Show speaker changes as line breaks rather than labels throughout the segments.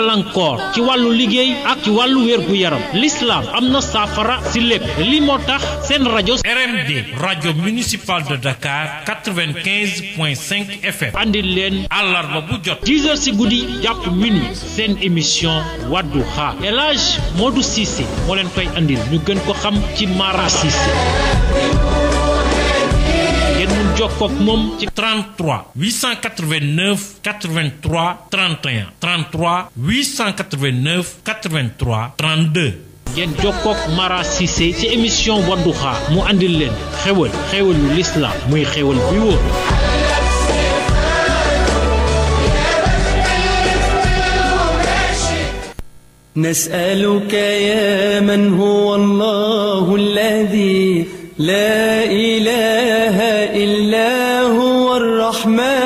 gàllankoor ci walu ligue ak ci wàllu wérgu yaram l'islam amna safara ci si li motax sen radio RMD radio municipale de Dakar 95.5 FM andi len à bu jot 10 h si guddi jàpp minuit une émission Wadduha et l'âge Modou Cissé mo len koy andil ñu gën ko xam ci Mara jokkoog moom ci 33 889 83 31 33 889 83 32. ngeen jokkoog Mara Cissé ci émission Wadduha mu andil leen xéwal xéwalu lislaam muy xéwal bi wóor.
نسألك يا من هو الله الذي لا إله
الرحمن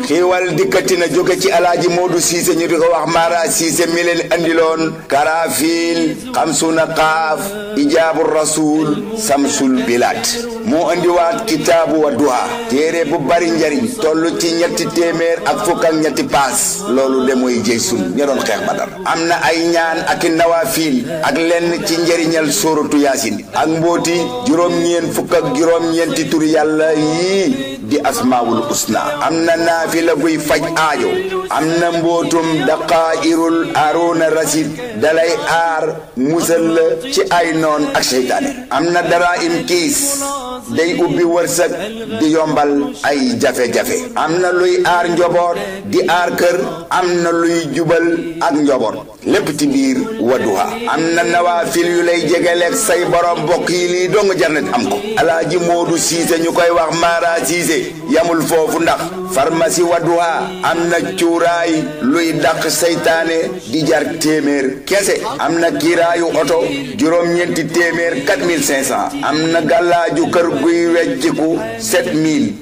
xiiwal dikkati na jóge ci alaaji Modou Cissé ñu di ko wax Mara Cissé mi leen andiloon karafiil xamsuna xaaf ijaabu rasul samsul bilaat moo andiwaat kitaabu Wadduha téere bu bari njariñ toll ci ñetti téeméer ak fukk ak ñetti paas loolu de mooy jëy sun ña doon xeex Badar am na ay ñaan ak i ak lenn ci njariñal sóoratu yaasin ak mbóoti juróom-ñeen fukk juróom-ñeenti turi yàlla yii di asmaawul usna am na naa naafila guy faj aajo am na mbootum daqaa'irul aaroona rasid dalay aar musal la ci ay noon ak seytaane am na dara im kiis day ubbi wërsëg di yombal ay jafe-jafe am na luy ar njoboot di aar kër am na luy jubal ak njoboot lépp ci biir Wadduha am na nawaafil yu lay jegeleeg say borom mbokk yi lii dong jarnet am ko alaaji Moodu Siise ñu koy wax Mara Siise yamul foofu ndax si Wadduha am na cuuraay luy dàq seytaane di jar téeméer kese am na kiiraayu oto juróom-ñeenti téeméer 4500 am na gàllaaju kër guy wecciku 7000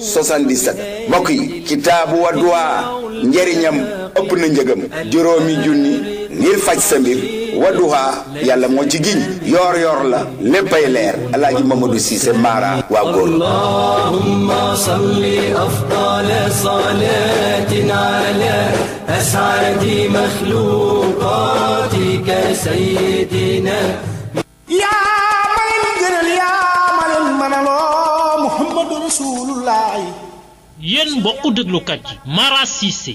77 mbokk yi kitaabu Wadduha ëpp na njëgam juróomi junni ngir faj sa mbir Wadduha yàlla moo ci giñ yoor yoor la léppay leer alaaji Mamadou Cissé Mara waa góor allahumma salli
afdal salatin ala as'adi
makhluqatika sayyidina
yenn
yéen mbokku déglukat yi Mara Cissé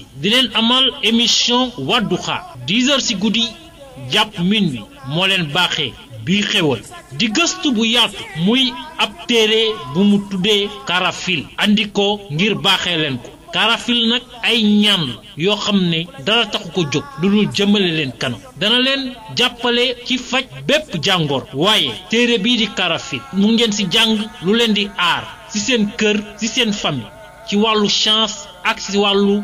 amal émission Wadduha 10 heures ci guddi jàpp minuit moo leen baaxee bii xewal di gëstu bu yaatu muy ab téere bu mu tuddee karafil andi ngir baaxee leen ko karafil nag ay ñaan yoo xam ne dara taxu ko jóg lu dul jëmale leen kanam dana leen jàppale ci faj bépp jàngoor waaye téere bii di karafil mu ngeen ci jàng lu leen di aar ci seen kër ci seen famille ci wàllu chance ak ci wàllu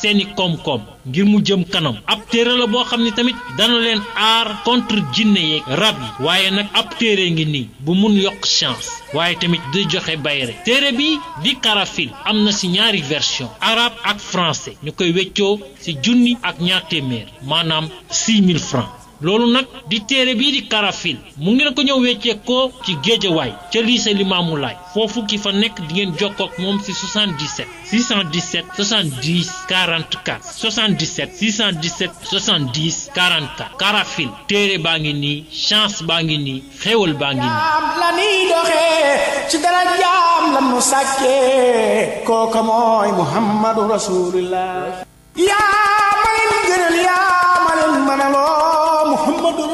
seeni koom-koom ngir mu jëm kanam ab téere la boo xam ne tamit dana leen aar contre jinne yeeg rab yi waaye nag ab téere ngi nii bu mun yokk chance waaye tamit di joxe bayre téere bi di karafil am na ci ñaari version arabe ak français ñu koy weccoo ci junni ak ñaar téeméer maanaam 6000 francs loolu nak di téré bi di karafil mu ngeen ko wéccé ko ci way ci lycée limaamu lay fofu ki fa nek di ngeen ak mom ci 77 617 70 44 77 617 70 44 karafil téré baa ngi chance baa ngi nii xéewal baa ngi am
la ni doxé ci dara jam la nu sàkkee kooka moy muhammadu rasulillah ya ma leen ya ma leen manalo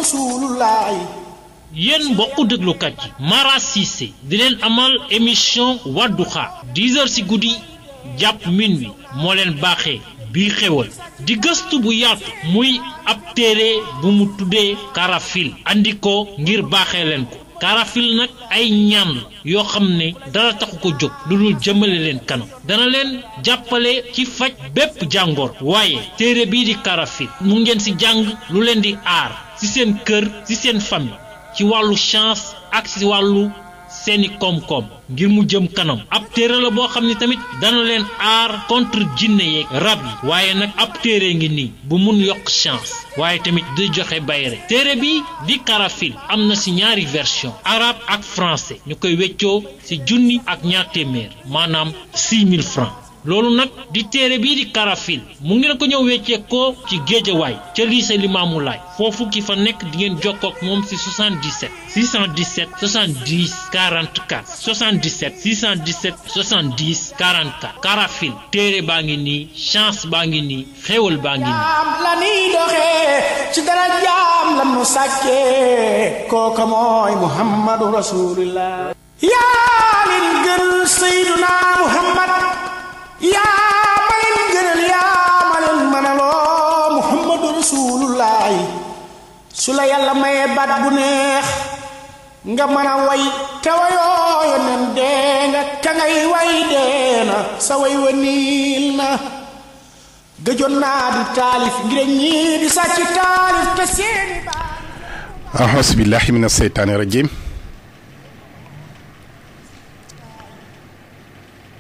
yenn
bokku mbokku déglukat yi Mara Cissé di leen amal émission Wadduha 10 heures ci guddi jàpp minuit moo leen baaxee bii di gëstu bu yaatu muy ab téere bu mu tuddee karafil andi ngir baaxee leen ko karafil nag ay ñaan yoo xam ne dara taxu ko jóg lu dul jëmale leen kanam dana leen jàppale ci faj bépp jàngoor waaye téere bii di karafil mu ngeen ci jàng lu leen di aar ci seen kër ci seen famille ci wàllu chance ak ci wàllu seeni koom-koom ngir mu jëm kanam ab téere boo xam ne tamit dana leen aar contre jinne yeeg rab yi waaye nag ab téere ngi nii bu mun yokk chance waaye tamit di joxe bayre téere bi di karafil am na ci ñaari version arabe ak français ñu koy weccoo ci junni ak ñaar téeméer maanaam 6000 francs loolu nag di téere bii di karafil mu ngi ngeen ko ñëw wecceekoo ci géejawaay ca lycée Limaamu Laay fukki ki fa nekk di ngeen jokkoo ak moom si 77 617 70 44 77 617 70 44 karafil téere baa ngi nii chance baa ngi nii xéewal baa ngi nii
la nii doxee ci dara la nu sàkkee kooka mooy Muhammadu Rasulullah yaa leen gën Seyduna Muhammad yaa ma leen gënal yaa ma leen manaloo muhammadu rasulullahi su la yàlla mayee baat bu neex nga mën a way te wayoo yoneen dee nga ka ngay way dee na sa way wa niil na gëjoon naa di taalif ngir ñii di sàcc taalif te seeni baa
ahasbillahi min aseytaani rajim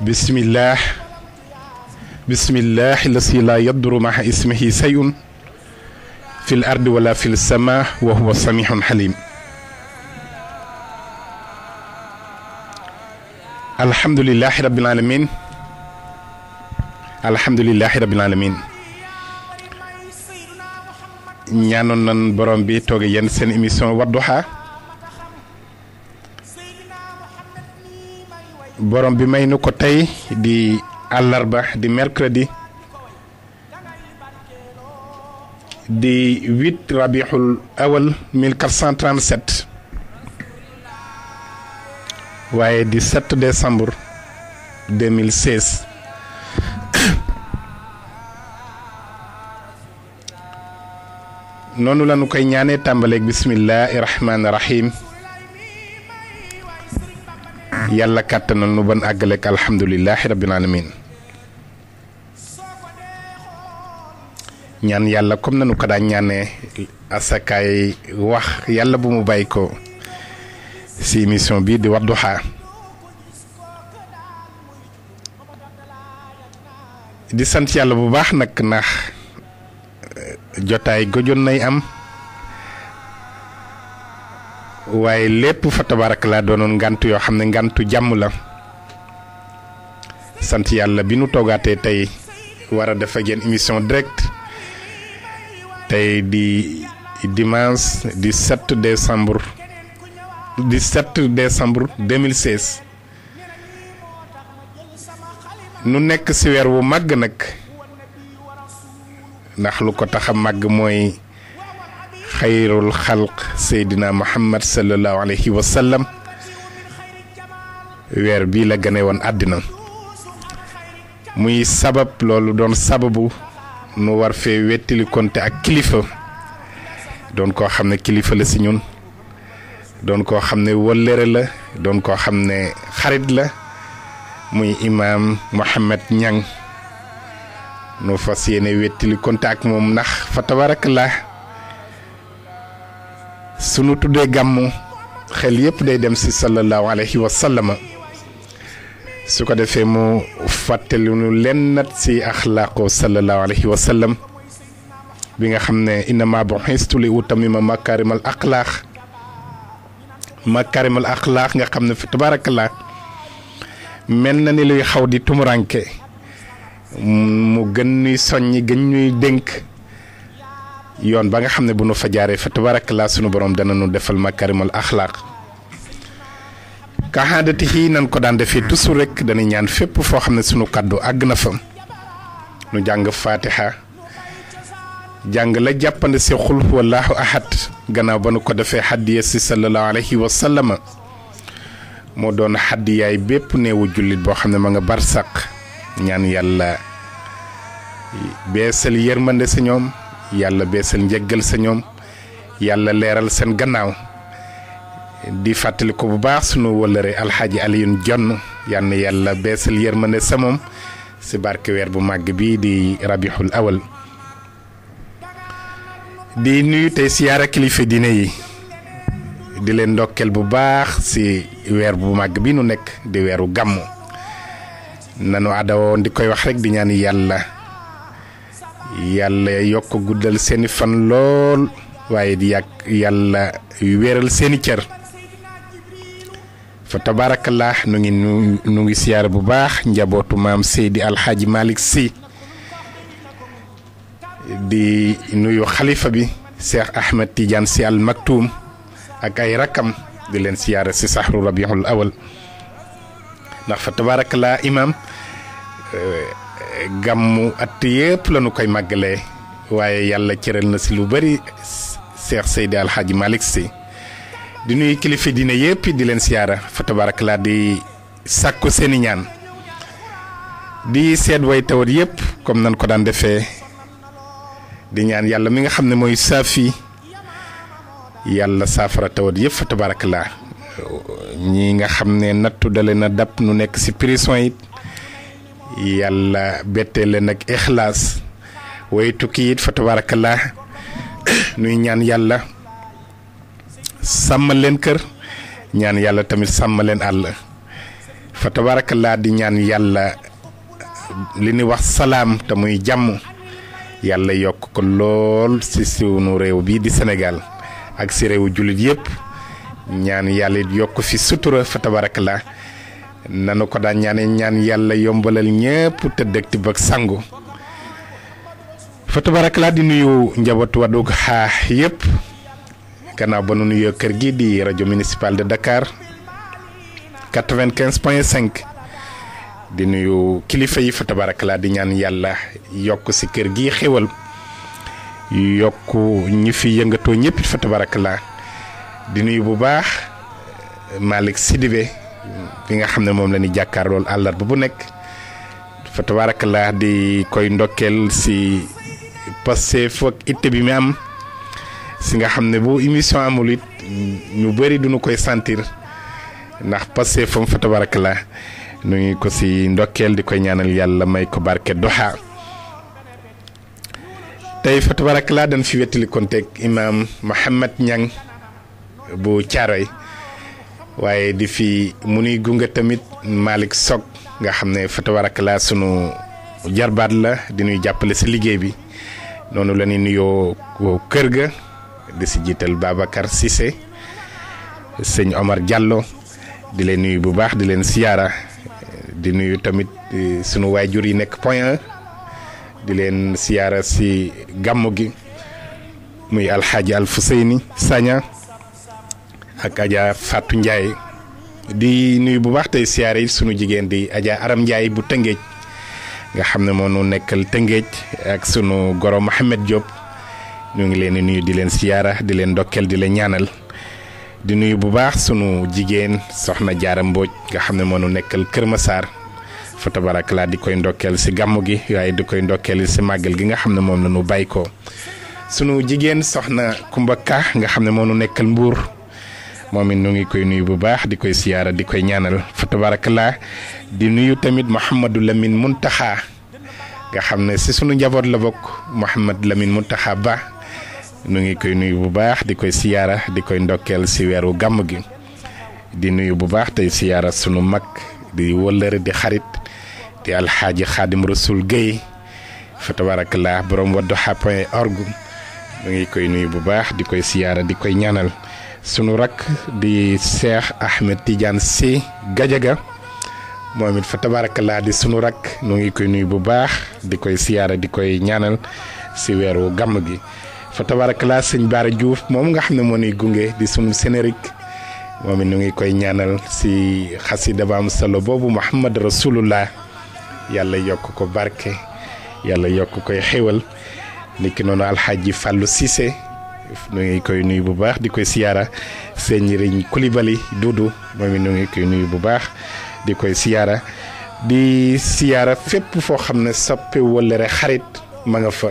بسم الله بسم الله الذي لا يضر مع اسمه شيء في الأرض ولا في السماء وهو سميع حليم الحمد لله رب العالمين الحمد لله رب العالمين نيانون نان بروم بي توغي yéen seen ايميسيون Wadduha borom bi may nu ko tey di àllarba di mercredi di 8 rabihul awal 1437 waaye di 7 décembre 2016 noonu la nu koy ñaanee tàmbaleeg bismillahi rahmaani rahim yàlla kàttanal nu ban àggaleek alhamdulilahi rabbil alamin ñaan yàlla comme nanu ko daan ñaanee asakaay wax yàlla bu mu bàyyi ko si émission bii di Wadduha di sant yàlla bu baax nag ndax eh, jotaay gojon nay am waaye lépp fa tabarak laa doonoon ngànt yoo xam ne ngantu jàmm la sant yàlla bi nu toogaatee tey war a def ak yéen émission direct tey di dimanche 17 décembre 17 décembre 2016 nu nekk ci weer wu màgg nag ndax lu ko tax a màgg mooy خير الخلق سيدنا محمد sallallahu alayhi wa sallam weer bii la gane woon àddina muy sabab loolu doon sababu nu war fee wettili konte ak kilifa doon koo xam ne kilifa la si ñun doon koo xam ne wëllëre la doon koo xam ne xarit la muy imaam Mohamed Niang nu fas yéene wettili konte ak moom ndax fa tabarakallah sunu tuddee gàmmu xel yépp day dem ci sallallahu alayhi wa sallam su ko defee mu fàttali nu lennat ci axlaaqu sallallahu alayhi wa sallam bi nga xam ne innama bu'istu li utammima makarimal axlaaq makarimal axlaaq nga xam ne fi tabarakallah mel na ni luy xaw di tumuranke mu gën ñuy soññ gën ñuy dénk yoon ba nga xam ne bu nu fa jaaree fa tabarakallah sunu borom dana nu defal makarimal axlaaq kaxaadati yi nan ko daan defee toujours rek dana ñaan fépp foo xam ne sunu kàddu àgg na fa nu jàng fatiha jàng la jàppande si xul wallahu ahad gannaaw ba nu ko defee xaddiya si sallallahu alayhi wa sallama moo doon xaddiyaay bépp néewu jullit boo xam ne ma nga barsaq ñaan yàlla beesal yërmande si ñoom yàlla bee seen njëggal sa ñoom yàlla leeral seen gannaaw di fàttali ko bu baax sunu wëllëre alxaaji Alioune Jonn yann yàlla beesal yërmande sa moom ci barke weer bu màgg bi di rabixul awal di nuyu tey siyaara kilifa diine yi di leen ndokkeel bu baax ci weer bu màgg bi nu nekk di weeru gàmmu nanu aada di koy wax rek di ñaan yàlla yàlla yokk guddal seni fan lool waaye di yàgg yàlla wéral seeni cër fa tabaarakallah nu ngi nu ngi siyaar bu baax njabootu maam Seydi Alxaaji malik si di nuyu xalifa bi Cheikh Ahmed Tidiane si Al Maktoum ak ay rakam di leen siyaara si saxru rabiul awal ndax fa tabaarakallah imam gàmmu at yëpp la koy màggalee waaye yàlla cëral na si lu bari Cheikh Seydi Alxaaji Malick Sy di nuy kilifa dina yëpp di leen siyaara fa tabarakalaa di sàkku seeni ñaan di seet way tawat yëpp comme nan ko daan defee di ñaan yàlla mi nga xam ne mooy saafi yàlla saafara tawat yëpp fa tabarakalaa ñi nga xam ne nattu dale na dàpp nu nekk ci prison it yàlla bettee leen ak ixlaas way tukki it fa tabarakallah nuy ñaan yàlla sàmm leen kër ñaan yàlla tamit sàmm leen àll fa tabarakallah di ñaan yàlla li ñuy wax salaam te muy jàmm yàlla yokk ko lool ci sunu réew bii di Sénégal ak ci réewu jullit yépp ñaan yàlla yokk fi sutura fa tabarakallah nanu ko daan ñaane ñaan yàlla yombalal ñëpp te dëkk bëgg sangu fa barak la di nuyu njabootu Wadduha xaa yëpp gannaaw ba nu nuyoo kër gi di rajo municipal de Dakar 95 point di nuyu kilifa yi fa tabarak laa di ñaan yàlla yokk ci kër gi xéwal yokk ñi fi yëngatoo ñëpp fa tabarak laa di nuyu bu baax Malick Sidibé fi nga xam ne moom la ñu jàkkaar loolu àllarba bu nekk fa tabaarakallaa di koy ndokkeel si Pastef ak itte bi mi am si nga xam ne bu émission amul it ñu bëri duñu koy sentir ndax Pastef fam foto tabaarakallaa nu ngi ko si ndokkeel di koy ñaanal yàlla may ko barke doxa tey fa tabaarakallaa dañ fi wettali konteeg imaam Mohamed Niang bu Caaroy waaye di fi mu nuy gunge tamit malik sok nga xam ne la sunu jarbaat la di nuy jàppale si liggéey bi noonu la ñuy nuyoo kër ga di si jiital Babacar Cissé sëñ Omar Diallo di leen nuyu bu baax di leen siyaara di nuyu tamit eh, sunu waajur yi nekk point di leen siyaara si gamogi gi muy alxaaji Alfuseyni Sagna ak fatun Fatou ndjay di nuyu bu baax tey siyaare sunu jigéen di aja Aram ndjay bu Tëngéej nga xamne mo nu nekkal ak sunu goro mohammed Diop ñu ngi leen nuyu di leen siyaara di leen ndokkel di leen ñaanal di nuyu bu baax sunu jigéen soxna jaaram Mbooj nga xamne mo nu nekkal Kër Massar fa la di koy ndokkel ci gamu gi waaye di koy ndokkel ci màggal gi nga xam ne la nu bàyyi ko sunu jigéen soxna Kumba Ka nga xam ne nu nekkal Mbuur moom it nu ngi koy nuyu bu baax di koy siyaara di koy ñaanal fa la di nuyu tamit Mouhamadou Lamine Muntaxa nga xam ne si sunu njaboot la bokk Mouhamad Lamine Muntaxa ba nu ngi koy nuyu bu baax di koy siyaara di koy ndokkeel si weeru gàmm gi di nuyu bu baax tey siyaara sunu mag di wëllëre di xarit di alxaaji xaadim rasul Guèye fa tabarakallah borom wadduha point org nu ngi koy nuyu bu baax di koy siyaara di koy ñaanal sunu rakk di Cheikh Ahmed Tidiane Sy Gajaga moom it fa tabaarakallaa di sunu rakk nu ngi koy nuyu bu baax di koy siyaara di koy ñaanal si weeru gàmm gi fa tabaarakallaa sëñ Baara Diouf moom nga xam ne moo nuy gunge di sunu sénérique moom it nu ngi koy ñaanal si xasida ba am solo boobu Muhammad Rasulullah yàlla yokk ko barke yàlla yokk koy xéwal niki noonu alxaaji Fàllu Cissé nu ngi koy nuyu bu baax di koy siyaara seen Riñ Kulibali Dudu moom it nu ngi koy nuyu bu baax di koy siyaara di siyaara fépp foo xam ne sappe wëllëre xarit ma nga fa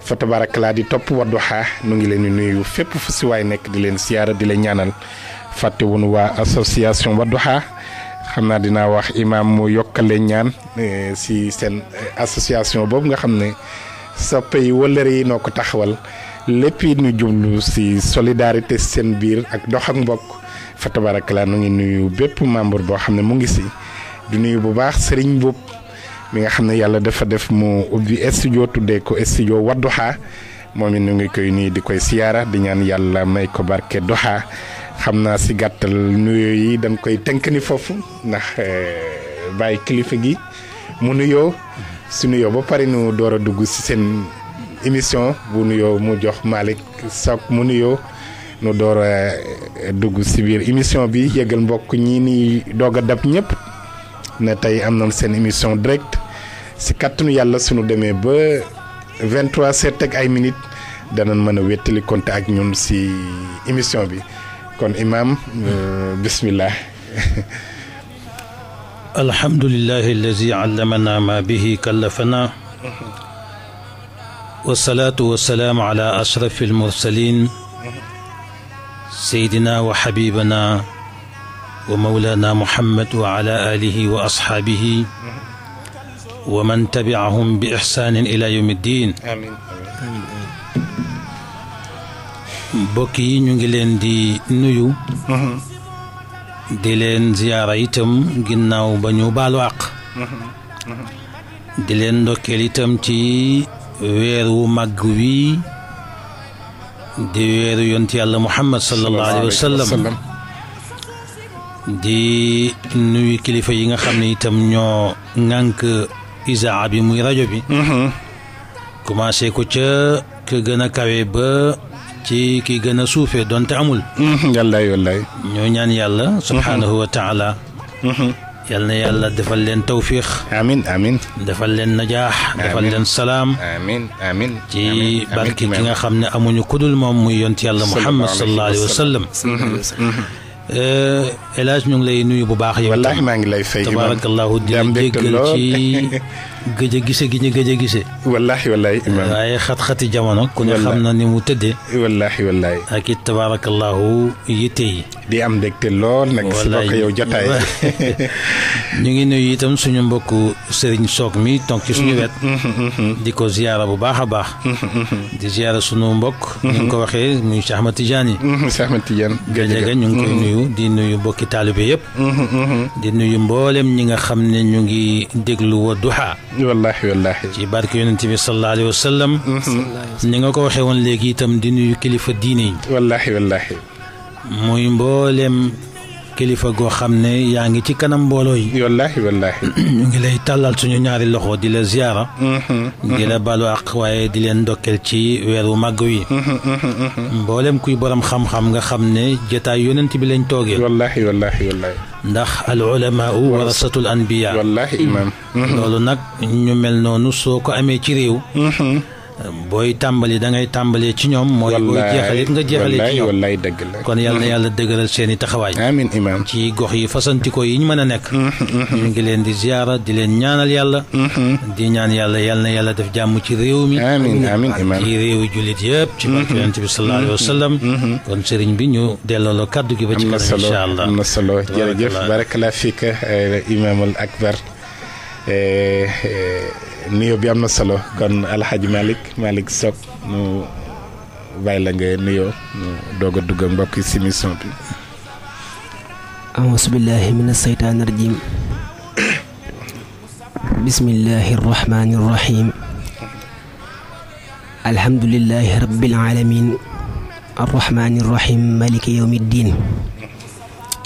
fa tabarakalaa di topp Wadduha nu ngi leen di nuyu fépp fu si waay nekk di leen siyaara di leen ñaanal fàtte wuñu waa association Wadduha xam naa dinaa wax imaam mu yokkale ñaan e, si seen e, association boobu nga xam ne sappe yi wëllëre yi noo ko taxawal lépp yi ñu jublu si solidarité seen biir ak dox ak mbokk fa tabarakalaa nu ngi nuyu bépp membre boo xam ne mu ngi si du nuyu bu baax sëriñ Mboup mi nga xam ne yàlla dafa def mu ubbi studio tuddee ko studio Wadduha moom it ñu ngi koy nuyu di koy siyaara di ñaan yàlla may ko barke doxaa xam naa si gàttal nuyoo yi dañ koy tënk ni foofu ndax eh, bàyyi kilifa gi mu nuyoo si nuyoo ba pare nu door a dugg si seen émission bu nuyo mu jox malik Sock mu nuyo nu door a dugg si biir émission bi yëgal mbokk ñi ni doog a dab ñëpp ne tey am nañ seen émission direct si kàttanu yàlla suñu demee ba 23 seet ak ay minute danañ mën a wettali compte ak ñun si émission bi kon imaam bismillah
الحمد لله الذي علمنا ما به كلفنا والصلاة والسلام على أشرف المرسلين سيدنا وحبيبنا ومولانا محمد وعلى آله وأصحابه ومن تبعهم بإحسان إلى يوم الدين آمين نجلين دي نيو ngi leen di جناو بنيو بالواق ziyaara itam ginnaaw ba ñu weer wu màgg wii di weeru yonti yàlla muhammad sallallahu alayhi wa di nuyu kilifa yi nga xam ne itam ñoo ŋànk isaa bi muy rajo bi mm-hmm. commencé ko ca ka gën a kawe ba ci ki gën a suufee donte amul wallaay mm-hmm.
wallaay
ñoo subhaanahu wa يلا يلا دفل لين توفيق امين امين دفل لين نجاح دفل لين سلام امين امين تي بركي كيغا خامني امونو كودول موم موي يونت يلا محمد صلى الله عليه وسلم ا Hadj ñu لي نوي بو باخ baax yow. wallaahi maa فاي تبارك الله tabaarakallaahu di la gëj a gise gi ñu gëj a gise wallaahi wallaahi imaam waaye xat-xati jamono ku ne xam na ni mu tëddee wallaahi wallaahi ak it tabaarakallaahu yitte
yi di am dégte lool nag si bokk yow ñu ngi nuyu
itam suñu mbokku sëriñ soog mi toog ci suñu mm-hmm, wet mm-hmm, mm-hmm. di ko ziyaara bu baax a baax di ziyaara mbokk ñu ngi ko waxee muy Cheikh Ahmad Tidiane nuyu di nuyu mbokki taalibe yëpp di nuyu mboolem ñi nga xam ne ñu ngi déglu Wadduha والله والله جي بارك يونتي بي صلى الله عليه وسلم نيغاكو واخي وون ليغي تام دي نيو كليفه ديني والله والله موي مبولم kilifa goo xam ne yaa ngi ci kanam mbooloo yi. wallaahi wallaahi. ñu ngi lay tàllal suñu ñaari loxo di la ziyaara. Mm-hmm, mm-hmm. di la balu ak waaye di leen ndokkeel ci weeru màgg wi. Mm-hmm, mboolem kuy borom xam-xam nga xam ne jotaay yonent bi lañ toogee. wallaahi wallaahi wallaahi. ndax al ulamaa warasatul anbiya. wallaahi imaam. loolu nag ñu mel noonu soo ko amee ci réew. booy tàmbali da ngay tàmbalee ci ñoom. mooy booy jeexalit nga jeexalee ci ñoom dëgg la kon yàlla na yàlla dëgëral seen i taxawaay. amiin imaam ci gox yi fasantikoo yi ñu mën a nekk. Mm-hmm, mm-hmm. ñu ngi leen di ziyaara di leen ñaanal yàlla. Mm-hmm. di ñaan yàlla yàlla na yàlla def jàmm ci réew mi. amiin amiin imaam ci réew jullit yëpp. ci barke yonent bi sallallahu alayhi kon sëriñ bi ñu delloo kàddu
gi ba ci kanam. incha allah am na solo am na solo jërëjëf barakalaa fiik eh, imaamul akbar Eh, eh, nuyoo bi am na solo kon alxaji Malick Malick Sock nu bàyyi la nga nuyoo nu doog a dugg mbokk si bi.
أعوذ بالله من الشيطان الرجيم بسم الله الرحمن الرحيم الحمد لله رب العالمين الرحمن الرحيم مالك يوم الدين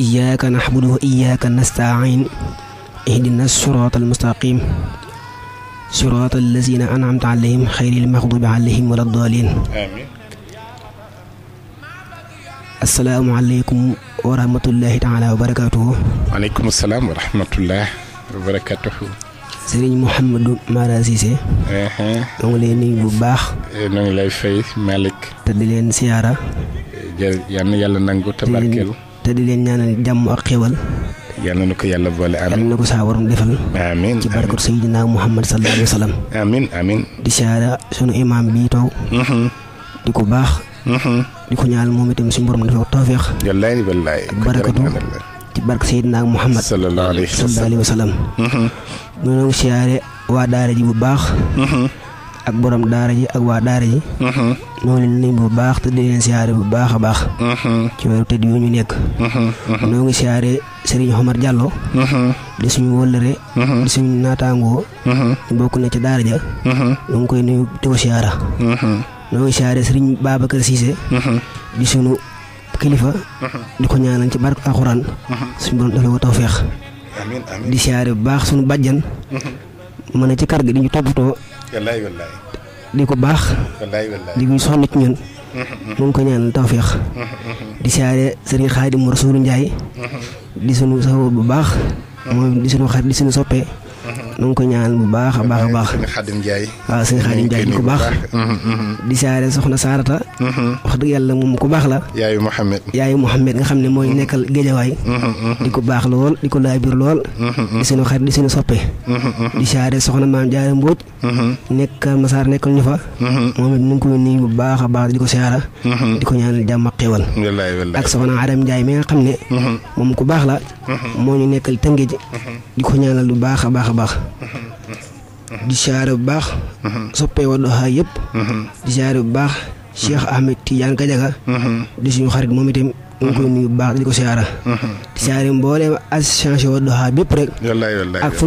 إياك نعبد وإياك نستعين اهدنا الصراط المستقيم صراط الذين انعمت عليهم خير المغضوب عليهم ولا الضالين امين السلام عليكم ورحمه الله تعالى وبركاته
وعليكم السلام ورحمه الله وبركاته
سيرين محمد مارازي اها دونك لي بو باخ
نوي لاي فاي مالك
تدلين سياره
يال يال نانغو تباركلو
تدلين نانا جام اخيوال
yàlla na ko yàlla boole amiin yàlla na ko
saa waroon defal. amiin ci barkatu Seydina Muhammad sallallahu alayhi wa sallam. amiin amiin. di siyaara sunu imaam bii taw. Mm-hmm. di ko baax. Mm-hmm. di ko ñaanal moom itam suñu borom dafa tawféex. wallaay wallaay ak barkatu ci barke Seydina Muhammad. sallallahu alayhi wa sallam. Mm-hmm. siyaare waa daara ji bu baax. ak borom daara ji ak waa daara ji. Mm-hmm. ñoo leen nuyu bu baax te di leen siyaare bu baax a baax. Mm-hmm. ci weeru tëdd yu ñu nekk. Mm-hmm. ñoo ngi siyaare Serigne Omar Diallo. di suñu wëllëre. di suñu naataangoo. bokk na ci daara ja. ñoo ngi koy nuyu di ko siyaara. ñoo ngi siyaare Serigne Babacar Cissé. di suñu kilifa. di ko ñaanal ci barke alxuraan. suñu borom dafa ko tawféex. di siyaare bu baax suñu bàjjan. mën a ci kar gi di ñu toppatoo.
wallaay wallaay.
di ko baax. wallaay wallaay di muy soxna ci ñun. mu ngi ko ñaan tawféex. di siyaare sëriñ Xaadim Rasuul Njaay mm-hmm. di sunu saxoo bu baax. Mm-hmm. moom di sunu xarit di sunu soppee. nu ngi ko ñaan bu baax a baax a baax. waaw sëñ Xaadim Njaay mm-hmm, mm-hmm. di ko baax. di saare soxna Saarata. Mm-hmm. wax dëgg yàlla moom ku baax la. yaayu Mouhamed. yaayu Mouhamed nga xam ne mooy nekkal géejawaay. di ko baax lool di ko laay biir lool.
di
suñu xarit di suñu soppe. di saare soxna maam Jaara Mbóoj. nekkal Masaar nekkal ñu fa. moom it nu ngi ko bu baax a baax di ko saara. di ko ñaanal jàmm ak xéwal. ak soxna Njaay mi nga xam ne. ku baax la. moo ñu nekkal tëngeej. di ko ñaanal bu baax a baax a baax di siyaare bu baax soppee Wadduha yëpp di siyaare bu baax Cheikh Ahmed Tidiane Gadiaga di suñu xarit moom itam ñu koy nuyu bu baax di ko siyaara di mbooleem ak foo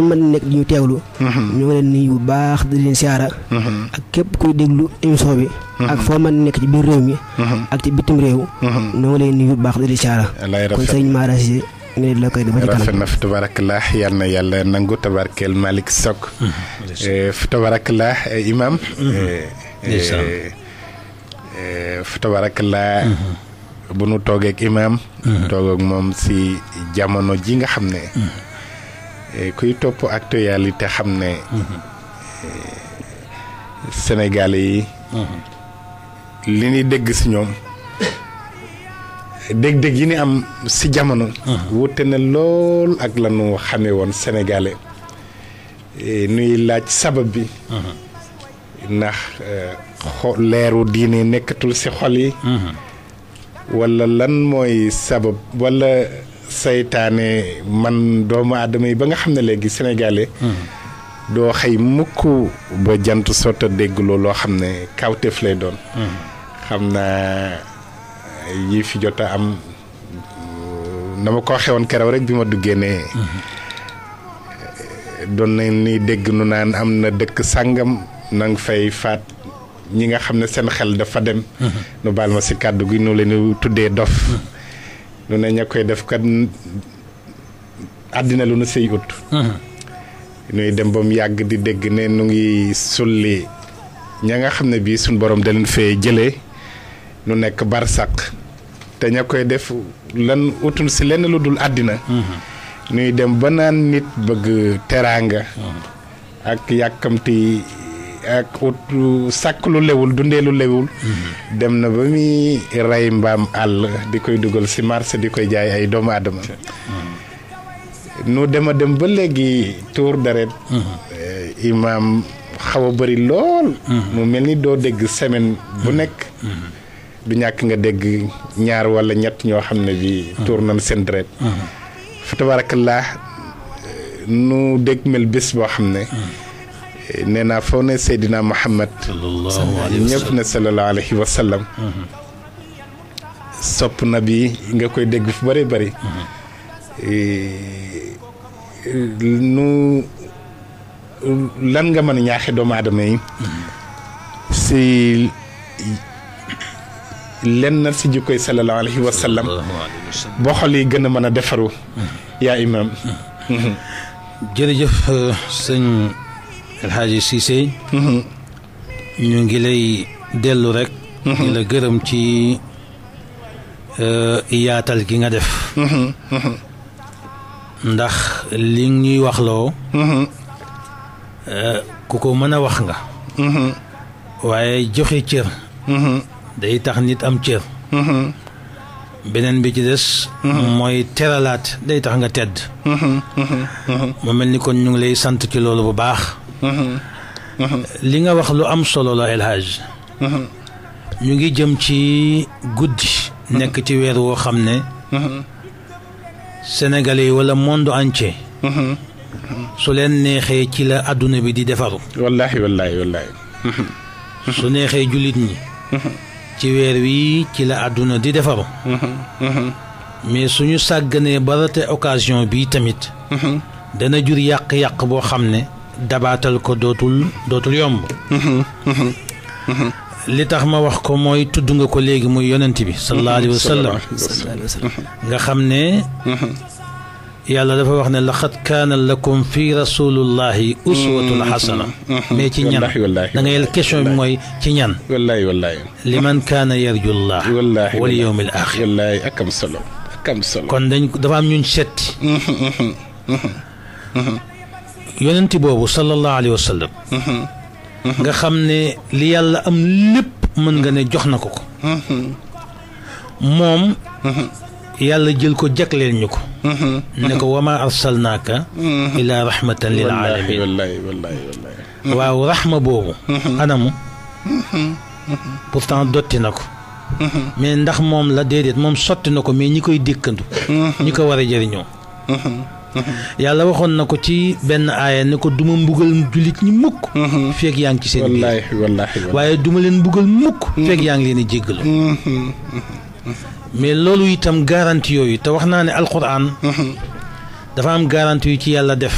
mën nekk ci biir réew mi ak ci bitim réew ñoo ngi leen nuyu bu baax di siyaara kon sëñ Mara ngeen la rafet
na fi tabarakallah yal yàlla nangu tabarakeel malik Sock mm-hmm. eh, fi tabarakallah eh, imam mm-hmm. eh, fi tabarakallah mm-hmm. bu nu toogeek imaam toogeek moom ci jamono ji nga xam ne kuy topp te xam ne Sénégal yi li ñuy dégg ci ñoom dég-dég yi ni am si jamono. wute na lool ak la nu xamee woon sénégalais e, nuy laaj sabab bi. ndax e, xo leeru diine nekkatul si xol yi. wala lan mooy sabab walla seytaane man doomu aadama yi ba nga xam ne léegi sénégalais. doo xëy mukk ba jant sotta dégg looloo xam ne kawteef lay doon. xam naa. yi fi jotta am nama ko waxe won keroog rek bima duggé né eh, don na ni dégg nu naan am na dëkk sàngam na nga fay faat ñi nga xam ne seen xel dafa dem mm-hmm. nu baal ma si kàddu gi nu leen tuddee dof mm-hmm. nu ne ña koy def kat àddina lu nu sëy ut mm-hmm. nuy dem ba mu yàgg di dégg ne nu ngi sulli ña nga xam ne bii borom da leen fee jëlee nu nekk barsàq te ña koy def lan utul si lenn lu dul àddina nuy mhm. dem ba naan nit bëgg teraanga mhm. ak yàkkamti ak ut sàkk lu lewul dundee lu lewul mhm. dem na ba muy rey mbaam àll di koy dugal si marché di koy jaay ay doomu aadama nu dema dem ba léegi tuur deret eh, imaam xaw a bëri lool mu mel ni doo dégg semaine bu nekk du ñàkk nga dégg ñaar wala ñett ñoo xam ne bi ah. tuur nañ seen deret ah. fa tabarakallah nu dégg mel bés boo xam ne ah. nee naa foo ne Seydina Muhammad ñëpp ne sallallahu alayhi sopp na bi nga koy dégg fu bëri bëri eh, nu lan nga mën a ñaaxe doomu aadama yi si lenn si jikkoy sallallahu alayhi wa sallam boo xol yi gën a mën a defaru yaa imaam jërëjëf euh,
sëñ El Hadji Cissé mhm. ñu ngi lay dellu rek mhm. di la gërëm ci euh, yaatal gi nga def mhm. ndax li ñuy waxloo euh, ku ko mën a wax nga waaye joxe cër day tax nit am cër mm-hmm. beneen bi ci des mm-hmm. mooy teralaat day tax nga tedd mm-hmm. mu mel ni kon ñu ngi lay sant ci loolu bu baax li nga wax lu am solo la El ñu ngi jëm ci guddi nekk ci weer woo xam ne Sénégalais yi wala monde entier su leen neexee ci la àdduna bi di defaru wallaahi wallaahi wallaahi su neexee jullit ñi ci weer wi ci la àdduna di defaru mais suñu sàgganee ba rate occasion bi tamit dana jur yàq-yàq boo xam ne dabaatal ko dootul dootul yomb li tax ma wax ko mooy tudd nga ko léegi muy yonent bi sallallahu alayhi wa sallam nga xam ne yàlla dafa wax ne laqad kaana lakum fi rasulullahi uswatun xasana mm-hmm. mm-hmm. mais ci ñan da ngay question bi mooy ci ñan wallaay wallaay liman kaana yarjullah wal yawmil axir wallaay ak am solo ak am solo kon dañ dafa am ñuñ setti mm-hmm, yonenti boobu sallallahu alayhi wa nga xam ne li yàlla am lépp mën nga ne jox na ko ko moom yàlla jël ko jagleel ñu ko انك وما ارسلناك الى رحمه للعالمين
والله والله
والله ورحمه بوبو انا مو pourtant دوتي نكو مي ندخ موم لا ديديت موم سوتي نكو مي ني كوي ديكندو ني كو وري جيرنيو يالا واخون نكو تي بن اي نكو دوما مبوغل جوليت ني موك فيك يانغ سي سين والله
والله والله واي
دوما لين بوغل موك فيك يانغ لين جيغلو mais loolu itam garantie yooyu te wax naa ne alquran dafa am garantie yu ci yàlla def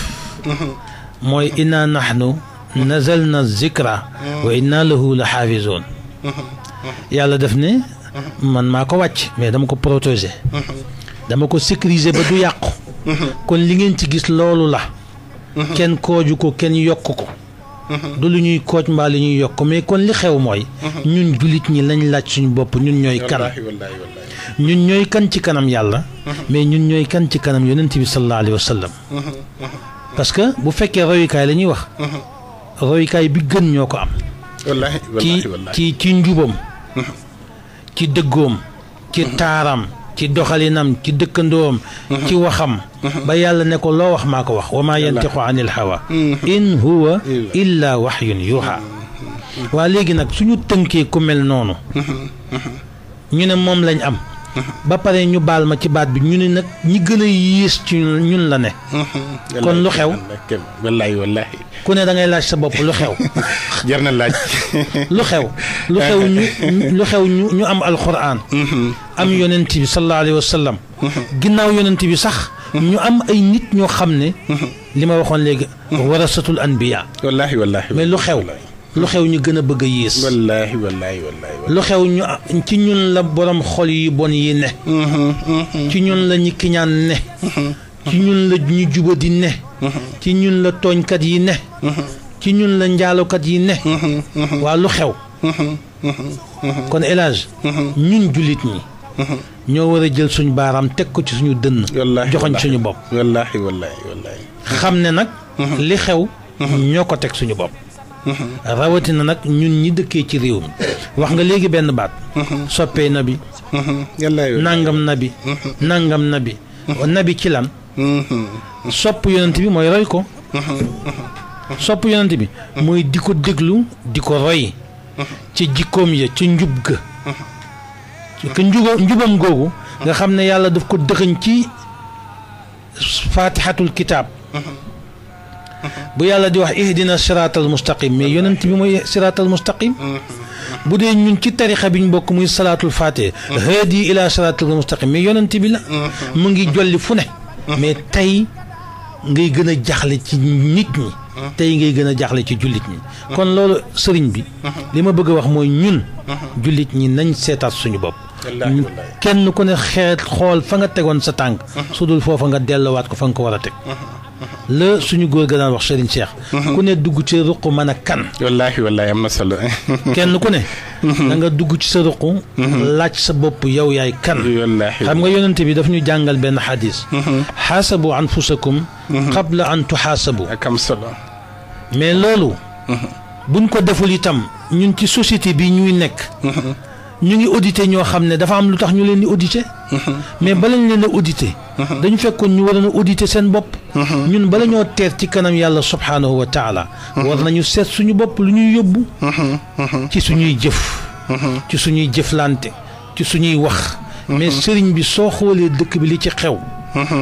mooy inna nahnu nazalna zikra wa inna lahu la xaafizoon yàlla def ne man maa ko wàcc mais dama ko protéger dama ko sécuriser ba du yàqu kon li ngeen ci gis loolu la kenn kooju ko kenn yokk ko du lu ñuy kooj mbaa lu ñuy yokk mais kon li xew mooy. ñun jullit ñi lañ laaj suñu bopp ñun ñooy kan. ñun ñooy kan ci kanam yàlla. mais ñun ñooy kan ci kanam yonent bi sallallahu alayhi wa sallam. parce que bu fekkee royukaay la ñuy wax. royukaay bi gën ñoo ko am. ci ci ci njubam. ci dëggoom. ci taaram. ci doxalinam ci dëkkandoom ci waxam ba yàlla ne ko loo wax maa ko wax wama yantiqu anil hawa in huwa illa waxyun yuuxa waa léegi nag suñu tënkee ku mel noonu ñu ne moom lañ am ba pare ñu baal ma ci baat bi ñu ne nag ñi gën a yées ci ñun la ne kon lu xew
wallahi wallahi
ku ne da ngay laaj sa bopp lu xew jar na laaj lu xew lu xew ñu lu xew ñu am alquran am yonent bi sallallahu alayhi ginnaaw yonent bi sax ñu am ay nit ñoo xam ne li ma waxoon léegi warasatul anbiya wallaahi wallaahi mais lu xew lu xew ñu gën a bëgg a yées
wallaahi wallaahi wallaahi
lu xew ñu ci ñun la borom xol yi bon yi ne mhm, mhm. ci ñun la ñi kiñaan ne mhm. ci ñun la ñu jubadi ne ci ñun la tooñkat yi ne ci ñun la njaalookat yi ne waa lu xew kon élage ñun jullit ñi Mm-hmm. ñoo war a jël suñu baaraam teg ko ci suñu dënn. joxoñ suñu bopp.
wallaahi wallaahi wallaahi.
Mm-hmm. xam ne nag. Mm-hmm. li xew. ñoo ko teg suñu bopp. rawatina nag ñun ñi dëkkee ci réew mi. wax nga léegi benn baat. soppee na bi. nangam na bi. nangam na bi. na bi ci lan. sopp yonent bi mooy roy ko. sopp yonent bi. mooy di ko déglu di ko roy. ci jikkoom ya ci njub ga. que njubam njubam googu nga xam ne yàlla daf ko dëxëñ ci faatixatul kitaab bu yàlla di wax ihdina siraatal mustaqim mais yonent bi mooy siraatal mustaqim bu dee ñun ci tarixa bi ñu bokk muy salaatul faatee haadi ila siraatal mustaqim mais yonent bi la mu ngi jolli fu ne mais tey ngay gën a jaxle ci nit ñi tey ngay gën a jaaxle ci jullit ñi. kon loolu sëriñ bi. li ma bëgg a wax mooy ñun. jullit ñi nañ seetaat suñu bopp. kenn ku ne xeet xool fa nga tegoon sa tànk. su dul foofa nga delluwaat ko fa nga ko war a teg. la suñu góor ga daan wax sëriñ Cheikh. ku ne dugg ci ruq mën a kan. wallaahi wallaahi am na solo. kenn ku ne. da nga dugg ci sa ruq. laaj sa bopp yow yaay kan. xam nga yonent bi daf ñu jàngal benn xadis. xaasabu anfusakum qabla an tuxaasabu. ak am solo. mais loolu. buñ ko deful itam ñun ci société bi ñuy nekk. ñu ngi audité ñoo xam ne dafa am lu tax ñu leen di audité. mais bala ñu leen a audité. dañu fekkoon ñu waroon a audité seen bopp. ñun bala ñoo teer ci kanam yàlla subhaanahu wa taala. war nañu seet suñu bopp lu ñuy yóbbu. ci suñuy jëf. ci suñuy jëflante ci suñuy wax. mais sëriñ bi soo xoolee dëkk bi li ci xew.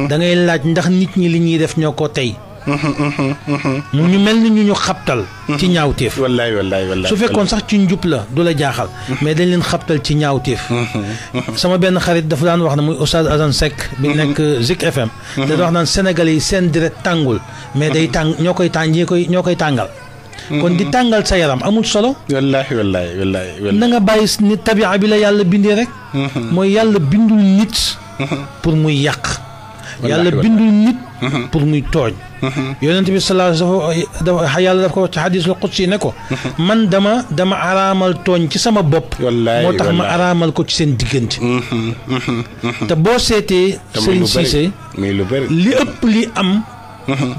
da laaj ndax nit ñi li ñuy def ñoo ko tey. mu ñu mel ni ñu ñu xabtal
ci ñaawteef wallaay wallaay wallaay su fekkoon
sax ci njub la du la jaaxal mais dañ leen xaptal ci ñaaw ñaawteef sama benn xarit dafa daan wax ne muy Oustaz Assane Seck bi nekk Zik FM mhm. da wax naan Sénégal yi seen direct tàngul mais day tàng ñoo koy tàng koy ñoo koy tàngal mhm. kon di tàngal sa yaram amul solo
wallaahi wallaahi wallaahi na
nga bàyyi ni tabia bi la yàlla bindee rek mhm. mooy yàlla bindul nit pour muy yàq yàlla bindul nit mm-hmm. pour muy tooñ mm-hmm. yonent bi salaa dafa yàlla daf ko wax ci xadiisul si ne ko mm-hmm. man dama dama araamal tooñ ci sama bopp moo tax ma araamal ko ci seen diggante te boo seetee Serigne Cissé li ëpp li am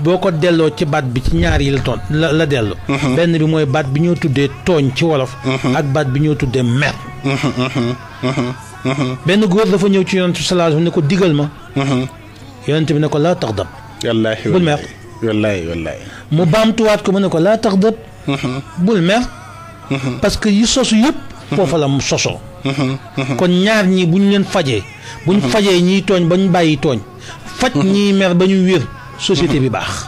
boo ko delloo ci baat bi ci ñaar yi la toon la la delloo benn bi mooy baat bi ñoo tuddee tooñ ci wolof ak baat bi ñoo tuddee mer benn góor dafa ñëw ci yonent bi salaa ne ko digal ma يونت بنك لا تغضب والله والله والله والله مو بام توات كو منكو لا تغضب بول مير باسكو يسوس يوب فوفا لا سوسو كون نيار ني بون لين فاجي بون فاجي ني توغ بون باي توغ فاج ني مير با ني وير سوسيتي بي باخ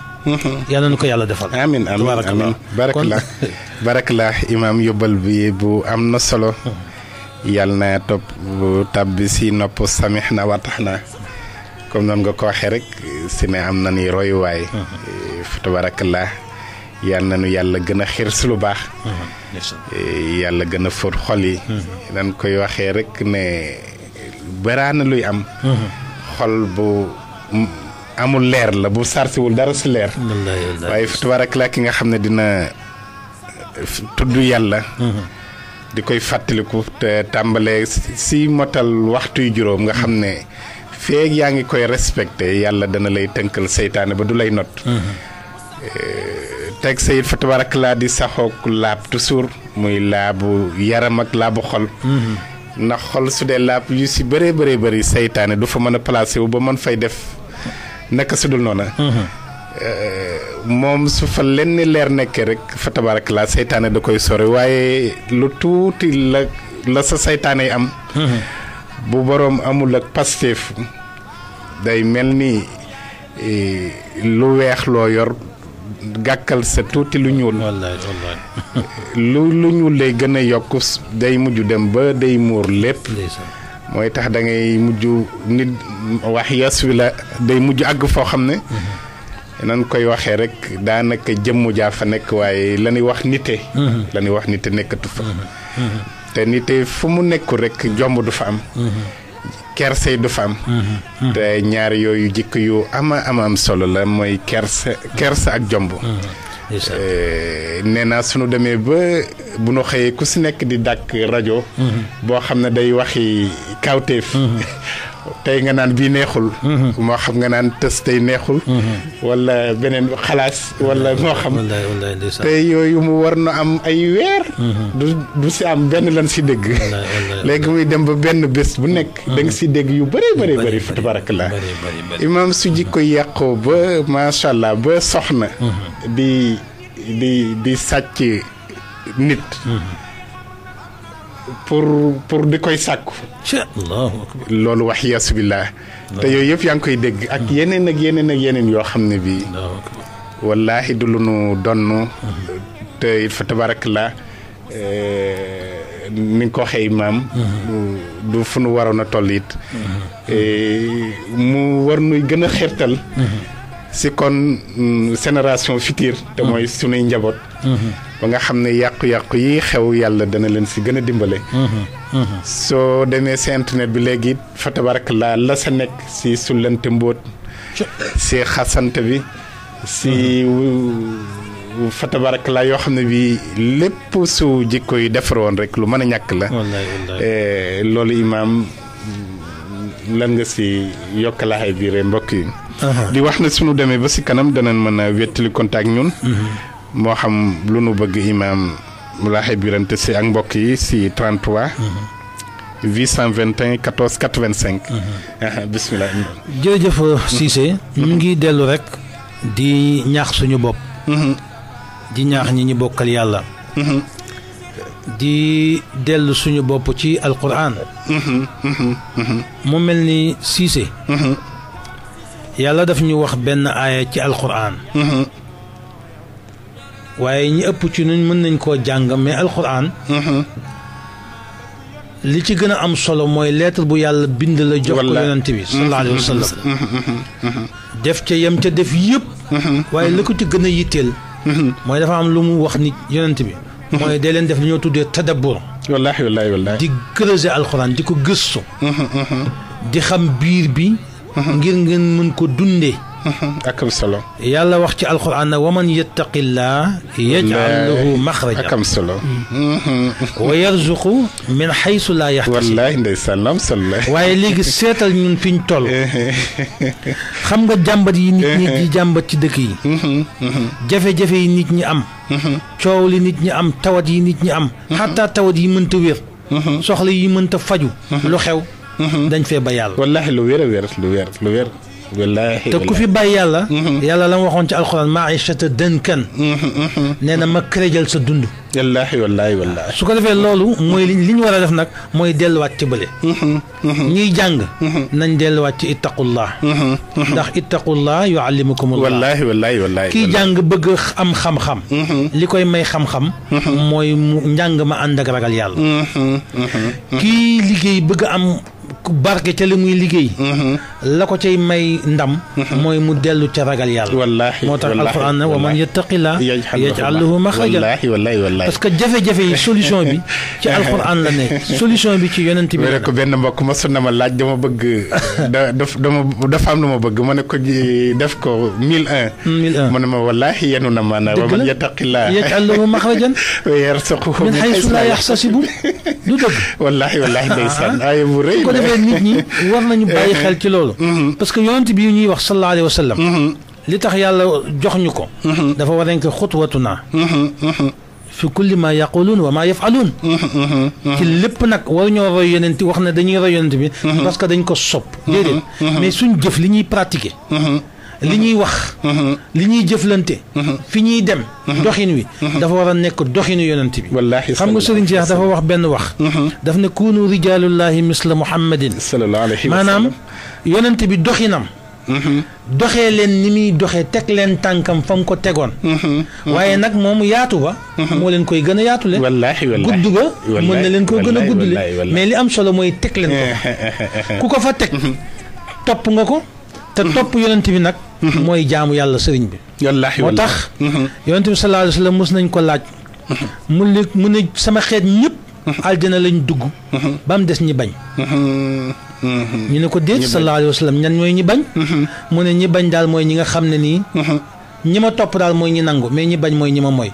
يالا نكو يالا ديفال
امين
بارك بارك الله
بارك الله امام يوبال بي بو امنا سولو يالنا توب تابسي نوب سامحنا واتحنا comme noonu nga ko waxe rek si ne am roy way fa tabarakallah yal nañu yàlla gëna xir su lu baax. yàlla gëna a fóot xol yi. nan koy waxe rek ne baraana luy am. xol bu amul leer la bu sarsi wul dara su leer. waaye fa tabarakallah ki nga xam ne dina tudd yàlla. di koy fàttaliku te tàmbalee si motal waxtu yu juróom nga xam ne. feeg yaa ngi koy respecté yàlla dana lay tënkal seytaane ba du lay not mhm. eh, teg sa yit fa tabarakalaa di saxook laab toujours muy laabu yaram ak laabu xol mhm. ndax xol su dee laab yu si bëree bëree bëri seytaane du fa mën a placé wu ba mën fay def naka su noona mhm. eh, moom su fa lenn leer nekkee rek fa tabarakalaa seytaane da koy sore waaye lu tuuti la sa seytaane yi am bu boroom amul ak Pastef day mel nii e, lu weex loo yor gàkkal sa tuuti lu ñuul lu lu ñuul day gën a yokku day mujj dem ba day muur lépp mooy tax dangay ngay mujj nit wax yas wi la day mujj àgg foo xam ne mm-hmm. nan koy waxe rek daanaka jëmmu jaa fa nekk waaye la ñuy wax nite mm-hmm. la wax nit nekkatu fa mm-hmm. te nite fu mu nekkul rekk jomb du fa am kerse du femme
mm-hmm.
te ñaar yooyu jikk yu ama ama am solo la mooy kerse kerse ak jomb
mm-hmm.
eh, nee naa suñu demee ba bu nu xëyee ku si nekk di dàkk rajo mm-hmm. boo xam ne day waxi kawteef tey nga naan bii neexul. Mhm. moo xam nga naan tës tey neexul. Mhm. wala beneen xalaas wala moo xam. tey yooyu mu war na am ay weer. Mhm. du du si am benn lan si dégg. léegi muy dem ba benn bés bu nekk. da si dégg yu bëree bëri bëri fa tabarakallah imaam su jikko yàqoo ba macha allah ba soxna. di di di sàcc nit. pour pour di koy sàkku. loolu wax yaasu billah te yooyu yëpp yaa ngi koy dégg ak hmm. yeneen ak yeneen ak yeneen yoo xam ne bii. wallaahi du lu nu donnu. Hmm. te il fa tabarak la eh, ni ko waxee maam. Hmm. du fu nu waroon a toll yit eh, mu war nuy gën a xirtal. si kon mm, génération future. te mooy sunuy njaboot. ba nga xam ne yàqu-yàqu yi xew yàlla dana leen si gën a dimbale.
Mhm, mhm.
soo demee si internet bi léegi fa tabarak laa la sa nekk si sullante mbóot. si xasante bi. si mhm. fa tabarak laa yoo xam ne bii lépp su jikko yi defar woon rek lu mën a ñàkk la. Eh, loolu imaam lan nga si yokk laxay biir mbokk yi. di wax ne sunu demee ba si kanam danañ mën a wettali contact ñun. mo xam lu nu bëgg imam mulaaxe birante si ak mbokk yi si 33 821 14 85 bismillah
jërëjëf
Cissé mhm. ñu ngi delu rek di ñaax suñu bopp mhm. di ñaax ñi ñi bokkal yàlla mhm. di delu suñu bop ci alquran mu melni ni Cissé yàlla daf ñu wax ben aya ci alquran waaye ñi ëpp ci nuñ mën nañ koo jàngam mais alxuraan mhm. li ci gën a am solo mooy lettre bu yàlla bind la jox ko yonent bi sallallahu alayhi wa sallam
mhm, mhm,
def ca yem ca def yëpp waaye la ko ci gën a yitteel mooy dafa am lu mu wax ni yonent bi mooy day leen def li ñoo tuddee tadabbur wallaahi wallaahi wallaahi di creuser alxuraan di ko gëstu di xam biir bi ngir ngeen mën ko dunde أه، أكم سلام يلا وقت القرآن ومن يتق الله يجعل له مخرجا أكم سلام ويرزق
من حيث لا يحتسب والله إن سلام سلام ويليك
سيطل من فين تول خمغة جامبة دي نتني جامبة جافي جفة جفة نتني أم تشاول إيه. نتني أم تواد نتني أم إيه. حتى تواد من تبير إيه. سوخلي من تفاجو لو خيو دنج في بيال
والله لو وير وير لو وير لو وير wallaahi te ku fi
bàyyi yàlla. Mm-hmm. yàlla la ma waxoon ci alxuraan maishata dankan. Mm-hmm, mm-hmm. nee na ma kërëjal sa dund. wallaahi wallaahi wallaahi. su ko defee loolu. mooy li ñu war a def nag mooy delluwaat ci bële. ñuy jàng. nañ delluwaat ci ittaqullah. ndax ittaqullah yuallimukumullah. wallaahi
wallaahi wallaahi. kiy
jàng bëgg am xam-xam. li koy may xam-xam. mooy mu njàng ma ànd ak ragal yàlla. kii liggéey bëgg am. barke té li muy liggéey la ko cey may ndam moy mu dellu ci ragal yàlla wallahi motax tax alquran wa man yattaqilla
yaj'aluhu makhraja wallahi wallahi wallahi parce
que jafe-jafe solution bi ci alquran la nek
solution bi ci yonent bi rek ben mbok ma sunna ma laaj dama bëgg dama dafa am luma bëgg mané ko def ko 1001 mané ma wallahi yanuna ma na wa man yattaqilla yaj'aluhu makhraja wa yarzuqhu min haythu la
yahtasibu du
deug wallahi wallahi ndaysan ay bu rëy defee nit ñi
war nañu bàyyi xel ci loolu parce que yonent bi ñuy wax sallallahu alayhi wa sallam li tax yàlla jox ñu ko dafa war nañ ko xutwatuna fi kulli ma yaquluun wa ma yafaluun ci lépp nag war ñoo roy yonent wax ne dañuy roy yonent bi parce que dañ ko sopp déedéet mais suñ jëf li ñuy pratiquer li ñuy wax. li ñuy jëflante. fi ñuy dem. doxine wi. dafa wara nek doxine doxinu yonent bi. wallaahi xam nga Serigne Cheikh dafa wax ben wax. daf ne kunu rijaalullahi misla muhammadin. sallallahu alayhi wa sallam maanaam yonent bi doxinam. doxé len ni mi doxé tek len tànkam fam ko tégon wayé nak mom yaatu ba. mo len koy gëna yaatu leen. wallahi wallahi guddu ba mo na leen koy gëna guddu gudd mais li am solo moy tek len ko kuko fa tek top nga ko. te topp yonent bi nag. Mhm. mooy jaamu yàlla sëriñ bi. wallaahi moo tax. Mhm. yonent bi sallallahu alayhi wa mos nañ ko laaj. Mhm. mu ne mu ne sama xeet ñëpp. aljana lañ dugg. ba mu des ñi bañ. ñu ne ko déet sallallahu alayhi wa sallam ñan ñooy ñi bañ. mu ne ñi bañ daal mooy ñi nga xam ne nii. ñi ma topp daal mooy ñi nangu mais ñi bañ mooy ñi ma mooy.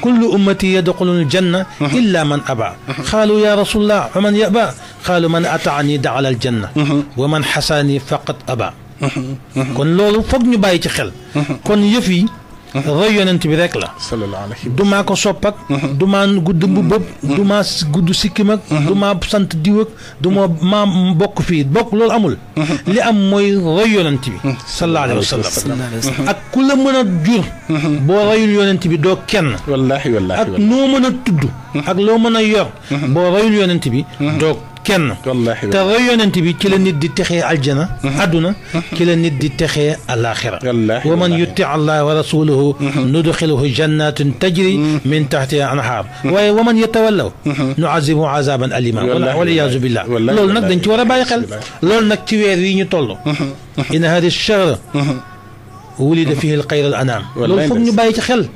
كل أمتي يدخل الجنة إلا من أبى قالوا يا رسول الله ومن يأبى قالوا من دع على الجنة ومن حساني فقد أبى كن لولو foog ñu bàyyi ci xel ضي ينتي بذاك لا صلى الله عليه وسلم دوما كو صوبك دوما غود بوب دوما غود سيكيمك دوما سانت ديوك دوما ما بوك في بوك لول امول لي ام موي ضي ينتي بي صلى الله عليه وسلم اك كل من دير بو ضي ينتي بي دو كين والله والله اك نو من تدو اك لو من يور بو ضي ينتي بي دو كن الله تغير انت بي كل نيت تخي الجنه ادنا كلا نيت دي تخي الاخره الله ومن يتع الله ورسوله ندخله جنات تجري من تحتها انهار ومن يتولوا نعذبه عذابا اليما والعياذ بالله لول نك دنت ورا باي لول نك تي وير ان هذه الشهر ولد فيه القير الانام لول فوك ني باي تي خيل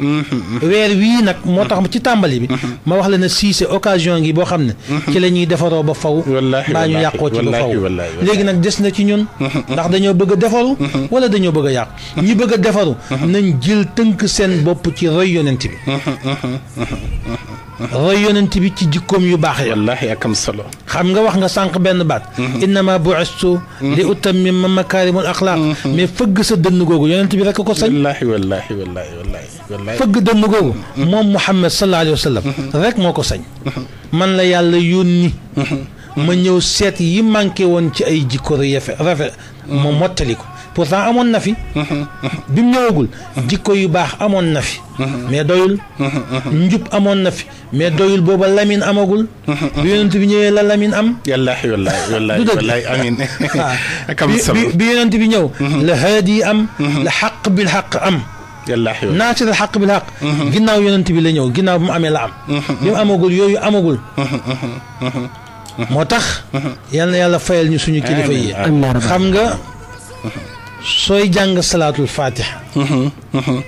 وير وي نك موتاخ تي تامبالي بي ما واخ لا ن سيسي اوكازيون غي بو خامني تي لا ني ديفارو با فاو با ني ياكو تي بو فاو لغي نك ديسنا تي نون داخ دانيو بيغ ديفارو ولا دانيو بيغ ياك ني بيغ ديفارو نان جيل تنك سين بوب تي ري يوننتي بي roy yonent bi ci jikkoom yu baax ya wallaahi ak am solo xam nga wax nga sànq benn baat innama bu'istu li utammima makaarimul axlaaq mais fëgg sa dënn googu yonent bi rekk ko sañ wallaahi wallaahi wallaahi
wallaahi fëgg dënn
googu moom Muhammad sallallahu alayhi wa sallam rek moo ko sañ man la yàlla yónni ma ñëw seet yi manqué woon ci ay jikko rafet ma mottali ko pourtant amon na fi. bim mu jikko yu bax amon na fi. mais doyul. njub amon na fi mais doyul booba Lamine amagul. bi yonent bi ñewé la Lamine am. yàllaahi wallaahi wallahi wallaahi amiin. bi bi yonent bi ñëw. la hadi am. la haqq bil haqq am. yàllaahi wallaahi naasir al xaq bil xaq. ginnaaw yonent bi la ñëw ginnaaw bi mu amee la am. bi mu amagul yooyu amagul. moo yàlla fayal ñu suñu kilifa yi. xam nga. sooy jàng salaatul mm-hmm,
mm-hmm.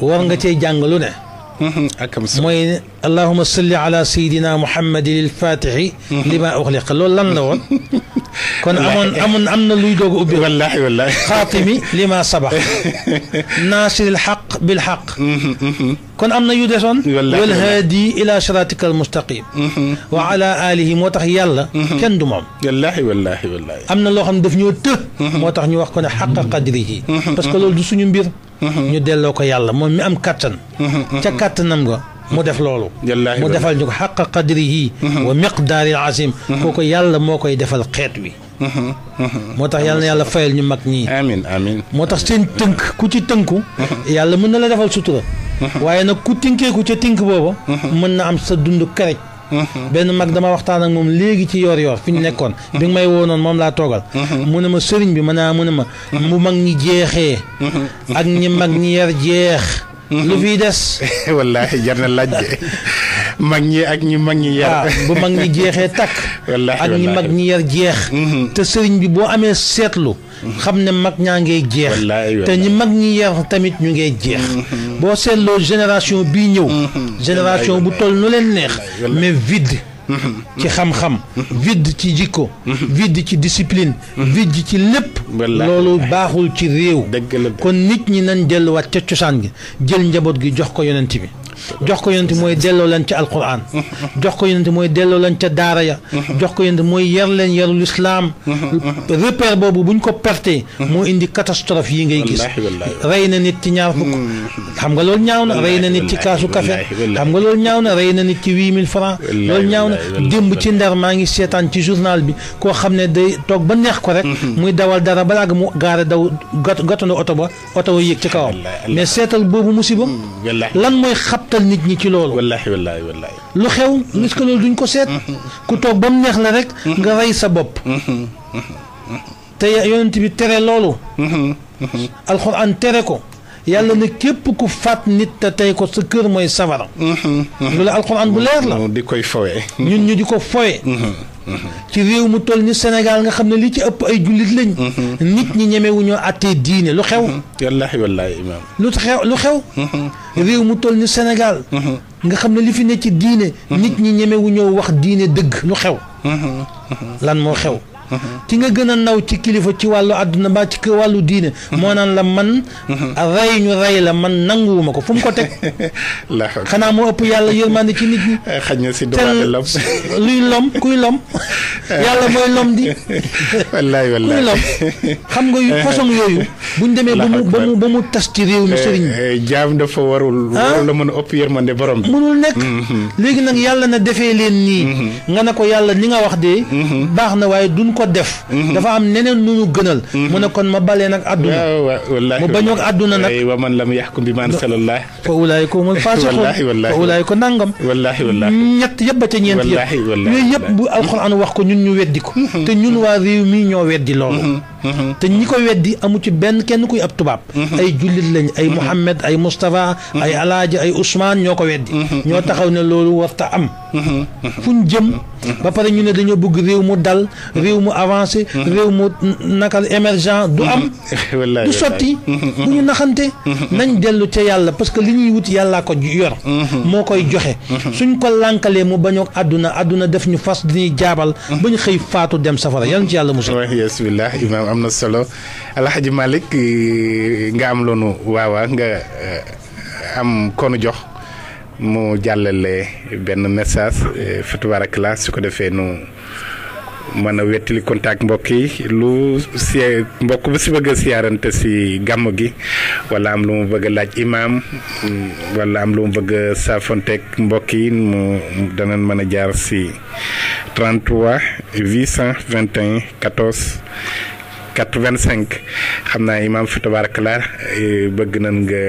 war
nga cee jàng lu ne موين اللهم صل على سيدنا محمد الفاتح لما اغلق لو لن نقول كون امن امن امن ليدوغ ابي والله والله خاتمي لما سبق ناصر الحق بالحق كن امن يدسون والهادي الى صراطك المستقيم وعلى اله موتخ يلا كان دمام
والله والله والله
امن لو خن دف ت موتخ ني واخ حق قدره باسكو لول دو سونو ñu delloo ko yàlla moom mi am kattan ca kattanam ga mu def loolu mu defal ñu ko xaqa qadrihi wa miqdaari azim kooku yàlla moo koy defal xeet wi moo tax yàlla na yàlla fayal ñu mag ñii amiin amiin moo tax seen tënk ku ci tënku yàlla mën na la defal sutura waaye nag ku tinkeeku ca tink booba mën na am sa dund kerec benn mag dama waxtaan ak moom léegi ci yoor yoor fi ñu nekkoon bi nga may woonoon moom laa toogal mu ne ma sëriñ bi mën naa mu ne ma mu mag ñi jeexee ak ñi mag
ñi yar jeex lu fiy des wallaahi jar na laaj de mag ak ñi mag bu mag ñi jeexee takk. ak ñi mag ñi yar jeex. te
sëriñ bi boo amee seetlu. xam ne mag ñaa ngay jeex. te ñi mag ñi yar tamit ñu ngay jeex. Mm-hmm. boo seetloo génération bii ñëw. Mm-hmm. génération bu toll nu leen neex. mais vide. Mm-hmm. ci xam-xam. vide ci jikko. vide ci discipline. vide ci lépp. loolu baaxul ci réew. kon nit ñi nañ delluwaat ca cosaan gi jël njaboot gi jox ko yonent bi. jox ko yonent mooy delloo leen ca alquran jox ko yonent mooy delloo leen ca daara ya jox ko yonent mooy yar leen yarul islaam repère boobu buñ ko perte moo indi catastrophe yi ngay gis rey na nit ci ñaar fukk xam nga loolu ñaaw na rey na nit ci kaasu café xam nga loolu ñaaw na rey na nit ci huit mille francs loolu ñaaw na démb ci ndar maa ngi seetaan ci journal bi koo xam ne day toog ba neex ko rek muy dawal dara balaa mu gaare daw gatano oto ba oto ba yéeg ci kawam mais seetal boobu musiba lan mooy xabt xabtal nit ñi ci loolu.
wallaahi wallaahi wallaahi.
lu xew gis ko loolu duñ ko seet. Mm-hmm. ku toog ba neex la rek. Mm-hmm. nga rey sa bopp. Mm-hmm. te yonent bi tere loolu. alxuraan tere ko. yàlla ne képp ku faat nit te tey ko sa kër mooy safara. loolu alxuraan bu leer la. di koy fowee. ñun di ko fowee. ci réew mu toll ni Sénégal nga xam ne li ci ëpp ay jullit lañ. nit ñi ñoo atté diine lu xew. wallahi wallahi imam lu xew lu xew. réew mu toll ni Sénégal. nga xam ne li fi ne ci diine. nit ñi ñoo wax diine dëgg. lu xew. lan moo xew. Uh-huh. ki nga gën a naw ci kilifa ci wàllu àdduna ba ci wàllu diine. Uh-huh. moo naan la man. Uh-huh. rey ñu rey la man nanguwuma ko fu mu ko teg. xanaa moo ëpp yàlla yërmande ci nit ñi. xaj
na si domaine lom luy lom kuy lom yàlla mooy lom di. wallaay wallaay kuy lom xam nga yu façon yooyu. buñ demee ba mu ba mu tas ci réew mi eh, sëriñ bi. Eh, jaam dafa warul. Ah? warul la mën a ëpp yërmande borom bi. mënul nekk. Mm-hmm. léegi nag
yàlla na defee leen nii. Mm-hmm. nga ne ko yàlla li nga wax de. Mm-hmm. baax na waaye ko def. dafa am neneen nu ñu gënal. mu ne kon ma balee nag àdduna. wallaahi mu bañoog àdduna nag. wa man lam yaxkum bi maan salallah. fa ulaayika humul faasiquun. wallaahi wallaahi fa ulaayika nangam. wallaahi wallaahi ñett yëpp ba ca ñeent yëpp. wallaahi wallaahi yooyu yëpp bu alxuraan wax ko ñun ñu weddi ko. te ñun waa réew mi ñoo weddi loolu. Mm-hmm. te ñi ko weddi amu ci benn kenn kuy ab tubaab mm-hmm. ay jullit lañ ay Mouhamed mm-hmm. ay Moustapha ay Alaaji ay Ousmane ñoo ko weddi ñoo taxaw ne loolu warta am fu ñu jëm ba pare ñu ne dañoo bëgg réew mu dal réew mu avancé réew mu nakal émergent du am
du sotti bu ñu naxante nañ
dellu ca yàlla parce que li ñuy wut yàllaa ko yor moo koy joxe suñ ko lànkalee mu bañoo àdduna àdduna def ñu fas dañuy jaabal ba ñu xëy faatu dem safara yàlla ci yàlla musul
am na solo El Hadj Malick eh, nga am loonu waawaa nga eh, am konu jox mu jàllale benn message eh, fatubarakla su ko defee nu mën a wettali contact mbokk lu si mbokk bu si bëgg a siyaarante si gàmm gi wala am lu mu bëgg laaj imaam mm, wala am lu mu bëgg a saafonteeg mbokk yi mu danañ mën a jaar si 33 821 85 xam naa imaam fi tabarakallah eh, bëgg nan nga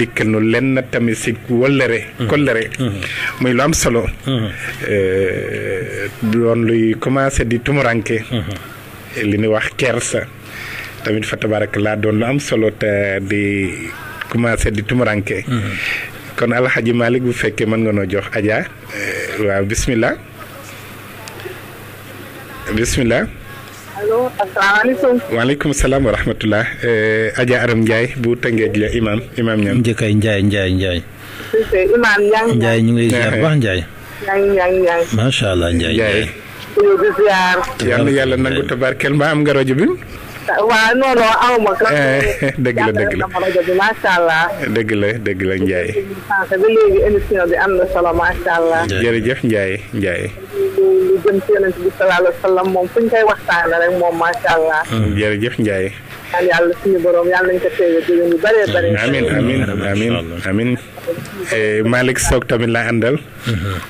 dikkal nu lenn tamit si wëllëre mm-hmm. kollëre mm-hmm. muy lu am solo mm-hmm. eh, doon luy commencé di tumuranke li ni wax kersa tamit fa doon lu am solo te di commencé di tumuranke kon alxaji malik bu fekkee mën nga noo jox aja eh, waaw bismillah bismillah
allo asalaamaaleykum.
waaleykum salaam wa rahmatulah. Eh, Adja Aram Ndiaye bu Tëngéej la imaam imaam ñam njëkkay Ndiaye Ndiaye Ndiaye. imaam ñu ngi lay ziar baax Ndiaye. Ndiaye Ndiaye. macha allah Ndiaye Ndiaye. yàlla nangu tabarkel mbaa am nga rajo bi.
waaw non non aw ma. Eh, dëgg la dëgg la rajo bi macha allah.
dëgg la dëgg la Ndiaye.
ba léegi émission bi am na solo macha allah.
jërëjëf Ndiaye Ndiaye. jërëjëf Ndiaye.
ñaan yàlla suñu borom yàlla nañ
eh, tamit laa àndal.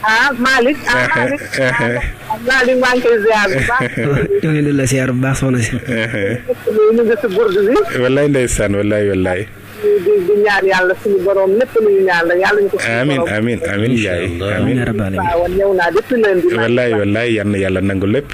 ah Malick ah eh, Malick. si. Eh, ñu ngi si burdu bi.
wallaay ndeysaan
yàlla yàlla nangu lépp.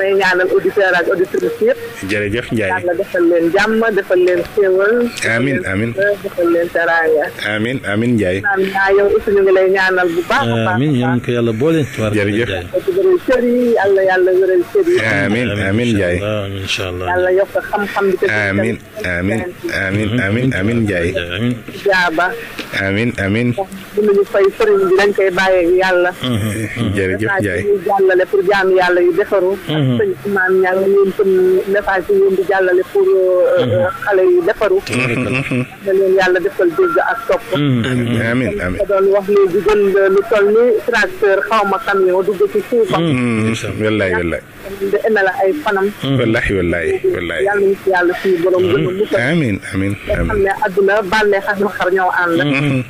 may ñaanal auditeurs ak auditrices yëpp.
jërëjëf
Ndiaye yàlla
defal leen jàmm defal leen xéewal. amiin amiin defal leen teraanga.
amiin amiin Ndiaye.
naa yow aussi ñu ngi lay ñaanal bu baax a baax. amiin
ñoom ko yàlla boole. jërëjëf
wéral cër yi yàlla yàlla wéral cër yi. amiin
amiin Ndiaye. incha allah yàlla
yokk xam-xam bi. amiin
amiin amiin amiin amiin Ndiaye. jaaba. amiin amiin. bu
ñu fay sëriñ bi dañ koy bàyyi yàlla.
jërëjëf Ndiaye.
jàllale pour jaam yàlla yu defaru. Mm-hmm. Mm-hmm. sëñ Ousmane ñaar ngeen seen message bi ngeen di jàllale pour euh, mm-hmm. euh, xale yi defaru da mm-hmm. leen yàlla defal dégg ak topp amiin amiin doon wax léegi gën lu toll ni tracteur xaw ma camion dugg ci suufam
wallaay wallaay
da ena la ay fanam wallaay
wallaay wallaay
yàlla ñu ci yàlla
suñu borom gën a musal amiin amiin te xam
ne àdduna bànneex ak naqar ñoo ànd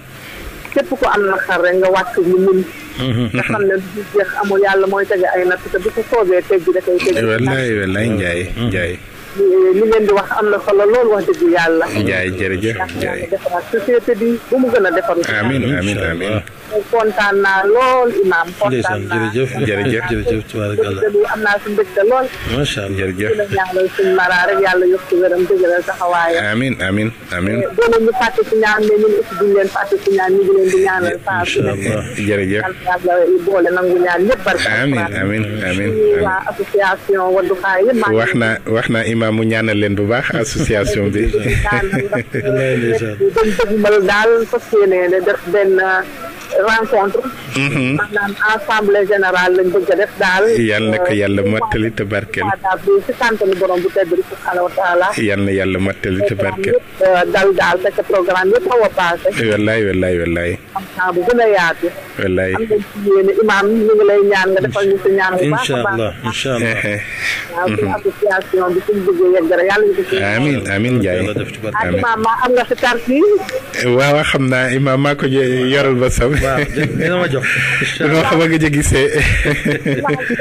képp ko am naqar rek nga wàcc lu mun
Mm-hmm. nga xam
ne du jeex mooy tege ay natt te bu ko soobee teg bi
njaay mm-hmm.
Eh, li leen di wax am na solo lool wax dëgg yàlla. jaay jërëjëf jaay defaraat société bi bu mu gën a defar. amiin amiin amiin. kontaan naa lool Imaam. kontaan naa jërëjëf jërëjëf jërëjëf tubaarkalla am naa su mbégte lool.
macha allah jërëjëf dina
ñaanal suñu maraa rek yàlla yokk wéram dëgëral taxawaayam.
amiin amiin amiin. Eh,
doon ñu fàtte si ñaan mais ñun aussi duñ leen fàtte si ñaan ñu ngi leen di ñaanal. macha allah jërëjëf yàlla boole nangu ñaan ñëpp barka.
amiin amiin amiin
waa
association Wadduha yëpp. wax
naa wax naa imam mu ñaanal leen bu baax association bi.
daal fas yéene def benn rencontre. maanaam assemblée lañ bëgg def daal. yal na yàlla mottali
te barkeel. yal na yàlla mottali te barkeel.
dal daal fekk programme yëpp a wa
wallaay wallaay wallaay. wallaay am
na yéen imaam ñu ngi lay ñaan nga defal ñu si ñaan bu baax a baax incha allah waaw suñu association bi suñu bëggee yegg dara yàlla ñu ko si
amin amin Ndiaye ah imaam
maa am nga si carte yi
waaw xam naa imaam maa ko yoral ba sam dina ma jox noo xam nga gisee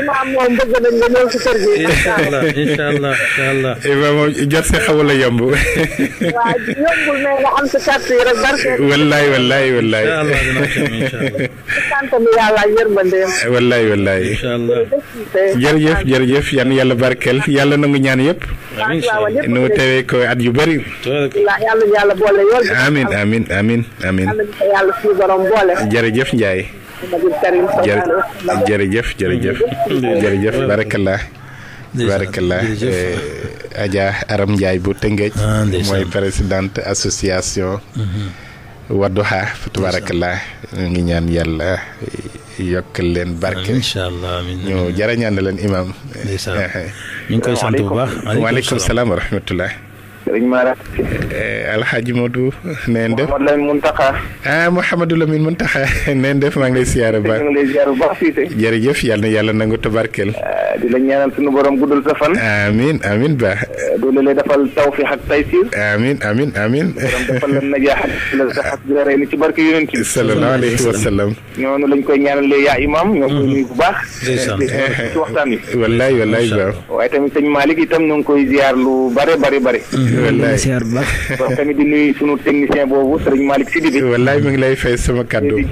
imaam moom bëgg nañ nga ñëw si kër gi incha allah incha
allah incha allah imaam moom jot si xawul a yomb waaw
yombul mais nga am si carte yi rek barke wallaay wallaay wallaay incha allah santanu eh,
wallaay wallaay. incha allah jërëjëf jërëjëf yan yàlla barkeel yàlla nangu ñaan yëpp.
amiin nu tewee
ko at yu bëri.
yàlla yàlla boole yool. amiin
amiin amiin
amiin.
yàlla suñu borom boole.
jërëjëf bu Tëngéej. Ah, mooy présidente association. Mhm. Wadduha fa tabarakallah ñu ngi ñaan yàlla yokk leen barke incha allah amiin ñu jarañaan leen imaam. ñu ngi koy sant bu baax. waaleykum salaam wa sëriñ Mara. Eh, Alxaaji Modou. neen def Mouhamadou Lamine Muntaxa. ah Mouhamadou Lamine Muntaxa neen maa ngi lay siyaare baax. maa ngi lay siyaare bu baax Cissé. jërëjëf yal na yàlla nangu tabarkel. Eh, di la ñaanal suñu borom guddal sa fan. amiin amiin baax. Eh, doole lay defal tawfiq ak taysir. amiin amiin amiin. borom defal la najaax ak
la sax ak la rey ci barke yonent bi. sallallahu alayhi wa sallam. ñooñu lañ koy ñaanalee yaa imaam. ñoo koy nuyu baax. waaye tamit sëñ Malick itam ñu koy ziar lu bare bare bare. Mhm. siyaar bu baax sunu technicien boobu sëriñ Malick
Sidibé wallaay mi ngi lay fay sama kàddu
di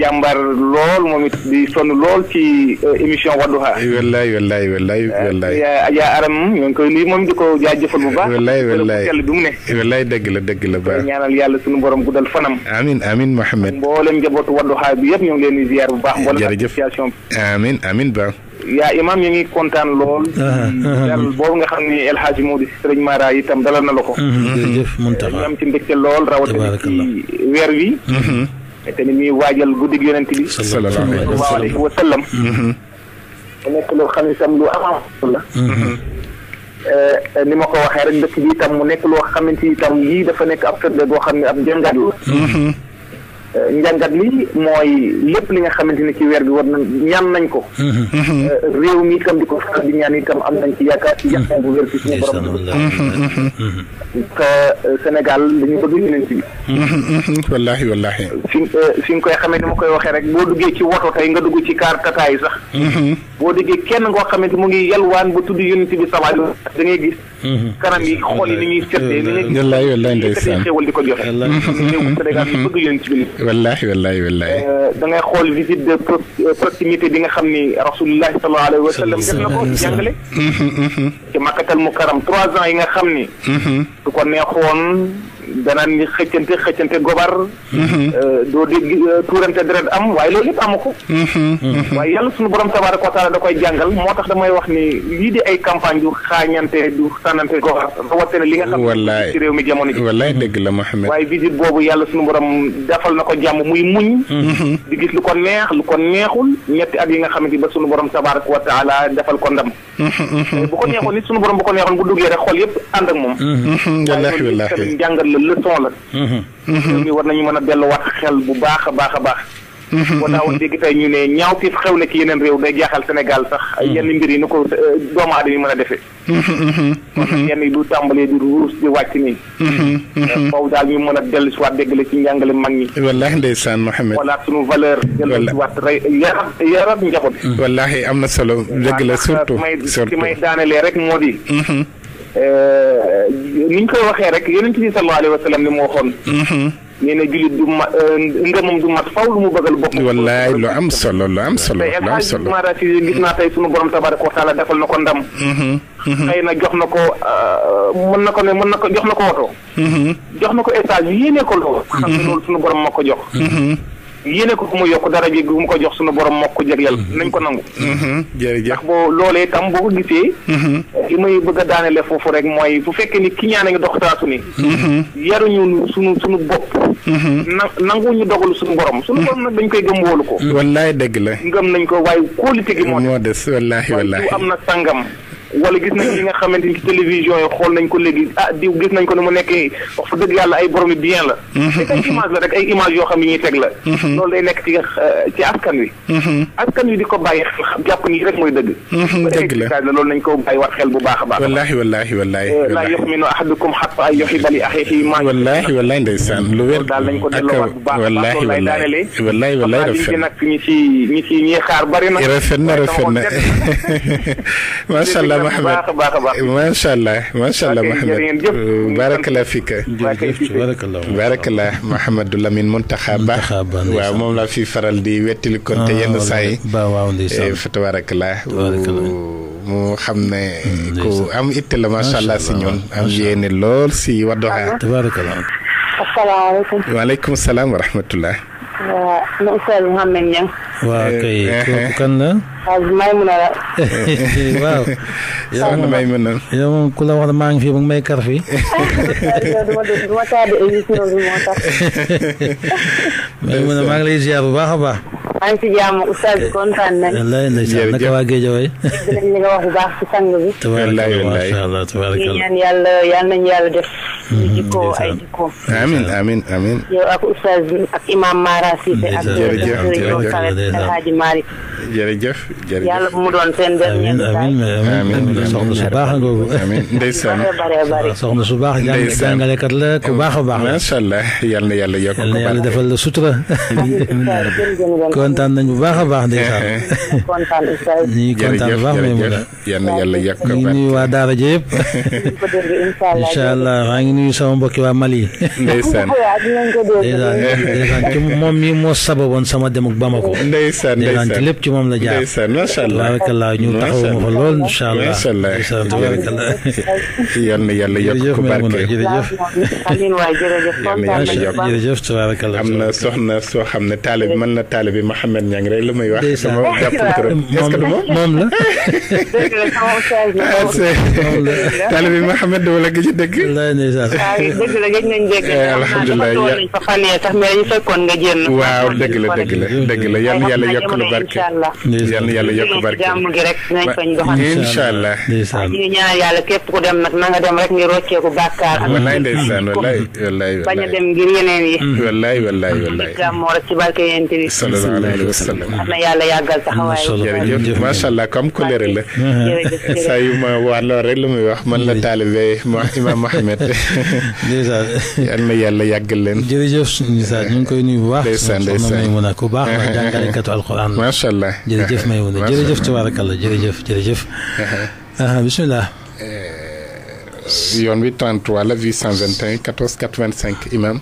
lool moom it di sonn lool ci euh, émission Wadduha
wallaay wallaay wallaay euh,
wallaay yaa aram ñoo ngi koy nuyu di ko jaajëfal bu baax wallaay wallaay sell bi mu
ne
wallaay dëgg la dëgg la baax
ñaanal yàlla sunu borom guddal fanam
amin amin Mohamed
mbooleem njabootu Wadduha bi yëpp ñoo ngi leen di ar bu baax mbooleem association bi
amin amin ba
yaa imaam ñu ngi kontaan lool. Ah,
ah, ah, daal
boobu nga xam ne El Hadj Modou si sëriñ Mara itam dalal na la ko. Mm-hmm. jërëjëf ci mbégte lool rawatina ci weer wi. Mm-hmm. te waajal guddig yonent bi. sallallahu alayhi wa sallam. Mm-hmm. mu nekk loo xam ne itam lu am la. Eh, ni ma ko waxee rek dëkk bi itam mu nekk loo xamante ni itam lii dafa nekk ab firnde boo xam ne ab jàngat la. Euh, njàngat li mooy lépp li nga xamante ni ci weer bi war na ñaan nañ ko. Mhm. Euh, réew mi itam di ko faral di ñaan itam am nañ ci yaakaar ci yaakaar bu wér ci suñu borom.
Mhm, mhm,
te euh, Sénégal dañu bëgg yeneen ci.
wallaahi wallaahi. fi
fi nga koy xamee ni ma koy waxee rek boo duggee ci woto tey nga dugg ci kaar tataay sax. boo duggee kenn ngoo xamante mu ngi yalwaan bu tudd yonent bi sallallahu alayhi wa sallam da ngay gis. kanam yi xool yi ni ñuy seetee ni ñuy. wallaahi wallaahi ndeysaan xéwal di ko
joxe. Sénégal ñu bëgg yonent bi والله والله والله
دا نغي خول فيزيت دو بروكسيميتي ديغا خامي رسول الله صلى الله عليه وسلم جاب نكو جانغلي في مكه المكرم 3 ans ييغا خامي كون نيهون danaan ni xëccante xëccante gobar. Mhm. Euh, doo dégg euh, tuurante deret am waaye loolu yëpp amu ko.
Mhm. Mhm. waaye
yàlla suñu borom tabaaraka wa taala da koy jàngal moo tax damay wax ni lii di ay campagne du xaañante du sànnante gobar rawatina li nga xam ne ci réew mi jamono ji. wallaay dëgg la Mouhamed. waaye visite boobu yàlla suñu borom defal na ko jàmm muy muñ. di gis lu ko neex lu ko neexul ñetti ak yi nga xamante ba suñu borom tabaaraka wa taala defal ko ndam.
Mm-hmm, mm-hmm. bu ko neexoon
ni suñu borom bu ko neexoon bu duggee rek xol yëpp ànd ak moom. Mm-hmm, wallaahi la jàngal la leçon la. war nañu mën a dellu delluwaat xel bu baax a baax a baax. moo tax wax dëgg tey ñu ne ñaaw tiif xew na ci yeneen réew day jaaxal Sénégal sax hmm. yenn mbir yi nu ko euh, doomu aadama yi mën a defee
hmm. hmm.
yenn yi du tàmbalee di ruus di wàcc nii foofu daal ñu mën a dellu si waat dégg la ci njàngale
mag ñi wallaahi ndeysaan Mohamed wala suñu valeur dellu si waat rey yarat yarat njaboot wallaahi am na solo dégg la surtout si may daanelee rek moo di
euh, ni ñu koy waxee rek yonent bi sallallahu alayhi wa sallam li mu waxoon nee na jullit du ma euh, ngëmam du mat faw lu mu bëggal boppam. wallaay lu am solo lu am solo. lu am solo tey gis naa tey sunu borom tabaraka wa taala defal na ko ndam.
Mm-hmm, mm-hmm.
xëy na jox na ko euh, mën na ko ne mën na ko jox na ko woto. Mm-hmm. jox na ko étage yéene ko lool. xam ne loolu sunu borom moo ko jox. yéene ko ku mu yokk dara ji gu mu ko jox suñu borom moo ko jagleel mm-hmm. nañ ko nangu mm-hmm. jërëjëf ndax boo loolee tam boo ko gisee mm-hmm. li may bëgg a daanele foofu rek mooy bu fekkee ni ki ñaan a ngi dox saa su ne yaruñu suñu suñu bopp na nangu ñu dogalu suñu borom suñu borom nag dañ koy gëm wóolu ko wallaay dëgg la ngëm nañ ko waaye kóolite
gi moo des wallaay wallaay am
na sangam wala gis nañ li nga xamante ni télévision yi xool nañ ko léegi ah diw gis nañ ko ni mu nekkee wax fa dëgg yàlla ay borom bien la. rek ay image la rek ay image yoo xam ne ñuy teg la. loolu day nekk ci ci askan wi. askan wi di ko bàyyi xel jàpp ni rek mooy dëgg. dëgg la la loolu nañ ko bàyyi waat xel bu baax a baax. wallaahi wallaahi
wallaahi. laa yu'minu ahadukum hattaa yuhibba li axiihi maa. wallaahi wallaahi ndeysaan lu wér. daal nañ ko delloowaat bu baax wallaahi wallaahi wallaahi wallaahi rafet na nag ñi ci ñi ci ñi xaar bari na. rafet na rafet na macha allah محمد ما شاء الله ما شاء الله محمد بارك الله فيك بارك الله بارك الله محمد الله من منتخب ومم لا في فرال دي ويتي لكون تي يلا ساي الله مو خمنا كو ام اتلا ما شاء الله سنون ام جيين اللول سي ودوها تبارك الله وعليكم السلام ورحمة الله
waaw na Oustaz Mouhamed Niang.
waaw kay eh, eh, kooku eh. kan la.
waaw Maymuna la.
waaw. yow moom Maymuna. yow moom ku la wax maa
ngi fi ba may kar fi. Maymuna maa ngi lay ziar bu baax a baax.
maa ngi si jàmm oustaz eh, kontaan nañ.
wallaahi
ndeysaan naka waa géej waay.
dinañ li nga wax bu baax si sang bi.
wallaahi wallaahi ñu
ñaan yàlla yal nañu yàlla def. Hmm, ñu jikkoo ay jikkoo. amiin ak oustaz bi ak imam Mara Cissé ak. jërëjëf jërëjëf ak Hadji Malick.
jërëjëf jërëjëf yàlla mu doon seen su baax a googu. amiin ndeysaan
soxna su baax la ku baax a baax. macha allah yal na yàlla yokk ko baax yal kontaan nañu bu baax a baax. ndeysaan
kontaan Oustaz. ñu ngi kontaan bu baax Maimouna. jërëjëf yal na yàlla yàq ko. ñu ngi
nuyu waa Daara ji yëpp. incha allah maa ngi nuyu sama mbokki waa Mali. ndeysaan
ndeysaan ci
moom mi moo sababoon sama dem ak Bamako. ndeysaan ndeysaan ci lépp ci moom la jaar. ndeysaan macha allah tabarakallah ñu taxawu ma fa lool incha allah. macha allah tabarakallah. yal
na yàlla yàq ko barke. jërëjëf Maimouna jërëjëf.
amiin waay jërëjëf. kontaan nañu bu baax
jërëjëf tabarakallah. am na soxna soo xam ne taalibe mën na taalibe ma Mouhamed Niang rek la may wax. déedéet sama moom la taalibe bi Mouhamed dama ah, la gëj a dëgg. wallaahi ndeysaan. Ah, dëgg
la gëj nañu dégg. Eh, alhamdulilah waaw dëgg la dëgg la dëgg la yal na yàlla yokk lu barke. yal na yàlla yokk barke. jàmm gi rek nañ fañ doxal. incha
allah incha allah. ñu ñaan
yàlla képp ku dem nag na nga dem rek ñu rocceeku bàkkaar. wallaahi ndeysaan wallaahi wallaahi. bañ a dem ngir yeneen yi.
wallaahi wallaahi wallaahi.
jàmmoo rek ci barke yéen tamit. alaihi wasallam Allah ya yagal taxawaay
jërëjëf macha allah comme couleur la saa yu ma wax lool rek lu muy wax man la taalibe Imam Ahmed ndeysaan yal na yàlla yàggal leen jërëjëf ndeysaan
ñu ngi koy nuyu bu baax ndeysaan ndeysaan may mun a ku baax wax jàngalekatu alquran macha allah jërëjëf may mun a jërëjëf
tabaarakallah jërëjëf jërëjëf bismillah yoon bi 33 la 821 14 85 imam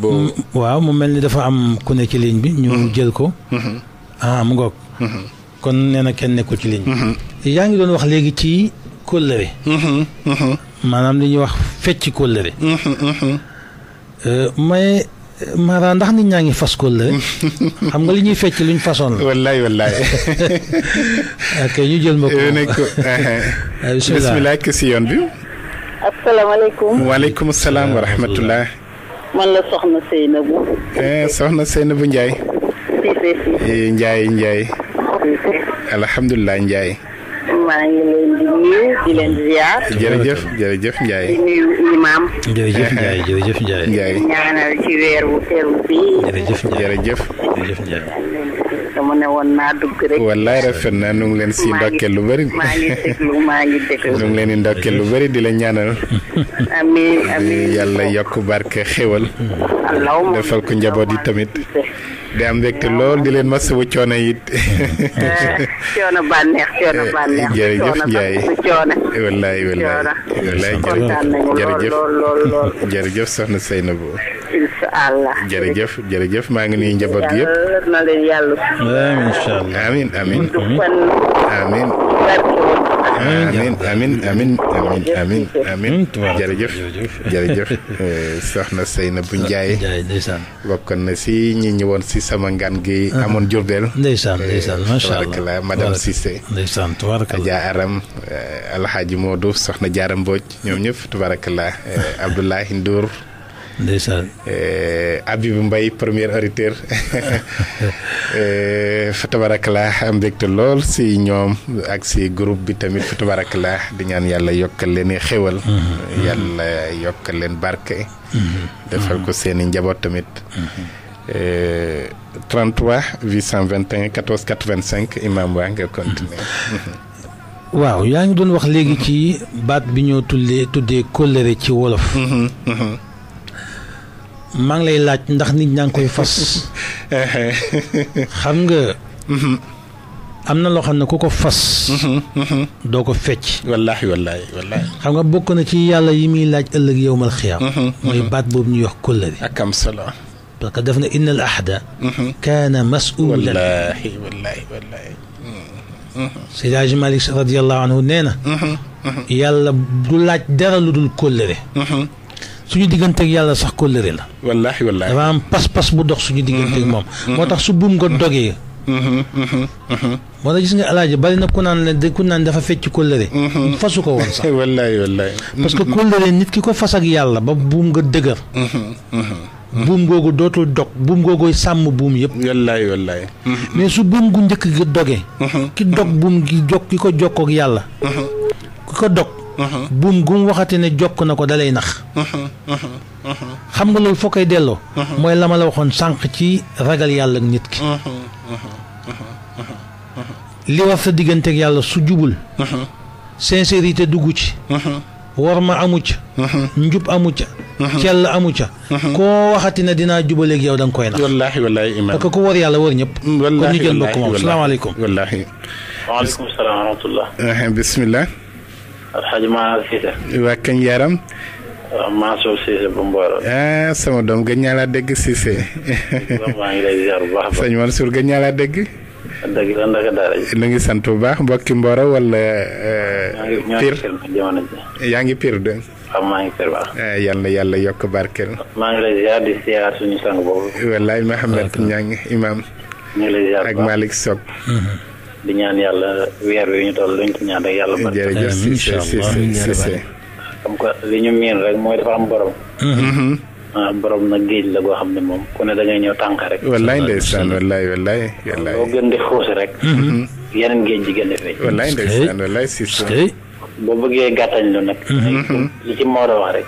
boo mm,
waaw mu mel ni dafa am ku ne ci ligne bi. ñu mm-hmm. jël ko. Mm-hmm. ah mu ngoog. Mm-hmm. kon nee na kenn nekkul ci ligne bi. yaa ngi doon wax léegi ci kóllëre. maanaam li ñuy wax fecc kóllëre. Euh, mais Mara ndax nit ñaa ngi fas kóllëre. xam nga li ñuy fecc luñ façon la. wallaay wallaay.
ok ñu jël ma ko. bisimilah bisimilah ak yoon bi. salaam wa
man la Soxna
Seynabou.
Eh, Soxna Seynabou Ndiaye. Cissé. Eh, Ndiaye Ndiaye. Cissé. alhamdulilah Ndiaye.
maa ngi leen di nuyu di leen ziar. jërëjëf
jërëjëf Ndiaye.
ci weer wu teru mu wallaay
rafet na nu ngi leen ci ndokkeel lu bëri. maa nu ngi leen di ndokkeel lu bëri di la ñaanal. yàlla yokk barke xéwal. defal ko njaboot yi tamit. di am mbégte lool di leen masawu coono it.
coono bànneex coono eh, bànneex. jërëjëf Ndiaye
wallaay wallaay wallaay jërëjëf jërëjëf soxna Seynabou.
incha allah
jërëjëf jërëjëf maa ngi nuyu njaboot gi yëpp. na
leen
amiin amiin amiin amiin amiin amiin jërëjëf jërëjëf eh, soxna buñ Ndiaye bokkoon na si ñi ñëwoon si sama ngan gi ah. amoon Jurbel ndeysaan ndeysaan eh, macha allah tabaraka la madame Cissé ndeysaan tabaraka la Adja Aram eh, Alxaaji Moodu soxna Jaaram Mbooj ñoom ñëpp tabaraka la Abdoulahi ndeysaan eh, Habib Mbaye premier auditeur eh, fa tabarakalaa am mbégte lool si ñoom ak si groupe bi tamit fa tabarakalaa di ñaan yàlla yokkal leen xéwal mhm. yàlla yokkal leen barke mhm. defal ko seeni njaboot tamit 33 821 14 85 imaam waa nga continuer mhm.
waaw yaa ngi doon wax léegi ci baat bi ñoo tuddee kóllëre ci wolof maa ngi lay laaj ndax nit ñaa ngi koy fas xam nga am na loo xam ne ku ko fas doo ko fecc wallaahi wallaahi wallaahi xam nga bokk na ci yàlla yi muy laaj ëllëg yowmal xiyaam mooy baat boobu ñuy wax kóllëre ak am solo parce que def na inna al ahda kaana masulan wallaahi
wallaahi wallaahi
Seydi Hadji Malick radiyallahu anhu nee na yàlla du laaj dara lu dul kóllëre suñu digganteeg yàlla sax kóllëre la. wallaahi wallaahi dafa am pas-pas bu dox suñu digganteeg mm-hmm. moom. Mm-hmm. moo tax su buum ko dogee. Mm-hmm. moo tax gis nga alaaji bari na ku naan leen ku naan dafa fecc kóllëre. fasu ko woon sax.
wallaahi parce que
kóllëre nit ki ko fas ak yàlla ba buum nga dëgër. buum googu dootul dog buum googu sàmm buum yëpp. wallaay wallaay. mais su buum gu njëkk gi doge. ki dog buum gi jog ki ko jokkook yàlla. ki ko dog. Uh-huh. buum gum waxati ne jokk na ko dalay nax uh-huh. Uh-huh. xam nga loolu foo koy delloo mooy la ma la waxoon sànq ci ragal yàlla ak nit ki li war sa diggante yàlla su jubul sincérité dugg ci war ma amu ca njub amu ca cell amu ca koo waxati ne dinaa jubaleeg yow da nga koy
nax wallaahi wallaahi imaam
war yàlla war ñëpp kon ñu jël mbokk moom salaamaaleykum
wallaahi
waaleykum waa
kañ yaram. Ah, sama doom gëj dégg Cissé. maa ngi lay ziar a baax. sëñ Mansour dégg. dëgg la ndaka nu ngi sant bu baax mbokki Mboro wala. Eh, Pire yaa ngi Pire de. waaw eh, yàlla yokk barkeel. maa wallaay Mouhamed Niang imam. ak Malick Sock. Mm-hmm.
di ñaan yàlla weer wi ñu toll luñ ci ñaan rek yàlla. bari jërëjëf Cissé Cissé comme que li ñu miin rek mooy dafa am borom. Mm-hmm. ah borom nag géej la goo xam ne moom ku ne da ngay ñëw tànk rek.
wallaay ndeysaan wallaay wallaay. wallaay boo gën di xuus rek. Mm-hmm.
yeneen géej ji gën a feeñ. wallaay ndeysaan wallaay Cissé. boo bëggee gàttañ lu nag. Mm-hmm. li ci Maodo wax rek.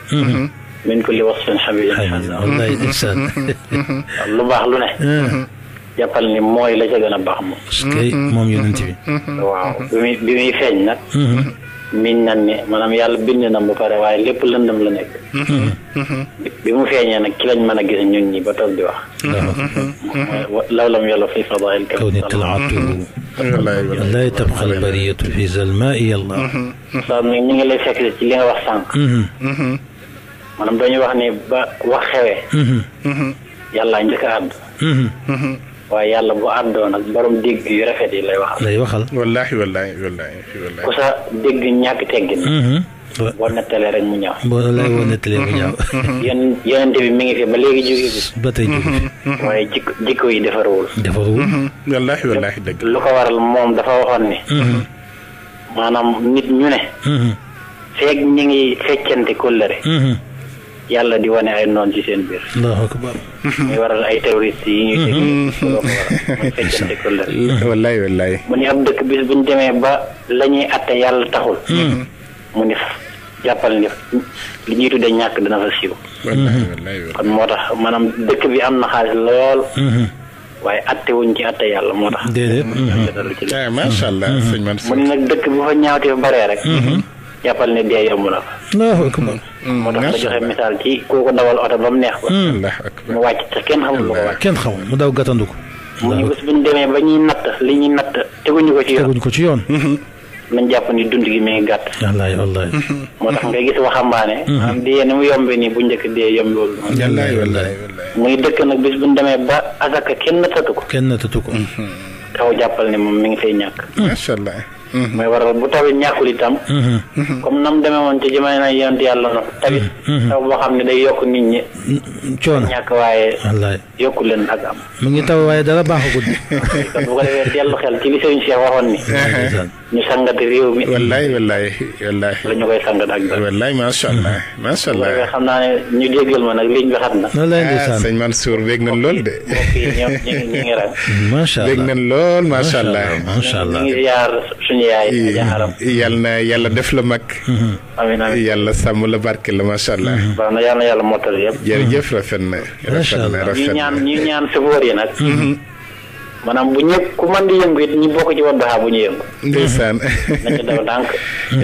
min ko li wax seen xam yi. wallaay ndeysaan lu baax lu ne. jàppal ni mooy la ca gën a baax moom.
parce que moom yonent bi. waaw bi muy bi
muy feeñ nag. miñ nan ne maanaam yàlla bind na bu pare waaye lépp lëndëm la nekk. bi mu feeñee nag ki lañ mën a gis ñun ñi ba toog di wax. law lam yàlla fi fadail kaw ni
talaatu
laa tabqa albariyatu fi zalmaa yàlla.
saa mi ñu ngi lay fekk ci li nga wax sànq. maanaam dañuy wax ni ba wax xewee. yàlla njëkk a
àdd.
waaye yàlla bu àndoon ak borom dégg yu rafet yi lay
waxal. lay waxal wallaahi wallaahi wallaahi
wallaahi. ku sa dégg ñàkk teggin. Mm-hmm. boo nettalee rek mu ñaaw. boo lay boo nettalee mu ñaaw. Mm-hmm. yéen yonente bi mi ngi fi ba léegi jógee fi. ba tey jógee fi. Mm-hmm. waaye jikko jikko yi defarawul. defarawul. wallaahi wallaahi dëgg lu ko waral moom dafa waxoon ni. maanaam nit ñu ne. feeg ñu ngi feccante kóllëre. yàlla di wane ay noon ci seen biir. allahu akbar. muy waral ay terroriste yi ñuy
dégg. looloo ko waral mm-hmm.
mu ne ab dëkk bis bu ñu demee ba lañuy ñuy yàlla taxul. Mm-hmm. mu ni jàppal ni li ñuy tuddee ñàkk dana fa siiw.
Mm-hmm.
kon moo tax maanaam dëkk bi am na xaalis lool. waaye atte wuñ ci atte yàlla moo tax. déedéet. Eh, macha mu ne nag dëkk bu fa ñaawtee baree rek. jàppal ne a yomb na ko. allahu akbar. Mm, moo tax ma joxe misaal ci kooku dawal oto ba mu neex mm. ko. mu wàcc te kenn xamul lu ko wàcc.
kenn xamul mu daw gàttandu ko.
mu ñu bés bu ñu demee ba ñuy mm-hmm. ni dund gi mi ngi gàtt. wallaahi wallaahi. Mm-hmm. moo tax ngay gis waxambaane. Mm-hmm. am dee ni mu yombee nii bu njëkk dee yomb loolu. wallaahi wallaahi muy dëkk nag bis bu ñu demee ba asaka kenn tëtu ko.
kenn tëtu ko.
kaw jàppal ne moom mi ngi fay ñàkk. Mhm. mooy waral bu tawit ñàkkul itam mhm. Mhm. comme nam demee woon ci jamono na yonent yàlla no tawit taw boo xam ne day yokk nit ñi mm, coono ñàkk waaye wallaay yokku leen ak am
mu ngi taw waaye a baaxagul
bu ko defee dellu xel ci li sëriñ Cheikh waxoon ni ñu sangati réew mi. wallaay wallaay wallaay. la ñu koy sangat ak
dara. allah hmm. macha allah. waaye xam naa ne ma nag liñ bi xat na. Ah, nañ lool de. mbokk yi nañ lool macha allah. macha allah ñu ngi yaar suñu yaay. yal na yàlla def la mag. Hmm. amiin sàmm la barke la macha allah. Hmm. baax na yàlla yàlla mottali yëpp. rafet na. macha allah rafet na rafet na ñu
ñaan ñu ñaan yi nag. maanaam bu ñëpp ku mën di yëngu it ñi bokk ci Wadduha bu ñu yëngu. ndeysaan. na ci daw ndànk.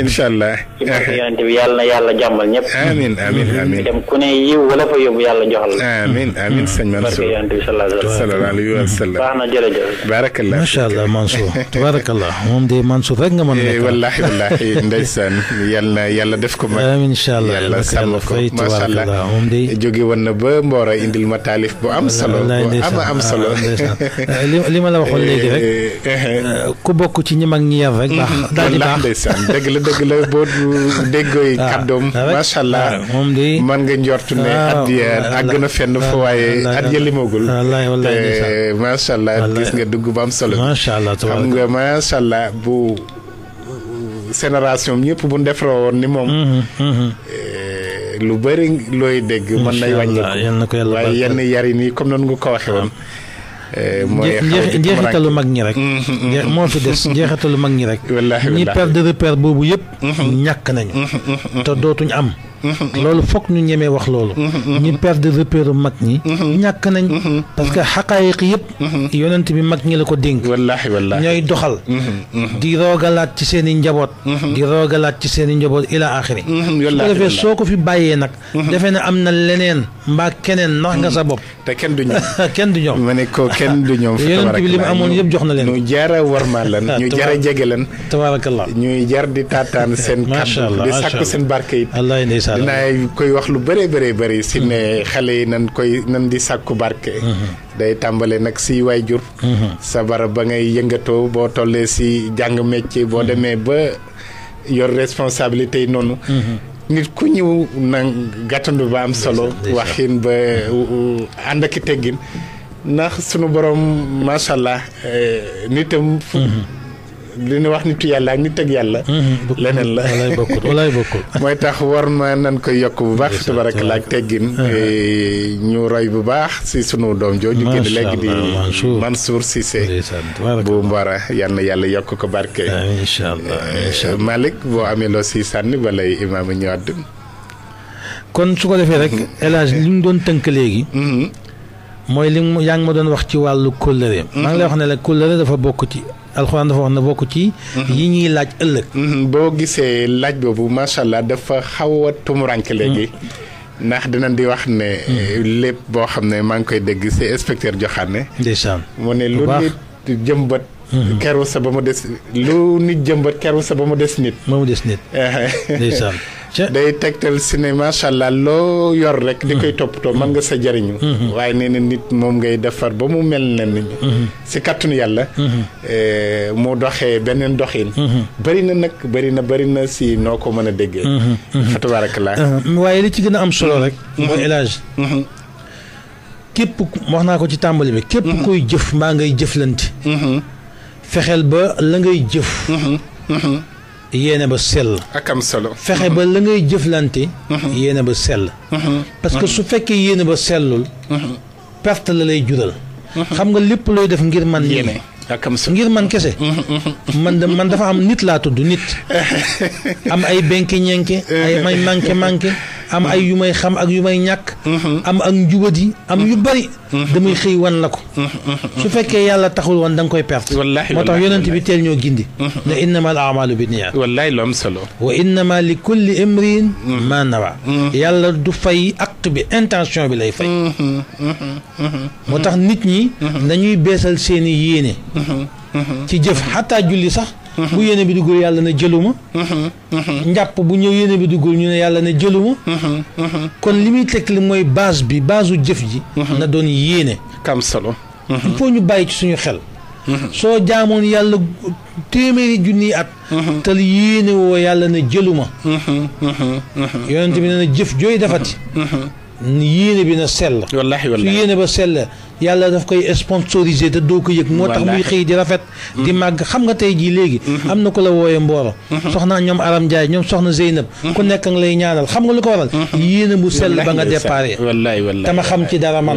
incha allah. ci
barke yonente bi yàlla na yàlla jàmmal ñëpp. amiin amiin amiin. dem ku ne yiw wala fa yóbbu yàlla joxal la. amiin amiin
sëñ Mansour. barke yonente bi sallallahu alayhi wa sallam. baax na jërëjëf. baarakallah macha allah Mansour.
tabaarakallah moom de Mansour rek nga mën a nekk. wallaahi wallaahi ndeysaan
yàlla na yàlla def ko. amiin incha allah yàlla sàmm ko macha allah moom de. jóge woon na ba Mboro indil ma taalif bu am solo bu am am solo
li ma la waxoon léegi rek eh, eh, eh, ku bokk ci ñi mag ñi yar rek baax mm-hmm. daal di baax ndeysaan
dëgg la dëgg la boo déggoy ah, kàddoom ah, macha allah ah, moom di man nga njortu ne addiya àgg na fenn fa waaye addiya limagul wallaay macha allah gis nga dugg ba am solo macha allah xam nga macha allah bu génération ñëpp bu defaroo woon ni moom mm-hmm, mm-hmm. lu bëri looy dégg man na mën nay wàññeeku waaye yenn yar yari nii comme noonu nga ko waxee woon Eh, mooy njeexitalu mag ñi rek. Mm-hmm, mm-hmm. moo fi des njeexitalu mag ñi rek. wallaahi wallaahi
ñi boobu yëpp. Mm-hmm. ñàkk nañu. te dootuñ am. lolu fokk ñu ñëmé wax lolu ñi perdre repère mag ñi ñak nañ parce que xaqaayiq yëpp yonent bi mag ñi la ko dénk wallahi wallaahi ñooy doxal di rogalat ci seen njabot di rogalat ci seen njabot ila akhiri wallahi ko soko fi bayé nak defee na amna na leneen mbaa keneen nax nga sa bop te kenn du ñom kenn du ñom mané ko kenn du ñoom yonent bi lim mu amoon yëpp jox na leen ñu jara warmaa
lan ñu jara jege lan tabarakallah ñuy jar di tatane seen kàddu di sàkku seen barke yi allah it allah koy wax lu bëree bëree bëri. si ne mm-hmm. xale yi nan koy nan di sàkku barke. Mm-hmm. day tàmbale nag si waajur. Mm-hmm. sabar ba ngay yëngatoo boo tollee si jàng métier boo demee ba yor responsabilité yi noonu. nit ku ñëw na gàttandu ba am solo. waxin ba ànd ak teggin. ndax sunu borom macha allah eh, nitam. li ñu wax nitu yàlla ak nit ak yàlla. Mm-hmm. leneen la walaay bokkul walaay bokkul. mooy tax war ma nan koy yokk bu baax. tabarakalla ak teggin. Eh, ñu roy bu baax si sunu doom jooju. macha lekk léegi di Mansour Cissé. bu Mbora yal na yàlla yokk ko barke. Ah, incha eh, boo amee loo si sànni balay imaam ñëwaat.
kon su ko defee rek mm-hmm. El Hadj li doon tënk léegi. Mm-hmm. mooy li mu yaa ngi ma doon wax ci wàllu kóllëre. maa ngi lay wax ne la kóllëre dafa bokk ci. alxuraan
dafa wax na bokk ci. Mhm. yi ñuy laaj ëllëg. Mhm, boo gisee laaj boobu macha allah dafa xaw a tumuranke léegi. Mhm. ndax dinañ di wax ne. lépp boo xam ne maa ngi koy dégg si inspecteur Joxaane. ndeysaan mu ne lu nit jëmbat. keru sa ba mu des lu nit jëmbat keru sa ba mu des nit. ba mu des nit day tegtal si ne macha allah loo yor rek. di koy toppatoo man nga sa jariñu. Mm-hmm. waaye nee na nit moom ngay defar ba mu mel na nit ñi. Mm-hmm. si kàttanu yàlla. mu mm-hmm. eh, doxee beneen doxin. bëri na nag bëri na bëri na si noo ko mën a déggee. Uh-huh.
waaye li ci gën a am solo rek. mooy élage. képp wax naa ko ci tàmbali bi. képp koy jëf mbaa ngay jëflante. fexeel ba la ngay jëf. yéene ba sell. ak am solo. fexe ba la ngay jëflante. Mhm. yéene ba sell. Mhm. parce que mhm. su fekkee yéene ba sellul. perte la lay jural. xam nga lépp looy def ngir man. yéene ak am ngir man kese. man dafa am nit laa tudd nit. am ay benki ñenke ay may manqué manqué. am ay yu may xam ak yu may ñàkk am ak njubadi am yu bari damay xëy wan la ko su fekkee yàlla taxul woon da nga koy perte wallaahi moo tax yonent bi teel ñoo gindi ne innama al amalu bi niyaat
wallaahi lu am solo
wa innama li kulli imrin ma nawa yàlla du fay act bi intention bi lay fay moo tax nit ñi dañuy beesal seeni yéene ci jëf xataa julli sax bu yéene bi duggul yàlla ne jëluma njàpp bu ñëw yéene bi duggul ñu ne yàlla na jëluma kon li muy teg li mooy baas bi base u jëf ji na doon yéene kam solo il ñu bàyyi ci suñu xel soo jaamoon yàlla téeméeri junniy at te yéene woo yàlla ne jëluma yonent bi ne na jëf jooy defati yéene bi na sell wallaahi wallaahi su yéene ba sell yàlla daf koy sponsoriser te do ko yek motax muy xëy di rafet di mag xam nga tay ji legi amna ko la woyé mboro soxna ñom aram jaay ñom soxna zainab ku nekk ang lay ñaanal xam nga lu ko waral yéene mu sel ba nga déparé tama xam ci dara man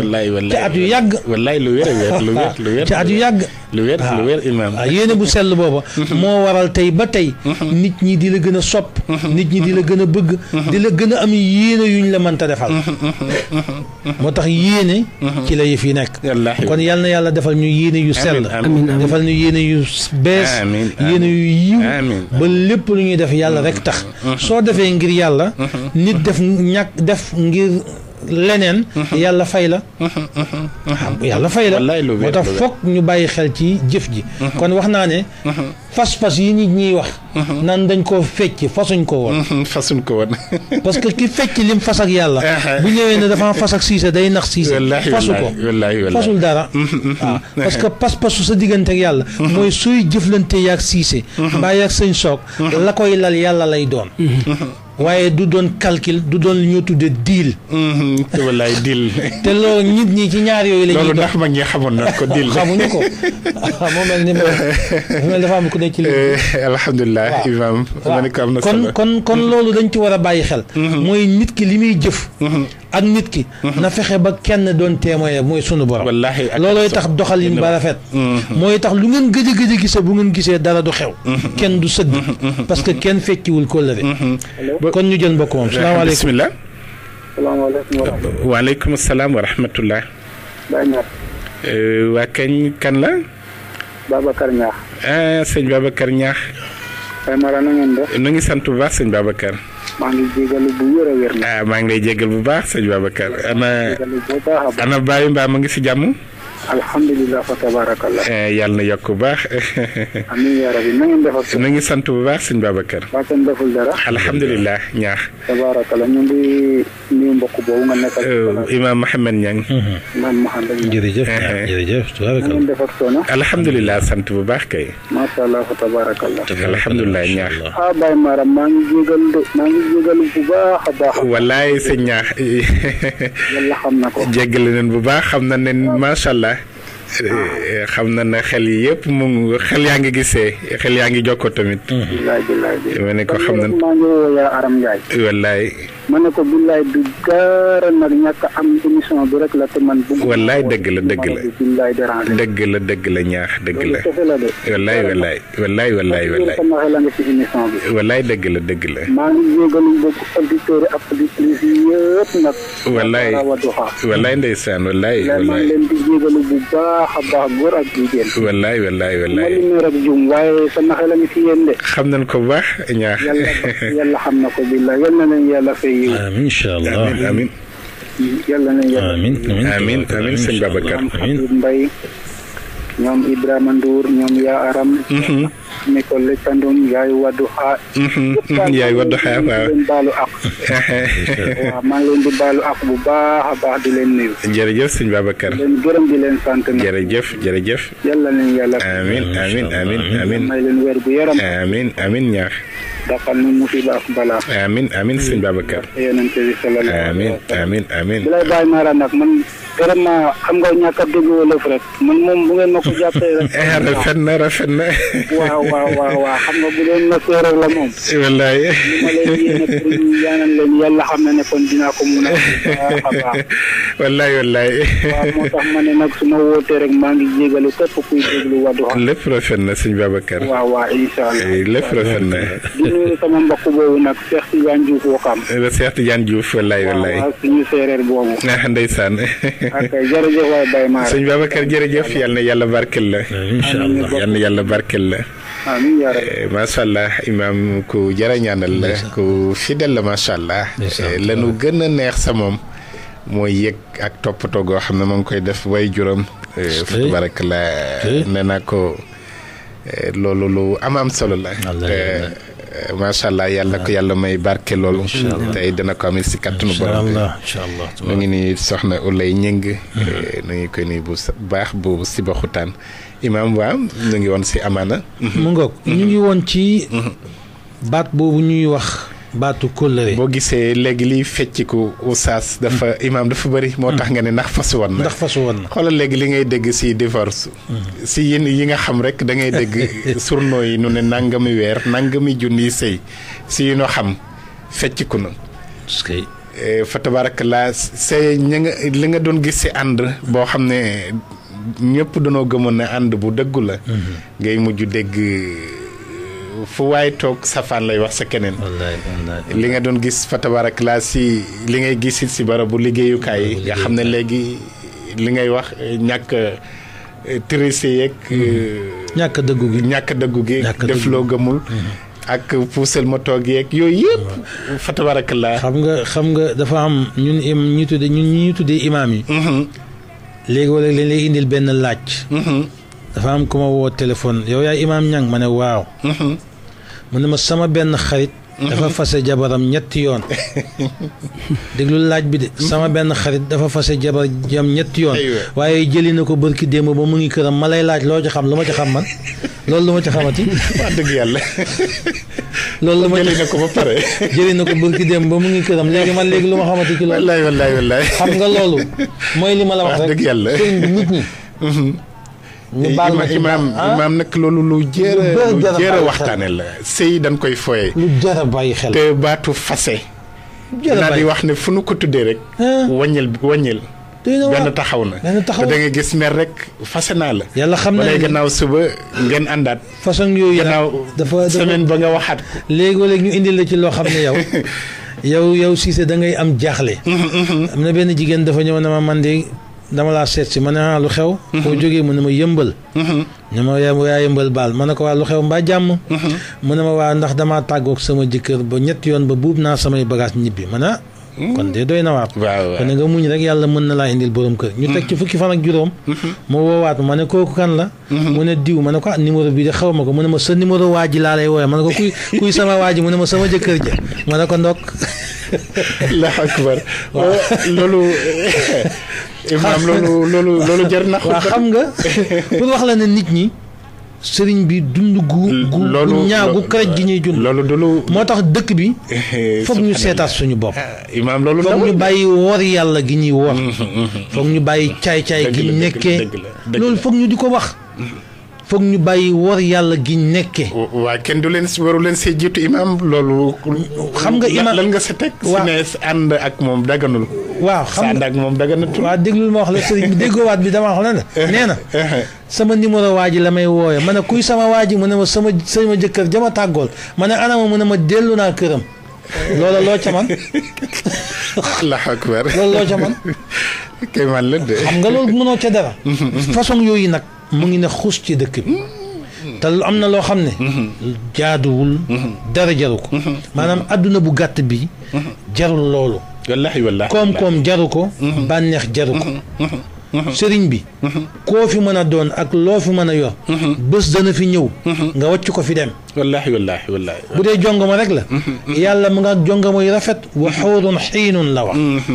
ci at yu yag wallahi lu wér wér lu wér lu wér ci at yu yag
lu wér lu wér imam
yéene bu sel booba mo waral tay ba tay nit ñi di la gëna sop nit ñi di la gëna bëgg di la gëna am yéene yuñ la mën ta defal motax yene ci la yëf nek wallaahi kon yal na yàlla defal ñu yéene yu sell. defal ñu yéene yu bees. amiin yéene yu yiw. ba lépp lu ñu def yàlla rek tax. Mm-hmm. soo defee ngir yàlla. Mm-hmm. nit def ñàkk def ngir. leneen. yàlla fay la. yàlla fay la. moo tax foog ñu bàyyi xel ci jëf ji. kon wax naa ne. fas-fas yi nit ñiy wax. nan dañ koo fecc fasuñ ko woon. fasuñ ko woon. parce que ki fecc lim fas ak yàlla. bu ñëwee ne dafa fas ak siise day nax siise. fasu ko fasul dara. parce que pas-pasu sa diggante yàlla. mooy suy jëflante yaag siise. mbaa yaag sëñ soog. la koy lal yàlla lay doon. waaye du doon calcul du doon ñu ñuy tuddee deal. Mhm, te wallaay deal. te loolu nit ñi ci
ñaar yooyu. la ñuy loolu ndax ma ngi xamoon na ko deal. xamuñu ko
mel ni
dafa am ku ne ci léegi. Eh, alhamdulilah imam. ma ne ko am na solo kon
kon loolu dañ ci war a bàyyi xel. Mhm. mooy nit ki li muy jëf. Mhm. ak nit ki. na fexe ba kenn doon témoin mooy sunu borom. wallaahi ak loolooy tax doxalin ba rafet. mooy tax lu ngeen gëj a gëj a gisee bu ngeen gisee dara du xew. kenn du sëgg. parce que kenn fecciwul kóllëre. kon ñu jël mbokk
moom salaamaaleykum bisimilah. salaamaaleykum wa rahmatulah. waaleykum salaam wa rahmatulah. waa kañ kan la.
Babacar Niakh.
ah sëñ Babacar Niakh. Aymara na ngeen def. nu ngi sant bu baax sëñ Babacar. maa ngi jégalu bu wér a wér. ah maa ngi lay jégal bu baax sëñ Babacar ana ana Baye Mbaa ma ngi si jàmm. alhamdulilah fa tabarakallah eh, yàlla na yokk bu baax amiin ya rabbi na ngeen defal na ngi sant bu ba deful dara alhamdulilah ñaax
tabarakallah ñu ngi nuyu mbokk boobu nga nekkal euh,
imam Mohamed Niang mhm.
imam Mohamed Niang jërëjëf
eh, eh. jërëjëf tabarakallah ngeen defal soona alhamdulilah sant bu kay
allah fa tabarakallah
alhamdulilah ñaax ah
Baye Maram maa ngi jégal de maa ngi jégal bu
baax a baax wallaay ñaax yàlla ko bu allah Eh, xam na na xel yi yëpp moom xel yaa ngi gisee xel yaa ngi jokkoo tamit. ma ni ko xam na. wallaay.
ma ne ko billaay du dara nag ñàkk am émission bi rek la te man. bu wallaay dëgg la dëgg la
dëgg la dëgg la ñaax dëgg la. wallaay wallaay wallaay wallaay wallaay. wallaay dëgg la dëgg la.
maa ngi yëgalu bëgg auditeurs ak auditrices yëpp nag. wallaay wallaay
ndeysaan wallaay. wallaay
maa ngi leen di yëgalu bu baax a baax góor ak jigéen. wallaay wallaay wallaay. ma limee rek jum waaye sama xel a ngi ci yéen
de. xam nañ ko bu baax ñaax.
yàlla xam na ko billaay yal na leen yàlla fay Amin, امين ان شاء الله امين امين yàlla na yàlla amin amin amin amin sëñ Babacar amin mbay ñoom Ibrahima Ndour ñoom yaa aram mhm. Nicole Lepandum yaay waddu xaa mhm. yaay waddu xaa waaw leen baalu ak waaw
maa ngi leen di baalu ak bu baax a baax di leen nuyu jërëjëf sëñ Babacar leen gërëm di leen sant na jërëjëf jërëjëf yàlla leen yàlla amin amin amin amin may leen weer bu yaram amin amin ñaax daqal nu musiba ak balaa amin amin sëñ Babacar yonente bi sallallahu alayhi wa sallam amin amin amin bilay bàyyi maara nag man vraiment
xam nga ñàkk a déggoo lëf rek man moom bu ngeen ma ko jàppee rek. rafet
na rafet na.
waaw waaw waaw waaw xam nga bu doon na séeréer la moom. wallaay. li ma leen yéene pour ñu ñaanal leen yàlla xam na ne kon dinaa ko mun a.
wallaay wallaay.
waaw moo tax ma ne nag su ma wootee rek maa ngi jégalu képp kuy déglu Wadduha.
lépp rafet na sëñ Babacar.
waaw waaw incha allah. lépp rafet na. di nuyu sama mbokk boobu nag Cheikh Tidiane Diouf waxam.
Cheikh Tidiane Diouf wallaay wallaay. waaw waaw suñu séeréer boobu. ndeysaan.
ok jërëjëf waay sëñ
Babacar jërëjëf yal yàlla barkel la. incha yàlla barkel la. amiin yaa rabi eh, macha allah imaam ku jërë la. ku fidèle la macha eh, la nu gën a neex sa moom. mooy yëg ak toppatoo goo xam ne moo ngi koy def way juróom. Eh, fa tabarak la nee naa ko loolu lu am solo la. Eh, macha allah yàlla ko yàlla may barke loolu. tey dana ko amee si kàttanu borom. incha nii soxna Ulay Ñëng. ñu hmm. eh, koy nuyu bu baax bu si baxutaan imaam waa ñu ngi woon si amaana. mu ngoog ñu ngi woon ci. Hmm. baat boobu ñuy wax. baatu kóllëre boo gisee léegi liy fecciku oustaz dafa hmm. imaam dafa bëri moo tax hmm. nga ne ndax fasu na ndax fasu woon na xoolal léegi li ngay dégg si divorce hmm. si yéen yi nga xam rek da ngay dégg surno yi nu ne nangami weer nangami junni sëy si yu noo xam fecciku na eh, fa tabaraka laa sëy ña nga li nga doon gis si ànd boo xam ne ñëpp danoo gëmoon ne ànd bu dëggu la ngay mujj dégg fu waay toog safaan lay wax sa keneen. li nga doon gis fa tabarak laa si li ngay gisit si barabu liggéeyukaay nga xam ne léegi li ngay wax eh, ñàkk eh, tricé yeeg. Mm-hmm. Eh, ñàkk dëggu gi ñàkk dëggu gi. def loo gëmul. Mm-hmm. ak puusal ma toog yeeg yooyu yëpp. fa xam
nga xam nga dafa am ñun ñi tuddee ñun ñi tuddee imaam yi. Mm-hmm. léegi wala lañ lay indil benn laaj. dafa am kuma wo woo téléphone yow yaay imam ñang mané waw waaw mhm. mu ma sama ben mhm. mhm. xarit dafa fase jabaram ñetti yoon déglu laaj bi de sama ben xarit dafa fase jabar jam ñetti yoon waye jëli na ko bërki démb ba mu ngi këram malay laaj lo ci xam luma ci xam man loolu luma ci xamati wa deug yalla loolu luma ma jëli na ko ba paré jëli na ko bërki démb ba mu ngi këram légui man légui luma xamati ci loolu wallahi wallahi wallahi xam nga loolu moy li ma la wax rek deug yalla
nit ñi ñu eh, baal ma imaam ah? imaam nag loolu lu jërë lu jërë waxtaane la sëy dañ koy foye lu jërë bàyyi xel te baatu fase naa di wax ne fu nu ko tuddee rek ah? wàññil wàññil benn taxaw na te da nga gis mer rek fase naa la yàlla xam na gannaaw suba ngeen àndaat façon yooyu gannaaw dafa semaine ba nga waxaat ko léegoo léeg ñu indi la ci loo xam ne yow yow
yow Cissé da ngay am jaaxle am na benn jigéen dafa ñëw na ma man dama laa seet si ma ne ah lu xew. Mhm. boo jógee mu ne ma yëmbal. Mhm. ne ma yaa yëmbal baal ma ne ko waa lu xew mbaa jàmm. Mhm. mu ne ma waa ndax damaa tàggoog sama jëkkër ba ñetti yoon ba buub naa samay bagage ñibbi ma ne kon de doy na waat. waaw kon nga muñ rek yàlla mën na laa indil boroom kër. ñu teg ci fukki fan ak juróom. ma woowaat ma ne kooku kan la. mu ne diw ma ne ko ah numéro bii de xaw ma ko mu ne ma sa numéro waa ji laa lay woowee ma ne ko kuy sama waa ji mu ne sama jëkkër ma ne ko ndokk. la akbar Eh, maanaam loolu loolu loolu na. xam nga pour wax la ne nit ñi. sëriñ bi dund gu. gu ñaagu karaj gi ñuy dund. loolu du moo tax dëkk bi.
Eh, foog ñu
seetaat suñu bopp. Ah, imaam loolu foog ñu bàyyi woor yàlla gi ñuy woor. foog ñu bàyyi caay-caay
gi ñu nekkee. loolu foog ñu di ko wax. foog ñu bàyyi war yàlla gi nekke waaw kenn du leen waru leen see jiitu imaam loolu. xam nga imaam lan nga sa teg. waaw si ne ànd ak moom daganul. waaw xam nga ànd ak moom daganatul. waaw déglul ma wax la bi
déggoowaat bi na. sama numéro waa ji la may wooye ma ne kuy sama waa ji mu ne ma sama sama jëkkër jama tàggool ma ne anama mu ne ma dellu naa këram. loola loo ca dara. façon yooyu nag. mu ngi ne xus ci dëkk bi te am na loo xam ne jaaduwul dara jaru ko maanaam adduna bu gàtt bi jarul loolu wallaahi wallaahi koom-koom jaru ko bànneex jaru sëriñ bi koo fi mën a doon ak loo fi mën a yor bés dana fi ñëw nga wàcc
ko fi dem wallaahi wallaahi wallaahi
bu dee jongama rek la yàlla mu nga jongama yu rafet wa xawrun xiinun la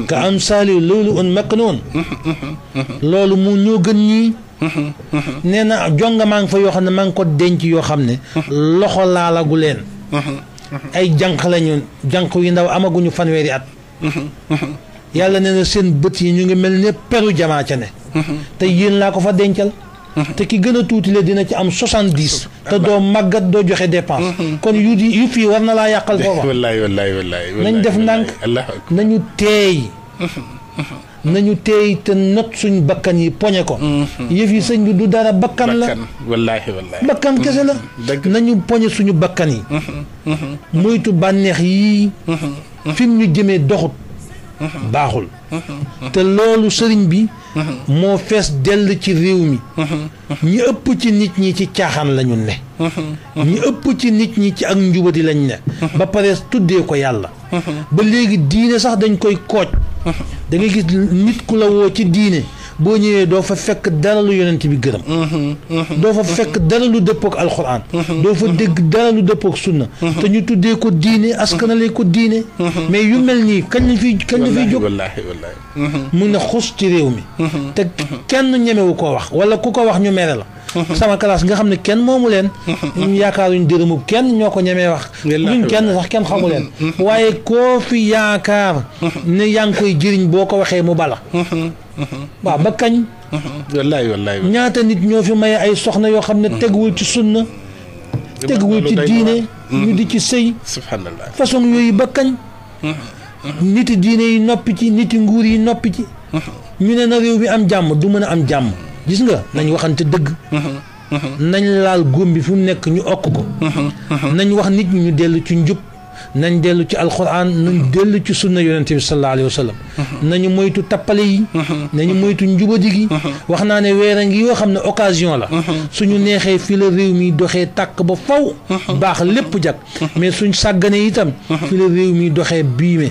ka am saali loolu loolu mu ñoo gën ñii nee na jonga maa fa yoo xam ne maa ko denc yoo xam ne. loxo laalagu leen. ay jànq lañu jànq yu ndaw amaguñu fanweeri at. yàlla nee na seen bët yi ñu ngi mel ne peru jamaa ca ne. te yéen laa ko fa dencal. te ki gën a tuuti la dina ci am soixante-dix. te doo màggat doo joxe dépense. kon yu fii war na laa yàqal foofa.
wallaay nañu wallaay nañ def ndànk
nañu teey. nañu teey te not suñ bakkan yi poñe ko mm-hmm. yëf yi sëñ bi du dara bakkan la
wallaahi wallaahi bakkan kese
mm-hmm. la nañu poñe suñu bakkan yi
mm-hmm.
moytu bànneex yii fi mu ñu jëmee doxut baaxul mhm. te loolu sëriñ bi mhm. moo fees dell ci réew mi mhm. ñi ëpp ci nit ñi ci caaxaan lañu ne ñi ëpp ci nit ñi ci ak njubadi lañ ne ba pare tuddee ko yàlla ba léegi diine sax dañ koy kooj da gis nit ku la woo ci diine boo ñëwee doo fa fekk dara lu yonent bi gërëm doo fa fekk dara lu dëppook alxuraan doo fa dégg dara lu dëppook sunna te ñu tuddee ko diine askanale ko diine mais yu mel nii kañ la fiy kañ la fiy jóg mu ne xus ci réew mi te kenn ñemewu koo wax wala ku ko wax ñu mere la sama classe nga xam ne kenn moomu leen ñun yaakaaruñ dërëmub kenn ñoo ko ñemee wax ñun kenn sax kenn xamu leen waaye koo fi yaakaar ne yaa ngi koy jëriñ boo ko waxee mu bala waaw ba kañ wallaay ñaata nit ñoo fi maye ay soxna yoo xam ne teguwul ci sunna teguwul ci diine ñu di ci sëy subhanallah façon yooyu ba kañ niti diine yi noppi ci niti nguur yi noppi ci ñu ne na réew mi am jàmm du mën a am jàmm gis nga nañ waxante dëgg. Mm-hmm. Mm-hmm. nañ laal góom bi fu mu nekk ñu okk ko. Mm-hmm. nañ wax nit ñi ñu dellu ci njub. nañ dellu ci alquran nañ uh-huh. dellu ci sunna yonente bi sallallahu alayhi wa sallam uh-huh. nañu moytu tappale yi uh-huh. nañu moytu njubadi gi wax naa ne weer a ngi yoo xam ne occasion la suñu neexee fii la réew mi doxee tàkk ba faw baax lépp jag mais suñ sàggane itam fii la réew mi doxee biime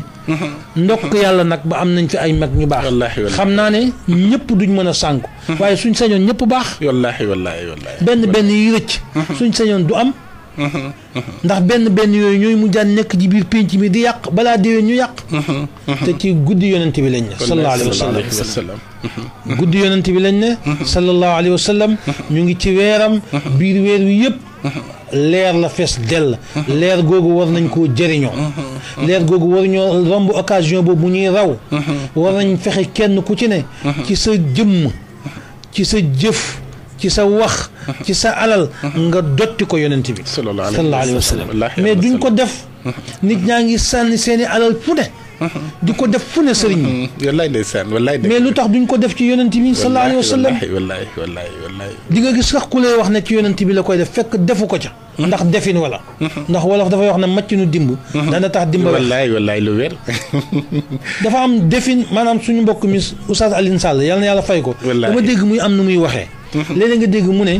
ndokk yàlla nag ba am nañ fi ay mag ñu baax xam naa ne ñëpp duñ mën a sànku waaye suñ sañoon ñëpp baax wallaahi wallaahi benn benn yi rëcc suñ sañoon du am ndax benn benn yooyu ñooy mu jaan nekk ci biir pénc mi di yàq balaa déwén ñu yàq. te ci guddi yonent bi lañ ne. sallallahu alayhi guddi yonent bi lañ ne. sallallahu alayhi ñu ngi ci weeram. biir weer wi yëpp. leer la fees dell. leer googu war nañ koo jëriñoo. leer googu war raw. war nañ fexe kenn ku ci ne. ci sa jëmm ci sa jëf. ci sa wax ci sa alal nga dotti ko yonent bi sallallahu alayhi wasallam mais duñ ko def nit ñangi ngi sànni seeni alal fu ne def fu ne bi wallaay ndeysaan wallaay mais lu duñ ko def ci yonent bi sallallahu alayhi wa sallam
wallaay wallaay wallaay
di nga gis sax ku lay wax ne ci yonent bi la koy def fekk defu ko ndax defin wala ndax wala dafa wax ne màccinu dimb dana tax dimba wallahi wallahi lu wér dafa am defin manam suñu mbokk mi oustad aline Sall yalla na yàlla fay ko dama deg muy am nu muy waxe léeg-léeg nga dégg mu ne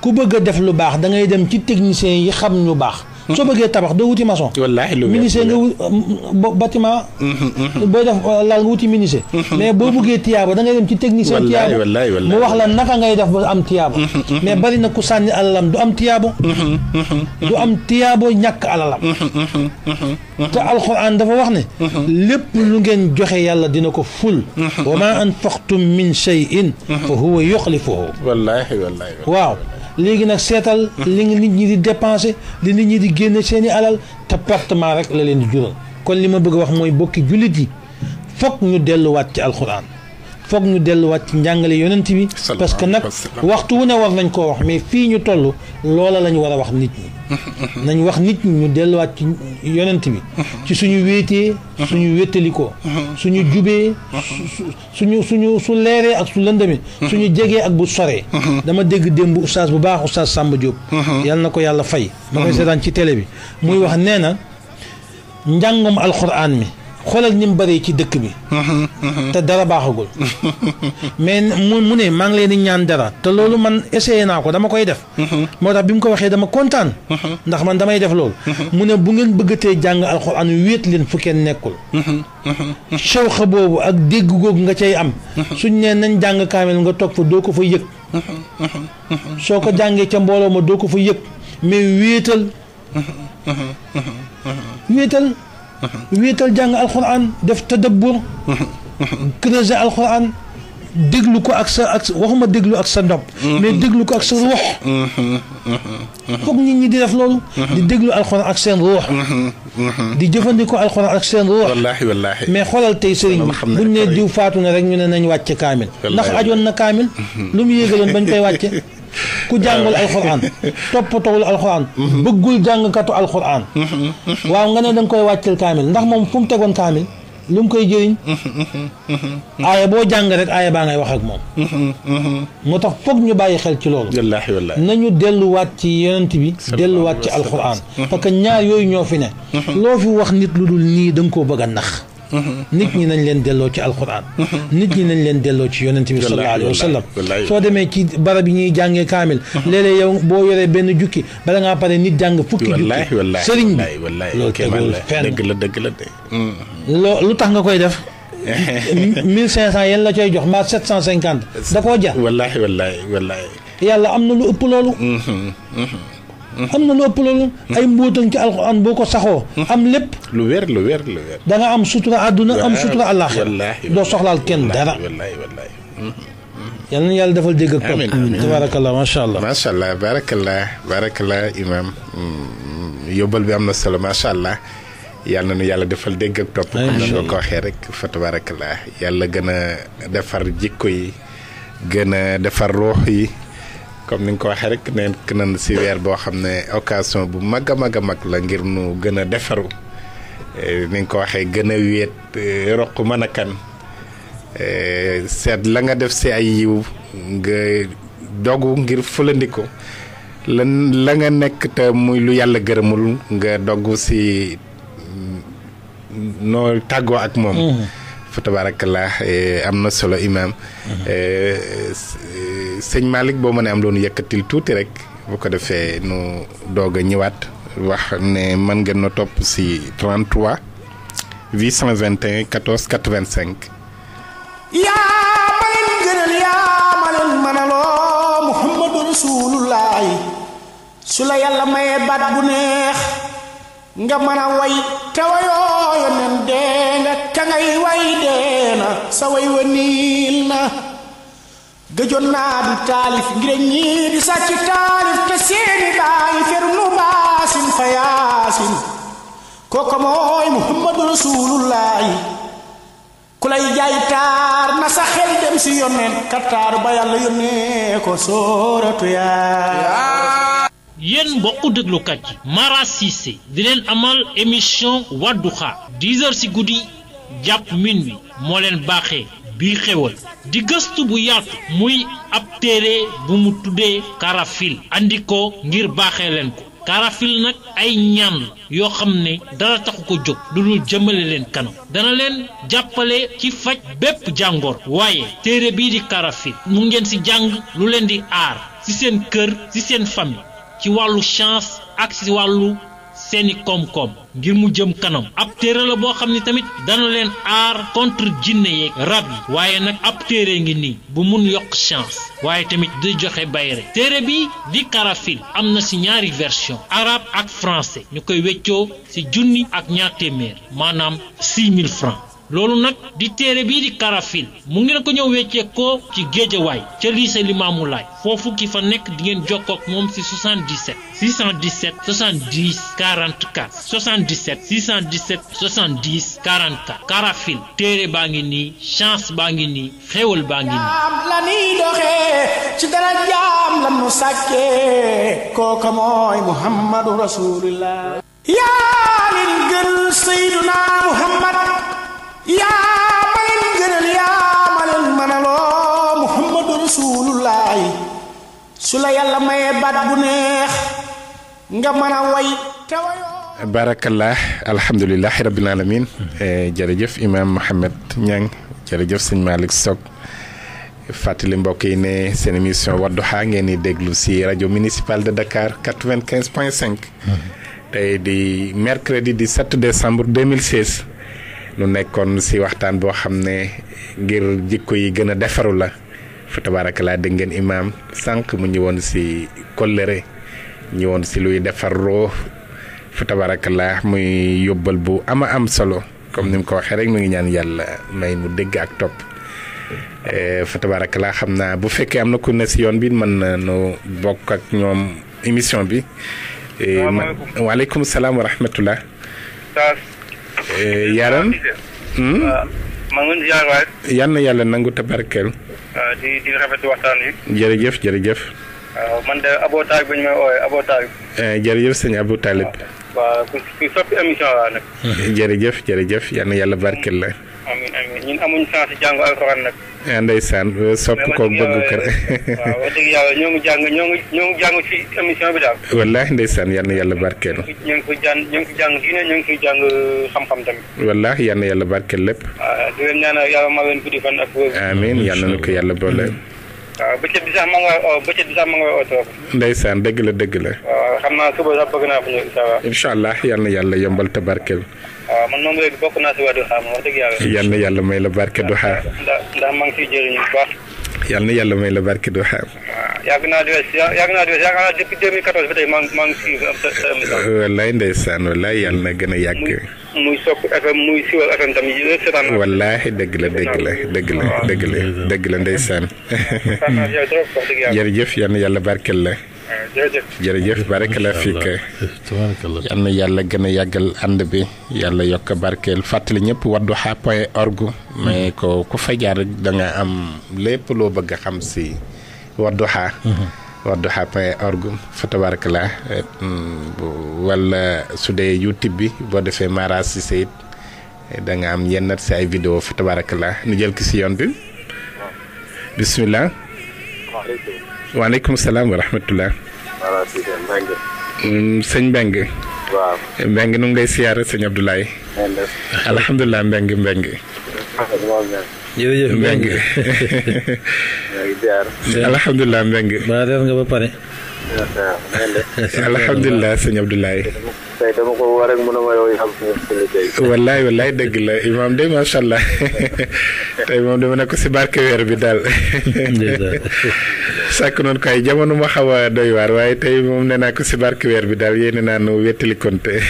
ku bëgg a def lu baax da ngay dem ci techniciens yi xam ñu baax soo bëggee tabax doo wuti maçon. wallaahi lu meññ nga wut euh, bâtiment. booy def euh, laal nga wuti menuisier. mais boo bëggee tiyaaba da ngay dem ci technicien. tiyaaba mu wax la naka ngay def ba am tiyaaba. Mm-hmm, mm-hmm. mais bari na ku sànni alalam du am tiyaabo.
Mm-hmm,
du am tiyaabo ñàkk alalam. te alxuraan dafa wax ne. lépp lu ngeen joxe yàlla dina ko ful. wa maa anfaqtum min shay'in fa huwa yuxlifuhu. wallaahi wallaahi waaw. léegi nag seetal. li nga nit ñi di dépenser li nit ñi di génne seen i alal te pertement rek la leen di jural kon li ma bëgg wax mooy bokki jullit yi fokk ñu delluwaat ci alxuraan. foog ñu delluwaat ci njàngale yonent bi parce que nag waxtu wu ne war nañ koo wax mais fii ñu toll loola la ñu war a wax nit ñi nañ wax nit ñu delluwaat ci yonent bi ci suñu wéetee suñu wéttalikoo suñu jubee suñu suñu su leeree ak su lëndëmee suñu jegee ak bu soree dama dégg démb oustaz bu baax oustaz Samba Diop yàlla na ko yàlla fay ma koy seetaan ci télé bi muy wax nee na njàngum alxuraan mi xoolal ni mu bëree ci dëkk bi. Mhm, mhm. te dara baaxagul. mais mu mu ne maa ngi leen di ñaan dara te loolu man essayé naa ko dama koy def. Mhm. moo tax bi mu ko waxee dama kontaan. ndax man damay def loolu. mu ne bu ngeen bëggatee jàng alxuraan wéet leen fu kenn nekkul. shawxa boobu ak dégg googu nga cay am. suñ nee nañ jàng kaamel nga toog fa doo ko fa yëg. soo ko jàngee ca mbooloo ma doo ko fa yëg mais wéetal. wéetal. ويتال جان القران ديف تدبر كرزا القران ديغلو كو اكس اكس واخوما ديغلو اكس ندوب مي ديغلو كو اكس روح فوك نيت ني دي ديف لول دي ديغلو القران اكس سين روح دي جيفانديكو القران اكس سين روح والله والله مي خولال تاي سيرين بو ني ديو فاتو نا رك ني نان واتي كامل ناخ اديون نا كامل لوم ييغالون بان تاي واتي ku jàngul alxuraan toppatoowul alxuraan mhm. bëggul jàngkatu alxuraan mhm. Mhm. waaw nga ne da koy wàccel kaamil ndax moom fu mu tegoon kaamil lu mu koy jëriñ aaya boo jàng rek aaya baa ngay wax ak moom moo tax foog ñu bàyyi xel ci loolu nañu delluwaat ci yonent bi delluwaat ci alxuraan parce que ñaar yooyu ñoo fi ne loo fi wax nit lu dul nii da nga koo bëgg a nax nit ñi nañ leen delloo ci alquran nit ñi nañ leen delloo ci yonent bi sallallahu alayhi wa sallam soo demee ci barab yi ñuy jàngee kaamil léeg yow boo yoree benn jukki bala ngaa pare nit jàng fukki jukki sëriñ bi loolu tegul fenn dëgg la dëgg la loo lu tax nga koy def mille cinq cent la cooy jox maa sept cent cinquante da koo jar wallaahi wallaahi wallaahi yàlla am na lu ëpp loolu am na lu ëpp loolu ay mbóotan ci alquran boo ko saxoo am lépp
lu wér lu wér lu wér
da nga am sutura àdduna am sutura àllaaxira doo soxlaal kenn dara
wallaay wallaay yal na yàlla defal dégg ak topp amiin tabaarakallah macha allah macha allah baarakallah baarakallah imaam yóbbal bi am na solo macha allah yàlla na yàlla defal dégg ak topp comme ni nga ko waxee rek fa tabaarakallah yàlla gën a defar jikko yi gën a defar ruux yi comme ni nga ko waxee rek nekk nañ si weer boo xam ne occasion bu mag a mag a mag la ngir nu gën a defaru eh, ni nga ko waxee gën a wéet eh, roq mën a kan eh, seet la nga def si ay yiw nga dogu ngir fulandiku lan la nga nekk te muy lu yàlla gërëmul nga doggu si mm, noo tàggoo ak moom mm-hmm. fa tabarakallah e, am na solo imaam e, sëñ Malick boo mënee am loonu yëkkatil tuuti rek boo ko defee nu doog a ñëwaat wax ne mën ngeen na topp ci 33 821 14 85
yaa ma leen gënal yaa ma leen mënaloo muhammadu rasulullaahi su la yàlla mayee baat bu neex nga mën a way te wayoo yoneen dee ka ngay way deena sa way wa na gëjoon naa di talif ngir ñii di sàcc fayasin, te seeni bàyyi fer nu baasin fa yaasin kooka mooy muhammadu rasulullahi ku lay jaay taar na sa xel dem si yoneen ka ba yalla yonne ko soratu ya
yen mbokku déglukat yi mara sise di leen amal émission wadduha 10 h si goudi jàpp min mi moo leen baaxee bii xewal di gëstu bu yaatu muy ab téere bu mu tuddee karafil andi ko ngir baaxee leen ko karafil nag ay ñaan yoo xam ne dara taxu ko jóg lu dul jëmale leen kanam dana leen jàppale ci faj bépp jàngoor waaye téere bii di karafil mu ngeen si jàng lu leen di aar ci seen kër ci seen famille ci wàllu chance ak ci wàllu seeni koom-koom ngir mu jëm kanam ab téere boo xam ne tamit dana leen aar contre jinne yeeg rab yi waaye nag ab téere ngi nii bu mun yokk chance waaye tamit di joxe bayre téere bi di karafil am na si ñaari version arabe ak français ñu koy weccoo si junni ak ñaar téeméer maanaam 6000 francs loolu nak di téré bi di karafil mu ngi la ko wéccé ko ci way ci lycée limamou lay fofu ki fa nek di ngeen ak mom ci 77 617 70 44 77 617 70 44 karafil téré baa ngi chance baa ngi nii xéewal baa ngi am
la ni doxé ci dara jam la nu ko ko moy muhammadur rasulullah ya lil gën sayyiduna muhammad Ya gënal ya
barakallah alhamdulillah rabbil alamin eh, jerejef imam mohammed ñang jerejef malik sok fàttali mbokk yi ne seen émission wadduha ngeen di déglu municipal de dakar 95.5 tey di mercredi desember décembre 2016 lu nekkoon si waxtaan boo xam ne ngir jikko yi gën a defaru la fa tabaaraka laa dégg ngeen imaam sànq mu ñëwoon si kóllëre ñëwoon si luy defar roo fa tabaaraka laa muy yóbbal bu ama am solo comme ni mu ko waxee rek mu ngi ñaan yàlla may mu dégg ak topp e, fa tabaaraka laa xam naa bu fekkee am na ko ne si yoon bi mën na nu bokk ak ñoom émission bi. E, waaleykum salaam wa Eh, yaran
mangun hmm? ziar waay.
yal na yàlla nangu te barkeel.
di di wi.
jërëjëf jërëjëf.
waaw man de Abou Talib bu ñu may woowee Abou Talib.
Eh, jërëjëf sëñ Abou
waaw ku soppi émission laa nag.
Eh, jërëjëf jërëjëf yal yàlla barkeel la. ndeysaan sopp ko bëgg kër.
ñoo ngi jàng ñoo ngi ñoo ngi jàng ci émission bi daal.
wallaahi ndeysaan yal yàlla barkeel. ñoo
ngi ko jàng ñoo ñoo ngi ko jàng euh, xam-xam tamit.
wallaahi yal yàlla barkeel lépp.
waaw ah, yàlla ma
ko yàlla boole.
Ah, bëccëg bi sax ma nga oh,
ndeysaan dëgg la dëgg la.
waaw ah,
allah. incha yàlla yombal tabarkeel
waaw man naa waa Duha wax dëgg yàlla. yal
na yàlla may la barke Duha.
ndax
yal na yàlla may la barke Duha. waaw
yàgg naa di wees yàgg na
gën a yàgg.
muy Sokk FM muy Siwal FM tamit yëpp
seetaan naa. wallaahi dëgg la dëgg la dëgg la dëgg la dëgg la ndeysaan. jërëjëf yal na yàlla barkel la. jërëjëf jërëjëf barakala fiik yal na yàlla gën a yàggal ànd bi yàlla yokk barkeel fàttali ñëpp wadduha point org mais ko ku fa jaar rek da nga am lépp loo bëgg a xam si wadduha mhm. wadduha point org fa tabarakala wala su dee youtube bi boo defee Mara Cissé it da nga am yenn si ay vidéo fa tabarakala nu jël ki si yoon bi bismillah waaleykum salaam wa rahmatullah. voilà mm, sëñ Mbengue. waaw Mbengue nu ngay siyaare sëñ Abdoulaye. alhamdulilah Mbengue Mbengue. jërëjëf Mbengue. ba def nga ba pare. alhamdulilah sëñ Abdoulaye.
tey dama ko woo de
macha allah tey moom dama ne si barke weer bi daal. sàkk noonu ko ay jamono ma xaw a doy waar waaye tey moom nee naa si barke weer bi daal yéen naan wettali konte.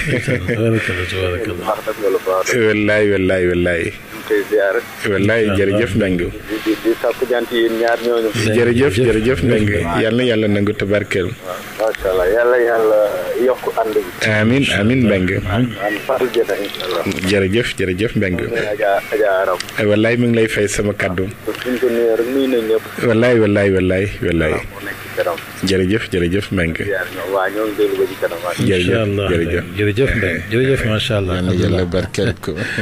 wallaay wallaay wallaay. tey ziar. wallaay jërëjëf Mbengue. di di di sakku jant yi yàlla nangu tabarkeel.
macha allah yàlla yàlla yokk ànd bi.
wallaay mi ngi lay fay sama kàddu. wallaay wallaay wallaay wallaay. jërëjëf jërëjëf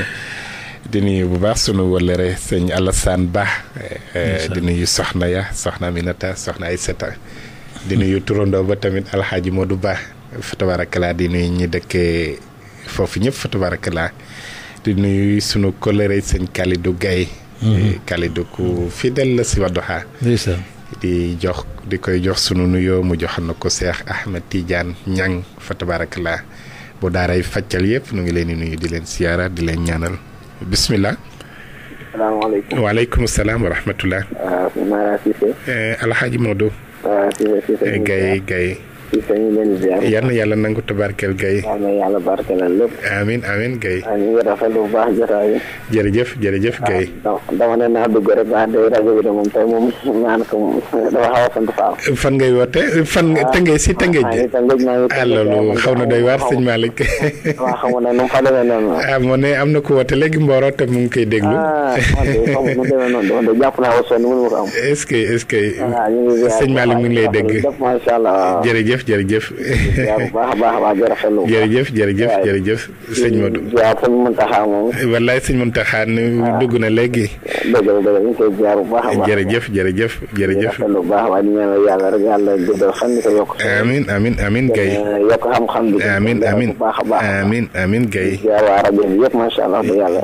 di nuyu bu baax sunu wëllëre sëñ Alassane Ba. Eh, eh, di nuyu Soxna ya Soxna Aminata Soxna Aysata. di hmm. nuyu turandoo ba tamit Alxaaji Modou Ba fa tabarakalaa di nuyu ñi dëkkee foofu ñëpp fa di nuyu sunu kóllëre sëñ Kalidou Gaye hmm. eh, Kalidou ku fidèle la si Wadduha di jox di koy jox sunu nuyoo mu joxal na ko Seex Ahmed Tidiane Ñang fa tabarakalaa bu daaray faccal yëpp nu ngi leen di nuyu di leen siyaara di leen ñaanal بسم الله السلام عليكم وعليكم السلام ورحمة الله آه في الحاج مودو آه في في في جاي جاي yal na yàlla nangu tabarkeel gay amin amin gay jërëjëf jërëjëf gay
dama ne naa dugg rek baax day rajo bi de moom tey moom naan ko
dafa xaw a sant faaw fan ngay woote fan tëngéej si tëngéej ji loolu xaw na doy waar sëñ Malick
ah
moo ne am na ku woote léegi mbooro te mu ngi koy déglu ah, est-ce que est-ce que
ah, sëñ Malick mu ngi lay dégg
jërëjëf jërëjëf jërëjëf. waaw bu baax a baax a baax jërëjëf. jërëjëf jërëjëf jërëjëf sëñ Modou. waaw sëñ Mountakha moom. wallaay sëñ Mountakha dugg na léegi. dëgg la dëgg la ñu ngi koy jaar bu baax a baax. jërëjëf jërëjëf jërëjëf. a
baax di ñaanal yàlla rek yàlla guddal fan ko yokk.
amiin amiin amiin Gaye. yokk xam-xam
bi. amiin amiin bu baax a baax.
amiin amiin Gaye. waa rajo bi yëpp macha allah bu yàlla.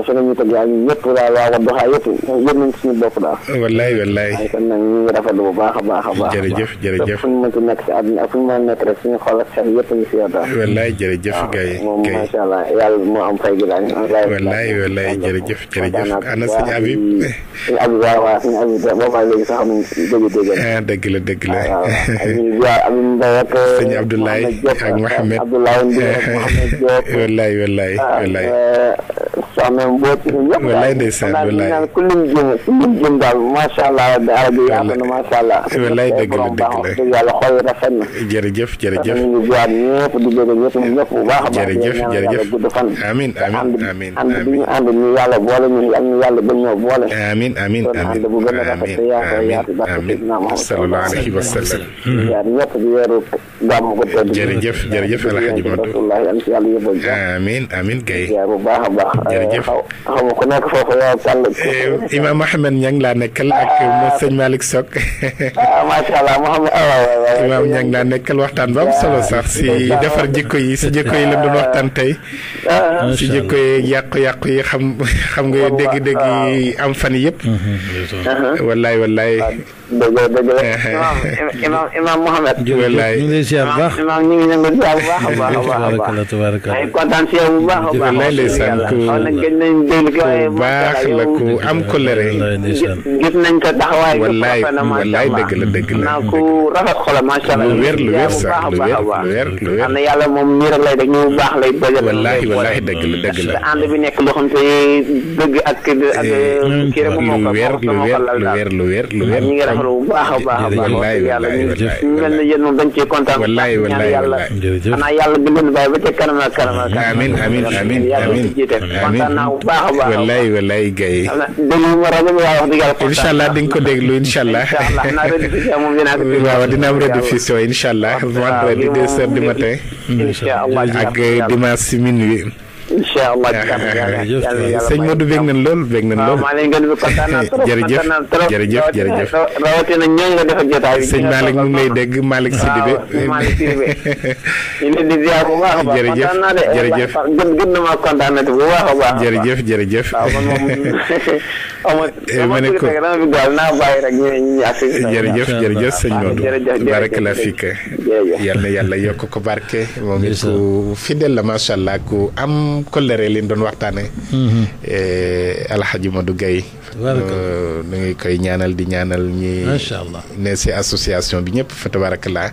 fa ñu ko jaay ñun ñëpp daal waa Wadduha yëpp yëg nañ suñu bopp daal.
wallaay wallaay.
waaye kon nag ñu ngi rafetlu bu baax a baax a baax. jërëjëf jërëjëf fu ñu mën ci nekk si àdduna ak fu ñu mën a nekk rek suñu xol ak xel yëpp ñu si yow daal. wallaay jërëjëf. gars yi moom macha allah yàlla moo am fay gi daal. wallaay
wallaay jërëjëf jërëjëf. ana sëñ Habib.
sëñ Habib waaw waaw sëñ Habib boobaa léegi sax amuñ dégg-dégg. ah dëgg la dëgg la. waaw waaw Habib Mbaye ak. sëñ Abdoulaye ak Mouhamed. Abdoulaye Mbaye ak Mouhamed Diop. wallaay wallaay ah, wallaay. Eh, soxna mbooti ñun ñëpp. walaay ndeysaan walaay xanaa naan ku lim jëm ku lim jëm daal macha allah rajo yi ànd na macha allah. walaay dëgg la dëgg la dëgg yàlla xol rafet na.
jërëjëf jërëjëf ñu ngi ziar
ñëpp di bëgg ñëpp ñëpp bu baax a baax. jërëjëf jërëjëf amiin amiin amiin ànd bi ñu ànd ñu yàlla boole ñu yàlla ñu yàlla gën ñoo boole.
amiin amiin amiin bu gën a rafet te yaatu yaatu barke Seydina Muhammad sallallahu alayhi wa sallam ziar ñëpp di weeru gàmm ko tedd jërëjëf jërëjëf alhaji Modou amiin amiin kay ziar bu baax a baax jërëjëf xaw ma ku nekk foofu yow Sall. Eh,
Imam Mouhamed Niang laa nekkal ak ah, ah. sëñ Malick Sock. ah, ah waxtaan ba am solo sax si defar jikko yi si jikko yi la doon waxtaan tey. si jikko yi yàqu-yàqu yi xam xam nga dégg-dégg yi am fan yëpp. Mhm, uh-huh. wallaay wallaay. dëgg la dëgg la eh, eh. imaam imaam
imaam Mohamed. jërëjëf ñu ngi lay ziar bu baax imaam ñu ngi leen di ziar bu baax a baax a baax.
tabaarkalla tabaarkalla ay
kontaan si yow bu baax a baax. lay ndeysaan ku ku baax la ku am kolere. gis nañ ko taxawaay. wallaay wallaay dëgg la dëgg la. naa ku rafet xolam macha allah. lu wér lu wér sax lu wér lu wér lu wér. xam ne yàlla moom nii rek lay def ñu baax lay dajal. wallaay wallaay dëgg la dëgg la. ànd bi nekk loo xam te dëgg ak. ak eh, kii rek moo ko moo ko lal daal lu wér lu wér lu wér lu wér. solo bu baax a baax a baax wax dëgg yàlla ñu mel ne yéen moom dañ cee kontaan wallaay wallaay yàlla xanaa yàlla di leen bàyyi ba ca kanam ak kanam ak
kanam
amiin amiin amiin yàlla ci jiite kontaan naa bu baax a baax wallaay wallaay gay déglu ma rajo bi waaye wax dëgg yàlla incha allah di nga ko déglu incha allah moom dinaa ko déglu waaw dina am rediffusion incha allah vendredi deux heures du matin ak dimanche minuit
incha allah sëñ Modou
lool bég nañ lool maa leen
rawatina ñoo nga defal jotaay bi sëñ a baax
jërëjëf jërëjëf
gën na maa kontaan bu baax a baax jërëjëf jërëjëf waaw man moom moom it ku la macha ku am wàllum kollëre leen doon waxtaane alxaji Madou Gaye nu ngi koy ñaanal di ñaanal ñi ne si association bi ñëpp fa tabarakallah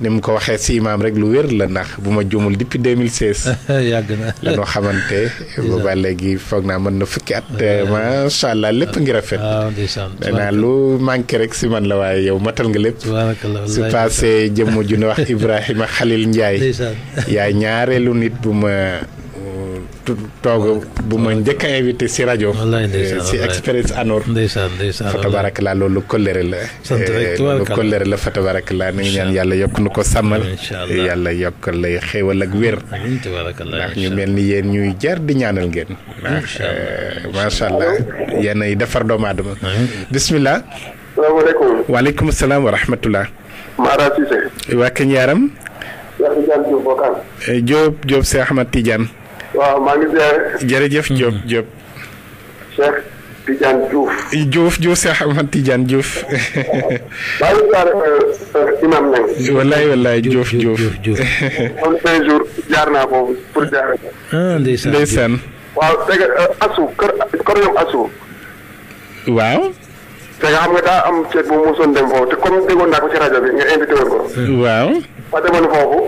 ni mu ko waxee si imaam rek lu wér la ndax bu ma jumul depuis 2016. yàgg na la ñu xamante. boobaa léegi foog naa mën na fukki at. macha allah lépp ngi rafet. waaw ah, danaa lu manqué rek si man la waaye yow matal nga lépp. su paasee jëmm ju ñu wax Ibrahima Khalil Ndiaye. yaay ñaareelu nit bu ma. toog bu ma njëkk invité si rajo. Eh, si expérience Anor. ndeysaan ndeysaan fa tabarakalaa loolu kóllëre la. sant eh, tabarakalaa ni ñaan yàlla yokk nu ko sàmmal. yàlla yokk lay xéewal ak wér.
ndax
ñu mel ni yéen ñuy jar di ñaanal ngeen. ndax eh, macha allah yéen defar doomu aadama. bisimilah. salaamaaleykum. waaleykum salaam wa rahmatulah. Mara Cissé. waa kañ Ahmad Tidiane.
waaw maa ngi ziare.
jërëjëf Diop Diop.
Cheikh Tidiane
Diouf. Diouf Diouf Cheikh Ahmad Tidiane maa
ngi ziare jaar naa foofu pour jaaree ko.
ah ndeysaan ndeysaan.
waaw dégg nga euh, xam nga daa am ceeb bu mu mosoon dem foofu te comme déggoon naa ko ci rajo bi nga invité waaw. ma demoon foofu.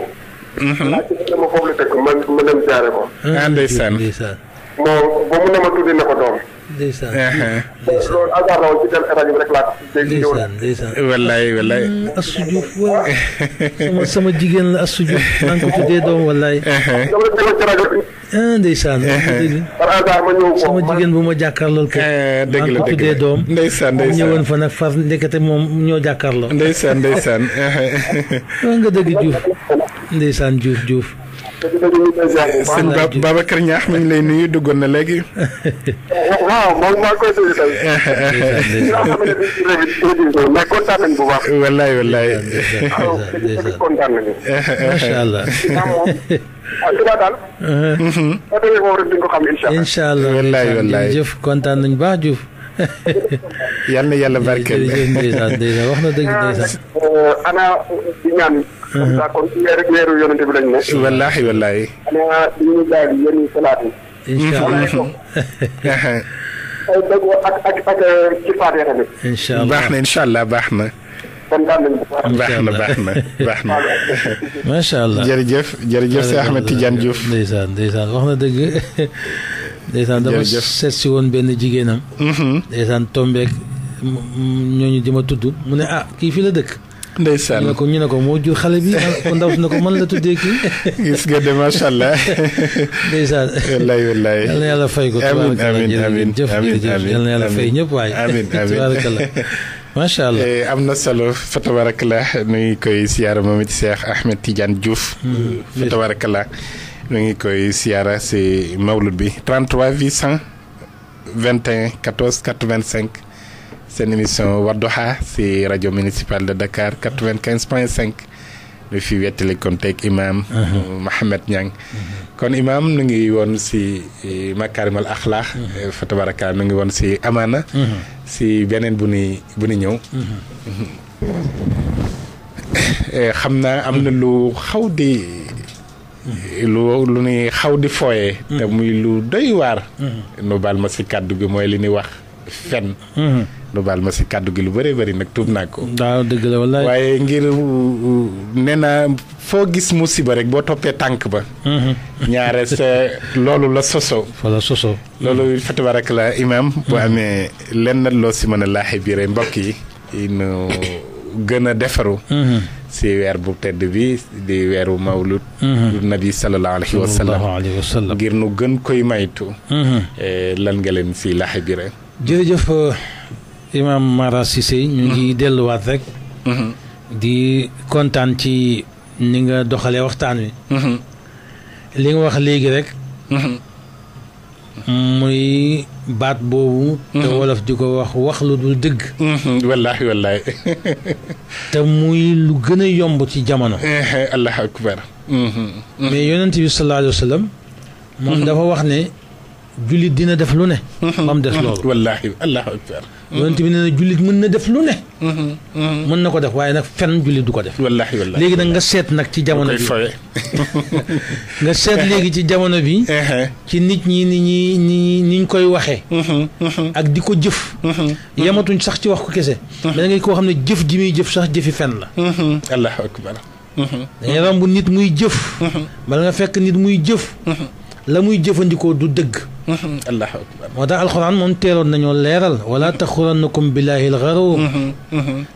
Mhm. dama foofu la teg man ma dem jaare ko.
ah ndeysaan
moom ba mu ne ma tuddi na ko doom. ndeysaan eh, eh. ndeysaan loolu hasard la woon ci dem rajo bi rek laa ko. ndeysaan
ndeysaan wallaay wallaay. Mm,
Asou Diouf waay sama sama jigéen la Asou Diouf eh, maa ngi ko tuddee doom wallaay. dama dama ci rajo bi. ah ndeysaan. par hasard ma ñëw sama jigéen bu ma jàkkaarlool kay. dëgg la dëgg la maa ngi ko tuddee doom. ndeysaan ndeysaan ñëwoon fa nag far ndekete moom ñoo jàkkaarloo. ndeysaan ndeysaan. nga dëgg Diouf. ndeysaan Diouf Diouf.
sëñ
Babacar Niakh mi ngi lay nuyu duggoon na léegi.
waaw moom maa koy déglu tey. kontaan nañu bu baax. wallaay wallaay. Ah, kontaan nañu. macha allah. ah li ma daal. boo
uh-huh. mm-hmm. déggee moom rek
di
nga ko comme ça kon weeru weeru yonente bi lañ ne. wallaahi wallaahi. xanaa dañuy daal di yéen salaat yi. incha allah ay dëgg ak ak
ak euh, ci faatee tamit. incha allah baax na incha allah baax na. baax na baax na baax na. macha allah jërëjëf jërëjëf Cheikh Ahmed Tidiane Diouf. ndeysaan
ndeysaan wax na dëgg. ndeysaan dama seet si woon benn jigéenam. Mhm. ndeysaan tombeek ñooñu di ma tudd mu ne ah kii fi la dëkk. ndeysaan ñu ne ko ñu ne ko moo jur xale bi ko ndaw na ko mën la tuddee kii.
gis nga de macha allah.
ndeysaan. wallaay wallaay.
yal na la fay ko. amiin amiin amiin jëf jërëjëf yal na macha allah eh, am na solo fa tabarakallah nu ngi koy siyaara moom it Cheikh Ahmed Tidiane Diouf.
Mm, fa
tabarakallah nu ngi koy siyaara si mawlud bi 33 821 14 85. seen émission Wadduha c'est radio municipale de Dakar 95.5. Le 5 ñu Imam wettali uh-huh. Niang. kon Imam nu ngi woon si eh, makaarimal axlaax. Uh-huh. fa tabaraka nous ngi woon si Amana, uh-huh. si bien bu ni bu ni ñëw. Eh, xam naa am de, lu xaw lu lu ni xaw di fooyee. te muy lu doy waar. nu baal ma si kàddu gi mooy li ni wax fen. nu baal ma si kàddu gi lu bëree bëri nag tuub naa ko. waaw dëgg la wallaay waaye ngir uh, nee na foo gis musiba rek boo toppee tànk ba. Mhm. ñaare sa loolu la soso. wala soso. loolu mhm. fa tabarak la imaam. Mhm. bu amee lenn loo si mën a laaxee biire mbokk yi. nu gën a defaru. si weer bu tedd bi di weeru mawlud nabi sallallahu alayhi wa sallam ngir nu gën koy maytu. Eh, lan nga leen si laaxee biire.
jërëjëf. Imam Mara Cissé ñu ngi mm-hmm. delluwaat rek mm-hmm. di kontaan ci ni nga doxalee waxtaan wi mm-hmm. li nga wax léegi rek muy baat boobu te wolof di ko wax wax lu dul dëgg wallaahi wallaahi te muy lu gën a yomb ci jamono eh, eh, allahu akbar
mais
yonent bi sallallahu moom dafa wax ne جلد دينا دفلونه مام دفلوه
والله الله
اكبر وانت من جلد من دفلونه من نكو دف واي فن جلد دوكو دف
والله والله لغي
نغا سيت نك تي جامونا بي كيفاي نغا تي جامونا بي تي نيت ني ني ني ني نكوي واخي اك ديكو جيف يماتون صاح تي واخكو كيسه ما نغي كو خامني جيف جيمي جيف صاح فن لا الله اكبر دا يرام نيت موي جيف بالا نغا نيت موي جيف lamuy jëfëndiko du dëgg الله أكبر وده القرآن منتير ونحن ليرل ولا تخورنكم بالله الغرور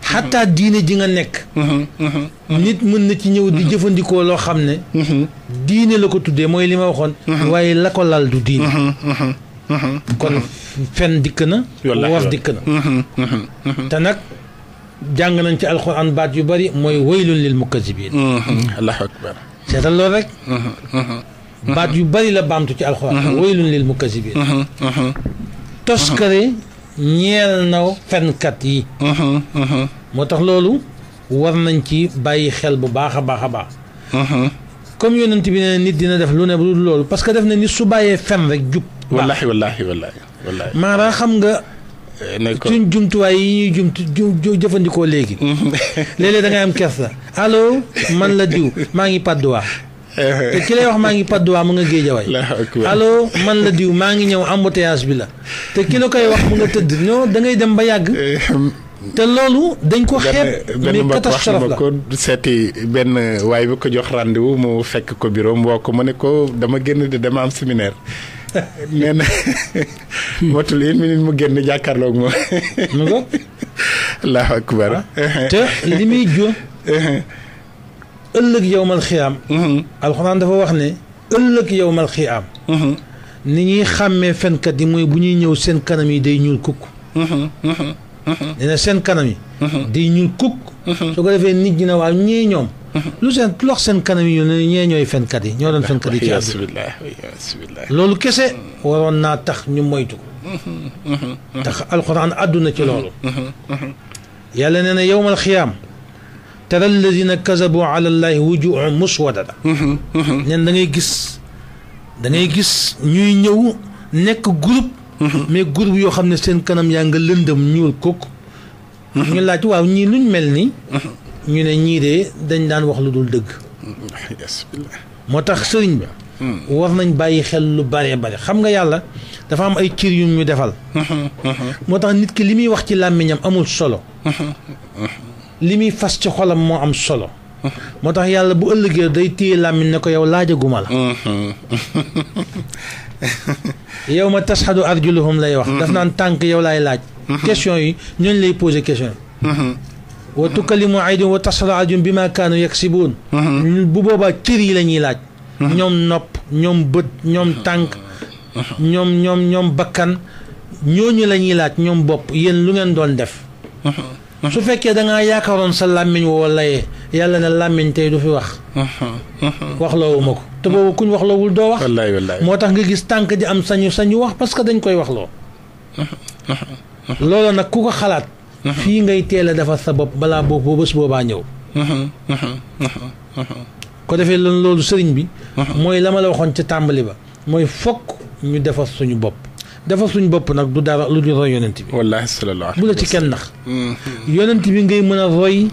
حتى الدين جينا نك نيت من نتي نيو دي جيفن ديكو لو خامني دين لا كو تودي موي ليما وخون واي لا كو لال دو دين كون فين ديكنا وور ديكنا تنك جان نان سي القران بات يو بري موي ويل للمكذبين الله اكبر سي دا لو رك baat yu bari la baamtu ci alxuraan waylun lil mukazzibin toskare ñeel na fenkat yi moo tax loolu war nañ ci bàyyi xel bu baax a baax a baax comme yonent bi ne nit dina def lu ne loolu parce que def na nit su bàyyee fen rek jub wallaahi
wallaahi wallaahi wallaahi
maanaam xam nga eh, suñ jumtuwaay yi ñuy jumtu jëfandikoo léegi léeg-léeg da ngay am kersa allo man la diw maa ngi waax Eh. te ki wax maa ngi padduwaa mu nga géejawaay allo man la diw maa ngi ñëw embouteillage bi la te ki la koy wax mu nga tëdd ñoo da dem ba yàgg eh. te loolu dañ ko xeeb mais catastrophe la ko
seeti benn waay bi ko jox rendez-vous mu fekk ko bureau woo ko mu ne ko dama génn di dama am séminaire nee na motul une minute mu génn jàkkaarloog moom. mu ko. allahu akbar. Ah. te li muy jur.
ëllëg yowmal xiyaam alquran dafa wax ne ëllëg yowmal xiyaam ni ñuy xàmmee fenkat di mooy bu ñuy ñëw seen kanam yi day ñuul kukk nee na seen kanam yi day ñuul kukk su ko defee nit dina ne waaw ñee ñoom lu seen lox seen kanam yi ñuul ñee ñooy fenkat yi ñoo doon fenkat yi ci àdduna loolu kese waroon naa tax ñu moytu tax alxuraan àdduna ci loolu yàlla nee na yowmal xiyaam tara alladina kazabu ala allahi wujuhum muswadada neen da ngay gis da ngay gis ñuy ñëw nekk groupe mais groupe yoo xam ne seen kanam yaa nga lëndëm ñuul kook ñu laaj waaw ñii luñ mel ni ñu ne ñii de dañ daan wax lu dul dëgg moo tax sëriñ bi war nañ bàyyi xel lu bare bare xam nga yàlla dafa am ay cër yu ñu defal moo tax nit ki li muy wax ci làmmiñam amul solo li muy fas ci xolam moo am solo moo tax yàlla bu ëllëgee day téye làmmiñ ne ko yow laajaguma la
mm-hmm.
yow ma tashhadu arjuluhum lay wax daf naan tànk yow laay laaj mm-hmm. question yi ñooñu lay posé question yi mm-hmm. wa tukallimu aydin wa tashhadu arjulum bi ma kaanu yaksibuun bu boobaa cër yi la ñuy laaj ñoom nopp ñoom bët ñoom tànk ñoom ñoom ñoom bakkan ñooñu lañuy laaj ñoom bopp yéen lu ngeen doon def su fekkee da ngaa yaakaaroon sa làmmiñ woo layee yàlla ne làmmiñ tey du fi wax. wax loowu ma ko. te boobu kuñ wax loowul doo wax. wallaay wallaay moo tax nga gis tànk di am sañu sañu wax parce que dañ koy wax loo. loolu nag ku ko xalaat. fii ngay teel a defar sa bopp balaa boobu bés boobaa ñëw. ko defee loolu sëriñ bi. mooy la ma la waxoon ca tàmbali ba. mooy fokk ñu defar suñu bopp. dafa suñ bopp nag du dara lu ñu roy yonent bu la
ci kenn nax. Mm-hmm.
bi ngay mën a roy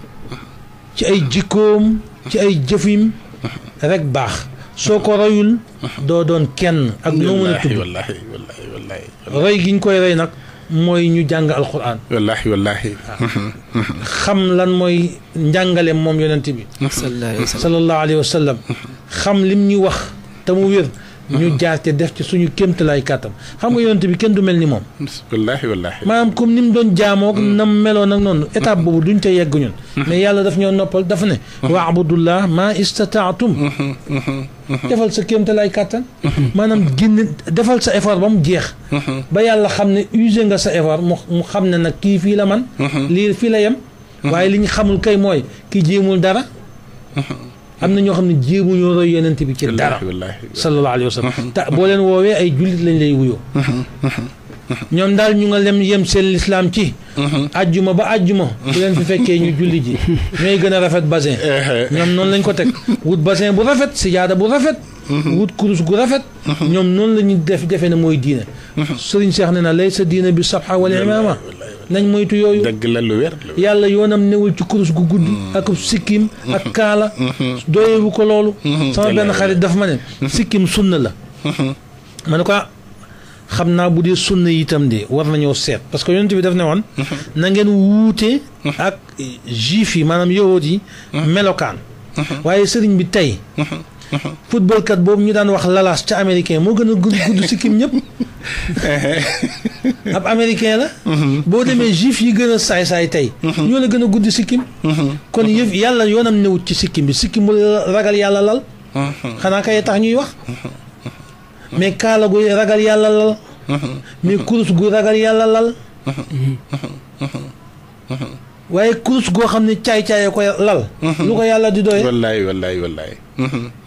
ci ay jikkoom ci ay jëfim mm-hmm. rek baax soo ko royul mm-hmm. doo doon kenn ak noo mën
a
roy gi ñu koy roy nag mooy ñu jàng alquran.
wallaahi
xam lan mooy njàngale moom yonent bi. sallallahu alayhi wa sallam xam lim ñu wax te mu wér. ñu jaar te def ci suñu kéemtalaay kàttan xam nga yonent bi kenn du mel ni moom. wallaahi wallaahi. maanaam comme ni mu doon jaamoo. Mm. nam meloon nag noonu. étape mm. boobu duñ ca yegg ñun. Mm-hmm. mais yàlla daf ñoo noppal dafa ne. Mm-hmm. wa abudullah ma istataatum. Mm-hmm. defal sa kéemtalaay kàttan. maanaam génn defal sa effort ba mu jeex. ba yàlla xam ne usé nga sa effort mu xam ne nag kii fii la man. lii fii la yem. waaye li ñu xamul kay mooy ki jimul dara. am na ñoo xam ne jéemuñoo roy yonent bi ci dara sallallahu alayhi wa sallam te boo leen woowee ay jullit lañ lay wuyoo ñoom daal ñu nga lem yem seen lislaam ci ajjuma ba ajjuma bu leen fi fekkee ñu julli ji ñooy gën a rafet basin ñoom noonu lañ ko teg wut basin bu rafet sijaada bu rafet wut kurus gu rafet ñoom noonu la ñu def defe ne mooy diine sëriñ Seex ne na lay sa diine bi sabxa wala imaama nañ moytu yooyu. dëgg la lu wér yàlla yoonam newul ci kurus gu gudd. Mm-hmm. ak sikkim mm-hmm. ak kaala. Mm-hmm. doyewu ko loolu. sama benn xarit daf ma ne. sikkim sunna la. ma ne ko ah, xam naa bu dee sunna itam de war nañoo seet parce que yonent bi daf ne woon. na ngeen wuute. ak juif yi maanaam yahood yi. melokaan. waaye sëriñ bi tey. football kat boobu ñu daan wax lalaas ca américain moo gën a gudd sikkim ñëpp ab américain la boo demee juif yi gën a saay-saay tey ñoo la gën a gudd sikkim kon yëf yàlla yoonam newut ci sikkim bi sikkim bu ragal yàlla lal xanaa kay tax ñuy wax mais kaala gu ragal yàlla lal mais kurus gu ragal yàlla lal waaye kurus goo xam ne caay-caay ko lal lu ko yàlla di doyee
wallaay wallaay wallaay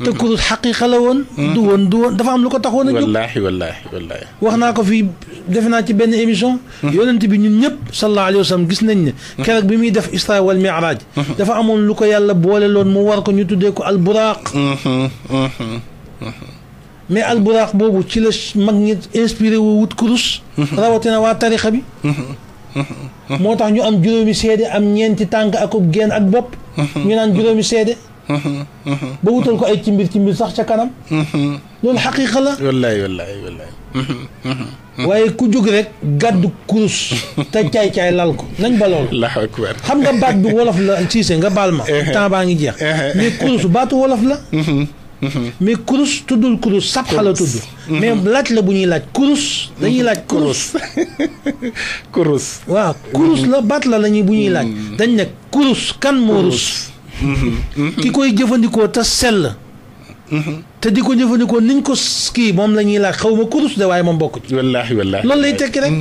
te kurus
xaqiqa la woon du woon du woon dafa am lu ko taxoon a jóg
wallaay wallaay wallaay
wax naa ko fii def naa ci benn émission yonent bi ñun ñëpp sallallahu alayhi wa sallam gis nañ ne keroog bi muy def isra wal mi'raj dafa amoon lu ko yàlla boole loon mu war ko ñu tuddee ko al buraaq mais al buraaq boobu ci la mag ñi inspiré wu wut kurus rawatina waa tarixa bi moo ñu am juróomi seede am ñeenti tànk akub geen ak bopp ñu naan juróomi seede ba wutal ko ay ci mbir ci mbir sax ca kanam loolu xaqiiqa la
wallaay wallaay wallaay
waaye ku jóg rek gàdd kurus te caay-caay lal ko nañ ba loolu la akbar xam nga baat bi wolof la siise nga baal ma temps baa ngi jeex mais kurus baatu wolof la Mm-hmm. mais kurus tuddul kurus sab xala tudd mm-hmm. mais laaj la bu ñuy laaj kurus dañuy laaj mm-hmm. kurus kurus waaw kurus la baat la lañuy bu ñuy laaj dañ ne kurus kan moo rus ki koy jëfandikoo tas sell te di ko jëfandikoo niñ ko kii moom la ñuy laaj xaw ma kurus de waaye moom bokk ci. wallaahi wallaahi loolu lay tekki rek.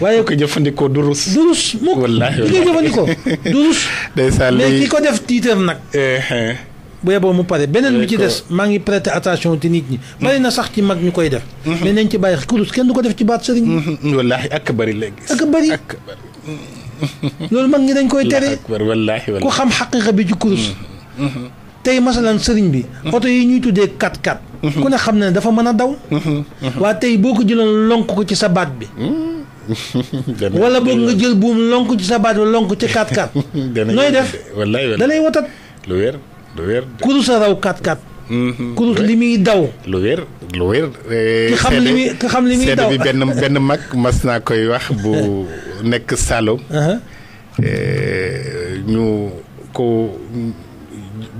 waaye ko jëfandikoo du rus. du rus ki koy jëfandikoo du rus. ki ko def tiiteef nag. Eh, eh. bu yeboo mu pare beneen bi ci des maa ngi prêter attention ci nit ñi bari na sax ci mag ñu koy def mm-hmm. mais nañ ci bàyyi kurus kenn du ko def ci baat sëriñ mm-hmm. wallaahi ak bari léegi ak bari loolu mag ñi dañ koy tere ku xam xaqiqa bi ci kurus mm-hmm. tey masalan sëriñ bi oto yi ñuy tuddee 4 kat 4 ku ne xam ne dafa mën a daw waa tey boo ko jëlee lonk ko ci sa baat bi wala boog nga jël buum lonk ci sa baat bi lonk ci 4x4 nooy def dalay lay watat
lu wér lu
wér kudut sa daw 4 mhm. li muy daw.
lu wér lu wér. ki xam li muy daw bi benn benn mag mas naa koy wax bu nekk Saloum. Eh, ñu ko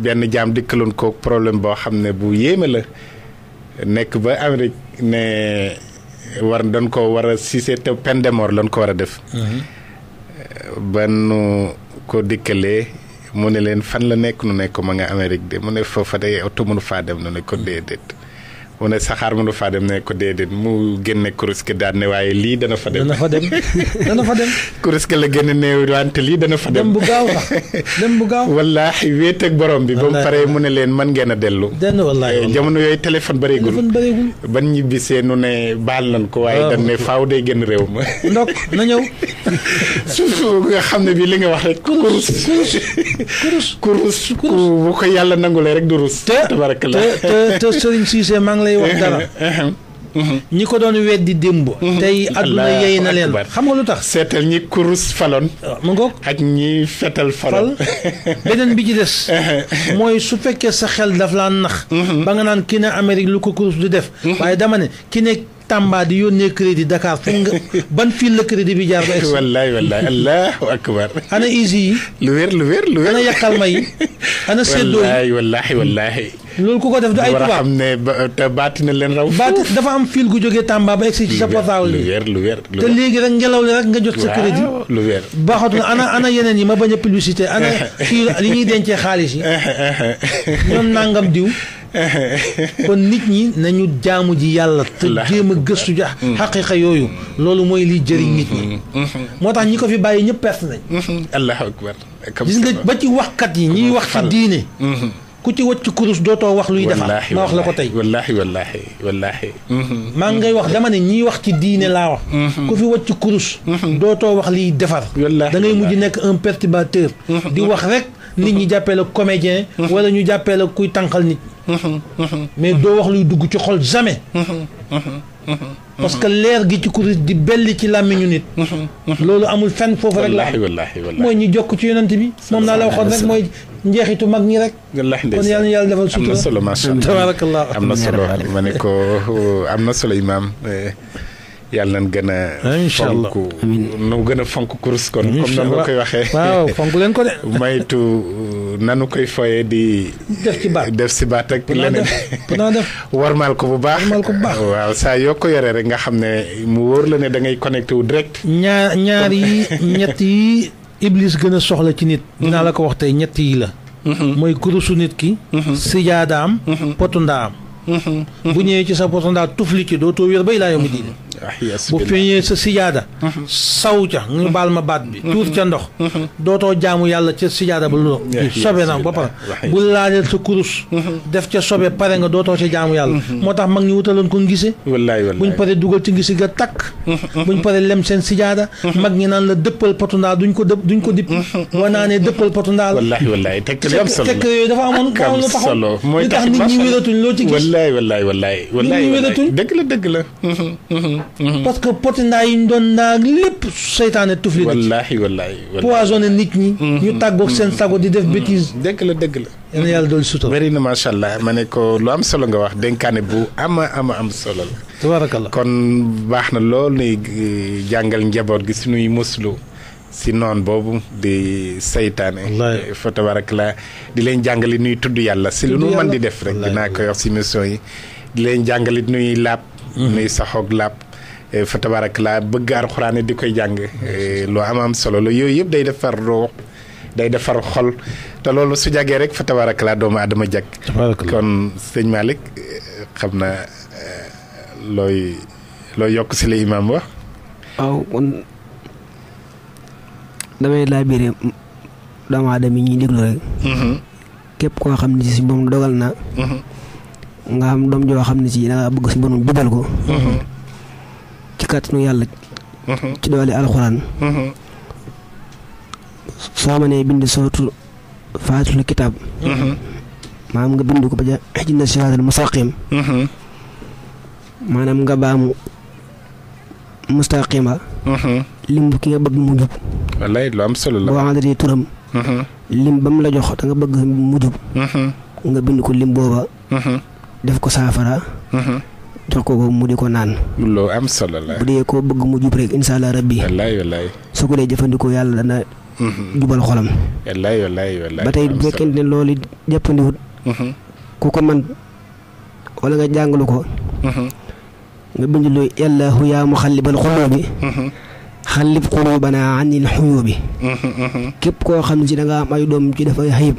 benn jaam dikkaloon ko problème boo xam ne bu yéeme la nekk ba Amérique ne war doon ko war a si te peine de mort lañ ko war a def. Mhm. ba nu ko dikkalee. mu ne leen fan la nekk nu nekk ma nga Amérique de mu ne foofa day oto mënu faa dem nu ne ko déedéet mu ne saxaar mënu faa dem ne ko déedéet mu génne kurus ke daal ne waaye lii dana fa dem dana fa dem
dana fa dem.
kurus ke la génne ne wante lii dana fa dem. dem bu gaaw
bu gaaw.
wallaahi wéet ak borom bi. ba mu paree mu ne leen man ngeen a dellu. dellu eh, jamono yooyu téléphone bareegul. téléphone ban ñibbisee nu ne baal nañ ko. waaye ah, dañ ne faaw day génn réew ma. ndok na ñëw. surtout nga xam ne bii li nga wax rek. kurus kurus kurus. ku ko yàlla nangulee rek du rus. te te te Serigne Cissé lay wax dara
ñi ko doon weddi démb tey adduna yey na leen xam nga lu tax seetal ñi kurus faloon mu ngoog ak ñi fetal faloon beneen bi ci des mooy su fekkee sa xel daf laa nax ba nga naan ki ne Amérique lu ko kurus du def waaye dama ne ki ne Tamba di yónnee crédit Dakar fu nga ban fil la crédit bi jaar ba. wallaay wallaay allahu
akbar. ana isi yi. lu wér lu wér lu wér. ana yàqal ma yi. ana séddoo yi wallaay wallaay wallaay. loolu ku ko def du ay tubaab xam ne te baati na leen raw. baati
dafa am fil gu jógee Tamba ba egg si sa portable bi lu weer lu weer te léegi rek ngelaw li rek nga jot sa crédit.
lu weer baaxatul ana
ana yeneen yi ma bañ a publicité ana fii li ñuy dencee xaalis yi ñoom nangam diw. kon nit ñi nañu jaamu ji yàlla te jéem a gëstu ja mm. xaqiqa yooyu loolu mooy lii jëriñ nit ñi mm. Mm. moo tax ñi ko fi bàyyi ñëpp perte nañ mm-hmm.
allahu akbar gis nga ba ci waxkat yi ñiy wax ci diine mm-hmm.
ku ci wëcc kurus dootoo wax luy defar ma wax la ko tey
wallaahi wallaahi wallaahi maa ngay wax
dama ne ñiy wax ci diine laa wax ku fi wëcc kurus dootoo wax liy defar da ngay mujj nekk un perturbateur di wax rek nit ñi jàppee la comédien wala ñu jàppee la kuy tànqal nit mais doo wax luy dugg ci xol jamais parce que l'air gi ci kuréel di belli ci làmmiñu nit. loolu amul fenn foofu rek. wallaahi wallaahi wallaahi mooy ñu jokk ci yonent bi. moom naa la waxoon rek mooy njeexitu mag ñi rek. kon yàlla yàlla defal sutura am na solo macha allah tabaarakallah am solo ma ne
ko am na yàlla nañ gën a. incha allah fonk nu gën a fonk kurus kon. comme nan la koy waxee. waaw fonk leen ko de. maytu euh, nanu koy foyee di. def ci baat def si baat ak. leneen warmaal ko bu baax. warmaal ko bu baax waaw saa yoo ko yore rek nga xam ne mu wóor la ne dangay ngay wu direct. ñaar
ñaar yi ñett yi iblis gën a soxla ci nit. Mhm. dinaa la ko wax tey ñett yi la. Mhm. mooy kurusu nit ki. Mhm. sijaadaam. potu ndaam. bu ñëwee ci sa potu ndaa tufli ci dootoo wér bay laa yomu diine. bu peñee sa sijaada mhm. saw ca nga mhm. baal ma baat bi mhm. tuur ca ndox dootoo jaamu yàlla ca sijaada ba lu sobe na ba pare bu laalee sa kurus def ca sobe pare nga dootoo ca jaamu yàlla moo tax mag ñi wutaloon ko ngise buñ pare dugal ci ngisi ga takk buñ pare lem seen sijaada mag ñi naan dëppal potu ndaal duñ ko dëpp duñ ko dipp wa naa ne dëppal potu ndaal wallaahi
wallaahi tekk yooyu dafa amoon amoon lu taxaw li tax nit ñi wératuñ loo ci gis wallaahi
dëgg la dëgg la Mhm. parce
que potindaa yi ñu doon naa lépp
seytaane tufli na wallaahi wallaahi poisonné mhm. seen mhm. sago di def bêtise dëgg la dëgg la yéen yàlla dool suto bëri na macha allah ma ne ko lu am solo nga wax dénkaane bu ama ama am solo la kon baax na lool nuy eh, jàngal njaboot gi suñuy muslu si noon boobu di saytaane eh, fa tabarakallah di leen jàngale nuy tudd yàlla si lu nu mën di def rek dinaa koy wax si mission yi di leen jàngalit nuy laab nuy saxoog laab Eh, fa tabaarakallaa bëgg alxuraan di koy jàng eh, lu am am solo la yooyu yëpp day defar roox day defar xol te loolu su jàggee rek fa tabaarakallaa doomu aadama jàkk kon sëñ Malick eh, xam na looy looy yokk si la imaam wax
damay laa biire doomu aadama yi ñuy déglu rek mm-hmm. képp koo xam ne si moom dogal na mm-hmm. nga xam doom joo xam ne si da bëgg si bonum jubal ko mm-hmm. ci kàttanu yàlla. ci doole alxuraan. soo mënee bind sootu faatul kitaab. maanaam nga bind ko ba ja xijina siraatal mustaqim. maanaam nga baamu mustaqima. lim bu ki nga bëgg mu jub. wallaay lu am turam. lim ba mu la jox da bëgg mu jub. Uhuh. nga bind ko lim booba. Uhuh. def ko saafara. jox ko ko mu di ko naan. loo am solo la. bu dee koo bëgg mu jub rek incha allah rabbi. wallaay wallaay. su ko dee jëfandikoo yàlla dana. Mm-hmm. jubal xolam.
wallaay wallaay wallaay. ba tey bu fekkente
ne loolu it mm-hmm. ku ko man wala nga jàngalu ko. Mm-hmm. nga bind lu yàllaahu yaa muxallibal xuluubi. xallib xuluubanaa anil xuyuubi. képp koo xam ne si da am ay doom ci dafay xayib.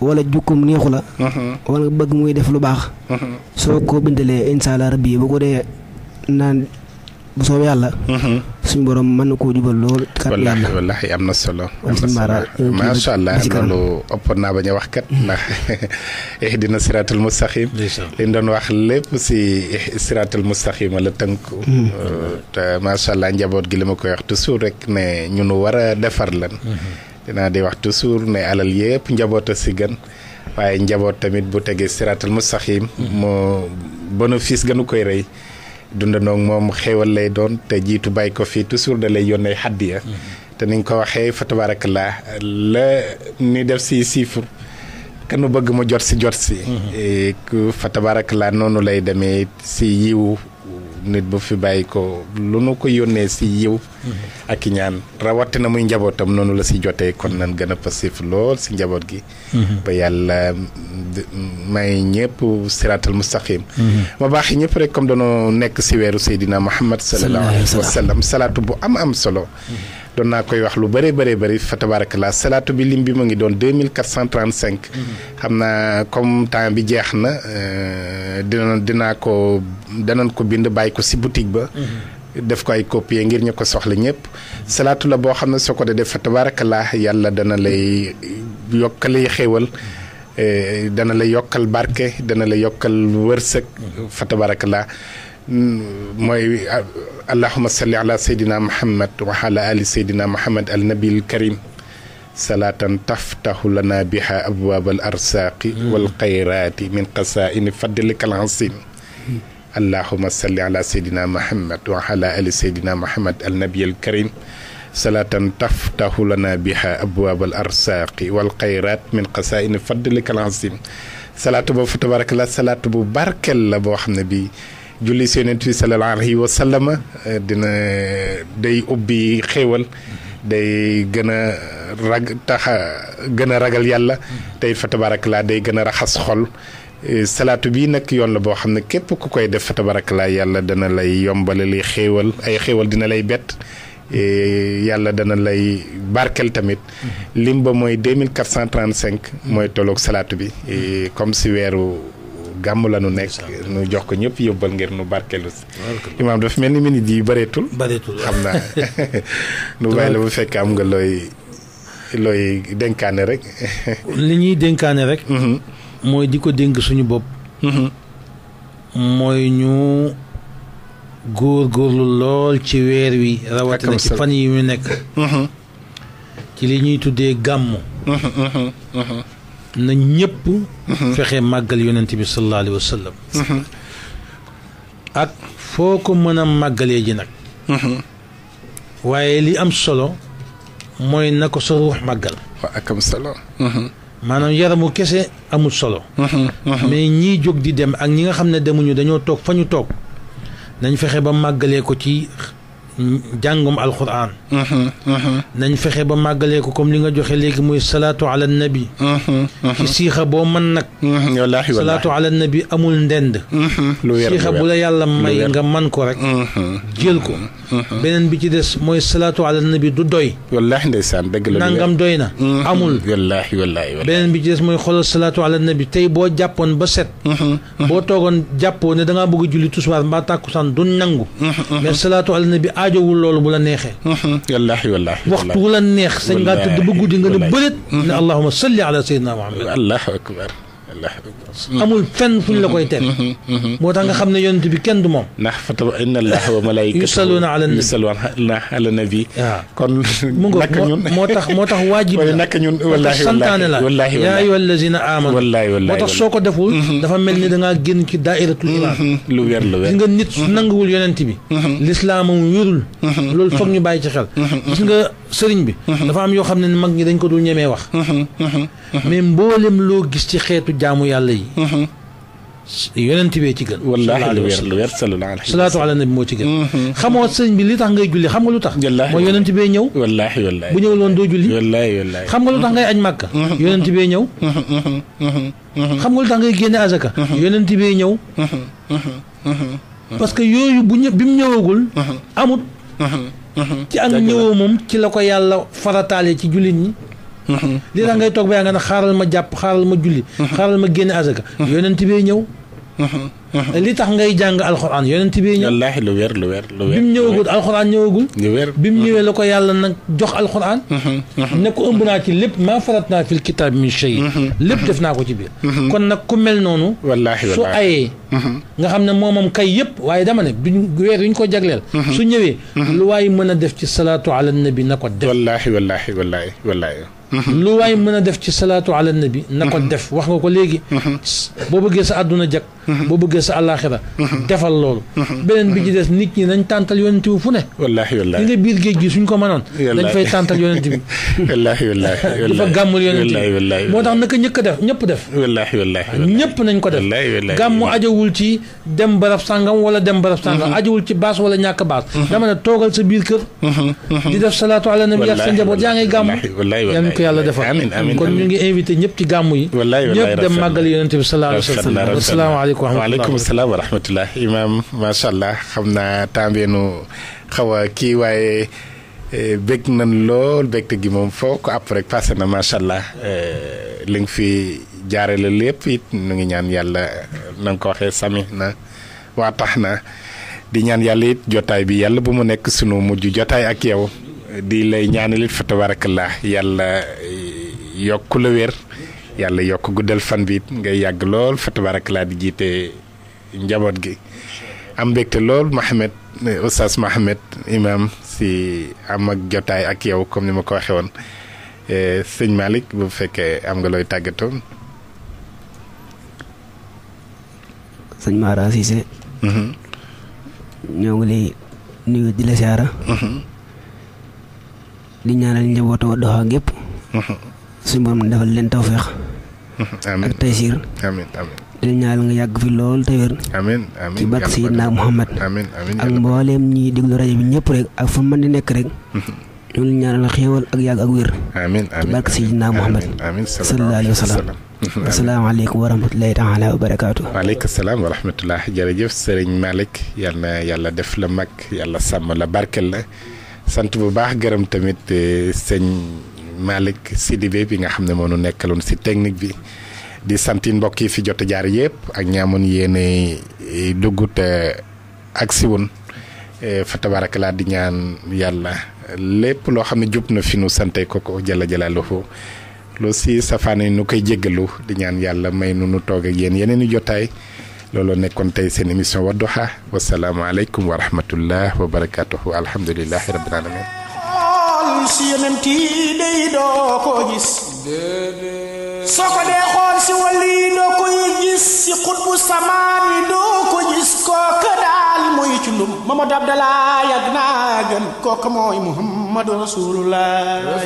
wala jukkum neexu la. Uh-huh. wala bëgg muy def lu baax.
Uh-huh. soo ko
bindalee incha allah rabbi bu ko dee naan bu yàlla. Uh-huh. suñu borom mën na koo jubal lool. kat yàlla
wallaahi am na solo. macha allah loolu ëpp naa bañ a wax kat. ndax ihdina siratal mustaqim. li ñu doon wax lépp si siratal mustaqim la tënku. Hmm. Euh, te macha allah njaboot gi li ma koy wax toujours rek ne ñunu war a defar la hmm. dinaa di wax toujours ne alal yëpp njaboot a si gën waaye njaboot tamit bu tegee siraatal mustaxim moo bénéfice gënu koy rëy dundandoog moom xéewal lay doon te jiitu bàyyi ko fii toujours da lay yónnee xaddiya mm-hmm. te niñ ko waxee fa tabarakallah la ni def si chiffre kanu bëgg mu jot si jot si mm-hmm. fa tabarakallah noonu lay demee si yiwu nit bu fi bàyyi ko lu nu ko yónnee si yiw ak i ñaan rawatina muy njabootam noonu la si jotee kon nan gën a passif lool si njaboot gi mhm. ba yàlla may ñëpp siraatal mustaqim mu mhm. baax yi ñëpp rek comme dañoo nekk si weeru Seydina Muhammad sallallahu alayhi wa sallam salaatu bu am am solo mhm. doon naa koy wax lu bëree bëree bëri fa tabaarakallaa salaatu bi lim bi mu ngi doon 2435. xam naa comme temps bi jeex na euh, dina dinaa ko danañ ko bind bàyyi ko si boutique ba. def ko ay copier ngir ñu ko soxla ñëpp. salaatu la boo xam ne soo ko def fa tabaarakallaa yàlla dana lay yokkalay xéewal. Euh, dana la yokkal barke dana la yokkal wërsëg. fa tabaarakallaa mooy allahuma salli ala saydina muhammad wa ala ali saydina muhammad al nabil karim salaatan taftahu lana biha abwaab al arsaaqi wal xayraati min qasaini faddilika al asim allahuma salli ala saydina muhammad wa ala ali saydina muhammad al nabil karim salaatan taftahu lana biha abwaab al arsaaqi wal xayraat min qasaini faddilika al asim salaatu boobu fa tabarak la salaatu bu barkel la boo xam ne bii julli si yonent bi sallallahu wa sallam dina day ubbi xéewal day gën a rag tax gën a ragal yàlla tey fa tabarakalaa day gën a raxas xol salaatu bi nag yoon la boo xam ne képp ku koy def fa tabarakalaa yàlla dana lay yombale li xéewal ay xéewal dina lay bett e, yàlla dana lay barkel tamit mm-hmm. lim ba mooy 2435 mooy tolloog salaatu bi e, comme si weeru gàmm la nu nekk nu jox ko ñëpp yóbbal ngir nu barkeelu si imaam dafa mel ni minit yi bareetul bareetul nu bàyyi la bu fekkee am nga looy looy dénkaane rek
li ñuy dénkaane rek mhm. mooy di ko dénk suñu bopp mhm. mooy ñu góor góorlu lool ci weer wi rawatina ci fan yi ñu nekk mhm. ci li ñuy tuddee gàmm na ñëpp. fexe màggal yonent bi sallallahu alayhi ak foo ko mën a màggalee ji nag. waaye li am solo mooy na ko sa ruux màggal. solo. maanaam yaramu kese amul solo. mais ñii jóg di dem ak ñi nga xam ne demuñu dañoo toog fa ñu toog nañ fexe ba màggalee ko ci. jàngum alquran nañ fexe ba màggalee ko comme li nga joxe léegi muy salaatu ala nabi ci siixa boo man nag salaatu ala nabi amul ndend siixa bu la yàlla may nga man ko rek jël ko beneen bi ci des mooy
salaatu ala nabi du doy wallaahi ndeysaan dëgg la nangam doy na amul wallaahi wallaahi
beneen bi ci des mooy xoolal salaatu ala nabi tey boo jàppoon ba set boo toogoon jàppoo ne da ngaa bëgg julli tusbaar mbaa san du nangu mais salaatu ala nabi aajowul loolu bu la neexee. wallaahi wallaahi. waxtu wu la neex. wallaahi wallaahi sañ ngaa tëdd ba guddi nga ne bëlet. ne allahuma salli ala sayyidina muhammad allahu akbar amul fenn fuñ la koy tere moo tax nga xam ne yonent bi kenn du moom ndax fa tab inna allaha wa malaikatahu yusalluna ala nabi yusalluna ala nabi kon mu ngo naka ñun moo tax moo tax waajib la naka ñun wallahi santaane la wallahi yaa ayyuha allazina
amanu wallahi wallahi moo tax soo ko
deful dafa mel ni da ngaa génn ci daairatul iman
lu wér lu wér gis nga nit su
nanguwul yonent bi l'islam mu yurul loolu foog ñu bàyyi ci xel gis nga sëriñ bi dafa am yoo xam ne mag ñi dañ ko dul ñemee wax mais mboolem loo gis ci xeetu jaamu yàlla yi. Mm-hmm. yonent bee ci gën. wallaahi lu wér lu
wér sallallahu alayhi wa
sallam salaatu ala nabi moo ci gën. Mm-hmm. xamoo sëñ bi li tax ngay julli xam nga lu tax. wallaahi mooy yonent bee ñëw. wallaahi wallaahi bu ñëw loon doo julli. wallaahi wallaahi xam nga lu tax ngay añ màkka. Mm-hmm. yonent bee ñëw. xam nga lu tax ngay génne azaka. yonent bee ñëw. parce que yooyu bu ñë bi mu ñëwagul. amut. ci ak ñëwoo moom ci la ko yàlla farataale ci jullit ñi. li tax ngay toog ba nga ne xaaral ma jàpp xaaral ma julli. xaaral ma génne azaka. yonent bi ñëw. li tax ngay jàng alxuraan yonent bi ñëw. wallaahi lu wér lu wér lu wér. bi mu ñëwagul bi mu ñëwee la ko yàlla na jox alxuraan. ne ko ëmb naa ci lépp maa farat naa fil kitaab min shay. lépp def naa ko ci biir. kon nag ku mel noonu. wallaahi su ayee. nga xam ne moomam kay yëpp waaye dama ne biñ weer yu ñu ko jagleel. su ñëwee. lu waay mën a def ci salaatu ala nabi na ko
def. wallaahi wallaahi wallaahi wallaahi.
lu waay mën a def ci salaatu ala nabi na ko def wax nga ko léegi boo bëggee sa àdduna jag boo bëggee sa àllaaxira defal loolu beneen bi ci des nit ñi nañ tàntal yonent bi fu ne wallaahi nga biir géej gi suñ ko mënoon dañ fay tàntal yonent bi wallaahi wallaahi dafa gàmmul yonent bi moo tax naka ñëkk def ñëpp def wallaahi nañ ko def gàmmu ajawul ci dem barab sàngam wala dem barab sàngam mm-hmm. ajawul ci baas wala ñàkk baas dama ne toogal sa biir kër mm-hmm, mm-hmm. di def salaatu ala nabi sa njaboot yàlla defal amiin kon ñu ngi invité ñëpp
ci gàmmu yi wallaay wallaay ñëpp dem màggal
yonent bi sallallahu alayhi wa sallam asalaamaaleykum waaleykum
salaam wa rahmatullah imaam macha allah xam naa tàmbeenu xaw a kii waaye eh, bég nan lool bégte gi moom foo ko àpp rek passé na macha allah eh, li nga fi jaare la lépp it nu ngi ñaan yàlla na nga ko waxee sami na waa tax na di ñaan yàlla it jotaay bi yàlla bu mu nekk sunu mujj jotaay ak yow di lay ñaanalit fa tabarakallah yàlla eh, yokk la wér yàlla yokk guddal fan bi ngay yàgg lool fa tabarakallah di jiite njaboot gi am mbégte lool Mohamed Oustaz Mohamed imam si am ak jotaay ak yow comme ni ma ko waxee woon eh, sëñ Malick bu fekkee am nga looy tàggatoon.
sëñ di ñaanal njabootu Wadduha gépp mhm. suñu borom defal leen tawféex
mhm. amiin ak taysiir amiin amiin
di ñaanal nga yàgg fi lool te wér amiin amiin ci barke Muhammad ak mbooleem ñiy déglu rajo bi ñëpp rek ak fu mën di nekk rek ñu mhm. ñaanal xéewal ak yàgg ak wér amiin amiin ci barke Muhammad sallallahu alayhi wa sallam asalaamaaleykum wa rahmatulahi wa barakaatu.
waaleykum wa rahmatulah jërëjëf Serigne Malick yàlla def la mag yàlla sàmm la barkel la. sant bu baax gërëm tamit eh, sëñ Malick Sidibé bi nga xam ne moo nu nekkaloon si technique bi di santi mbokk yi fi jot jaar yëpp ak ñaamoon yéene eh, dugg te ak si woon eh, fa tabaraka laa di ñaan yàlla lépp loo xam ne jub na fi nu sante ko ko jala jalaaluhu loo si yi nu koy jéggalu di ñaan yàlla may nu nu toog ak yéen yeneen i jotaay. looloo nekkoon tey seen émission Wadduha wasalaamaaleykum wa rahmatullah wa barakaatuhu alhamdulilahi rabbil alamin
xool si yonent yi day doo ko gis soo ko dee xool si wali doo koy gis si xutbu samaan yi doo ko gis kooka daal mooy ci ndum Mamadou Abdallah yàgg naa gën kooka mooy Muhammadu Rasulullah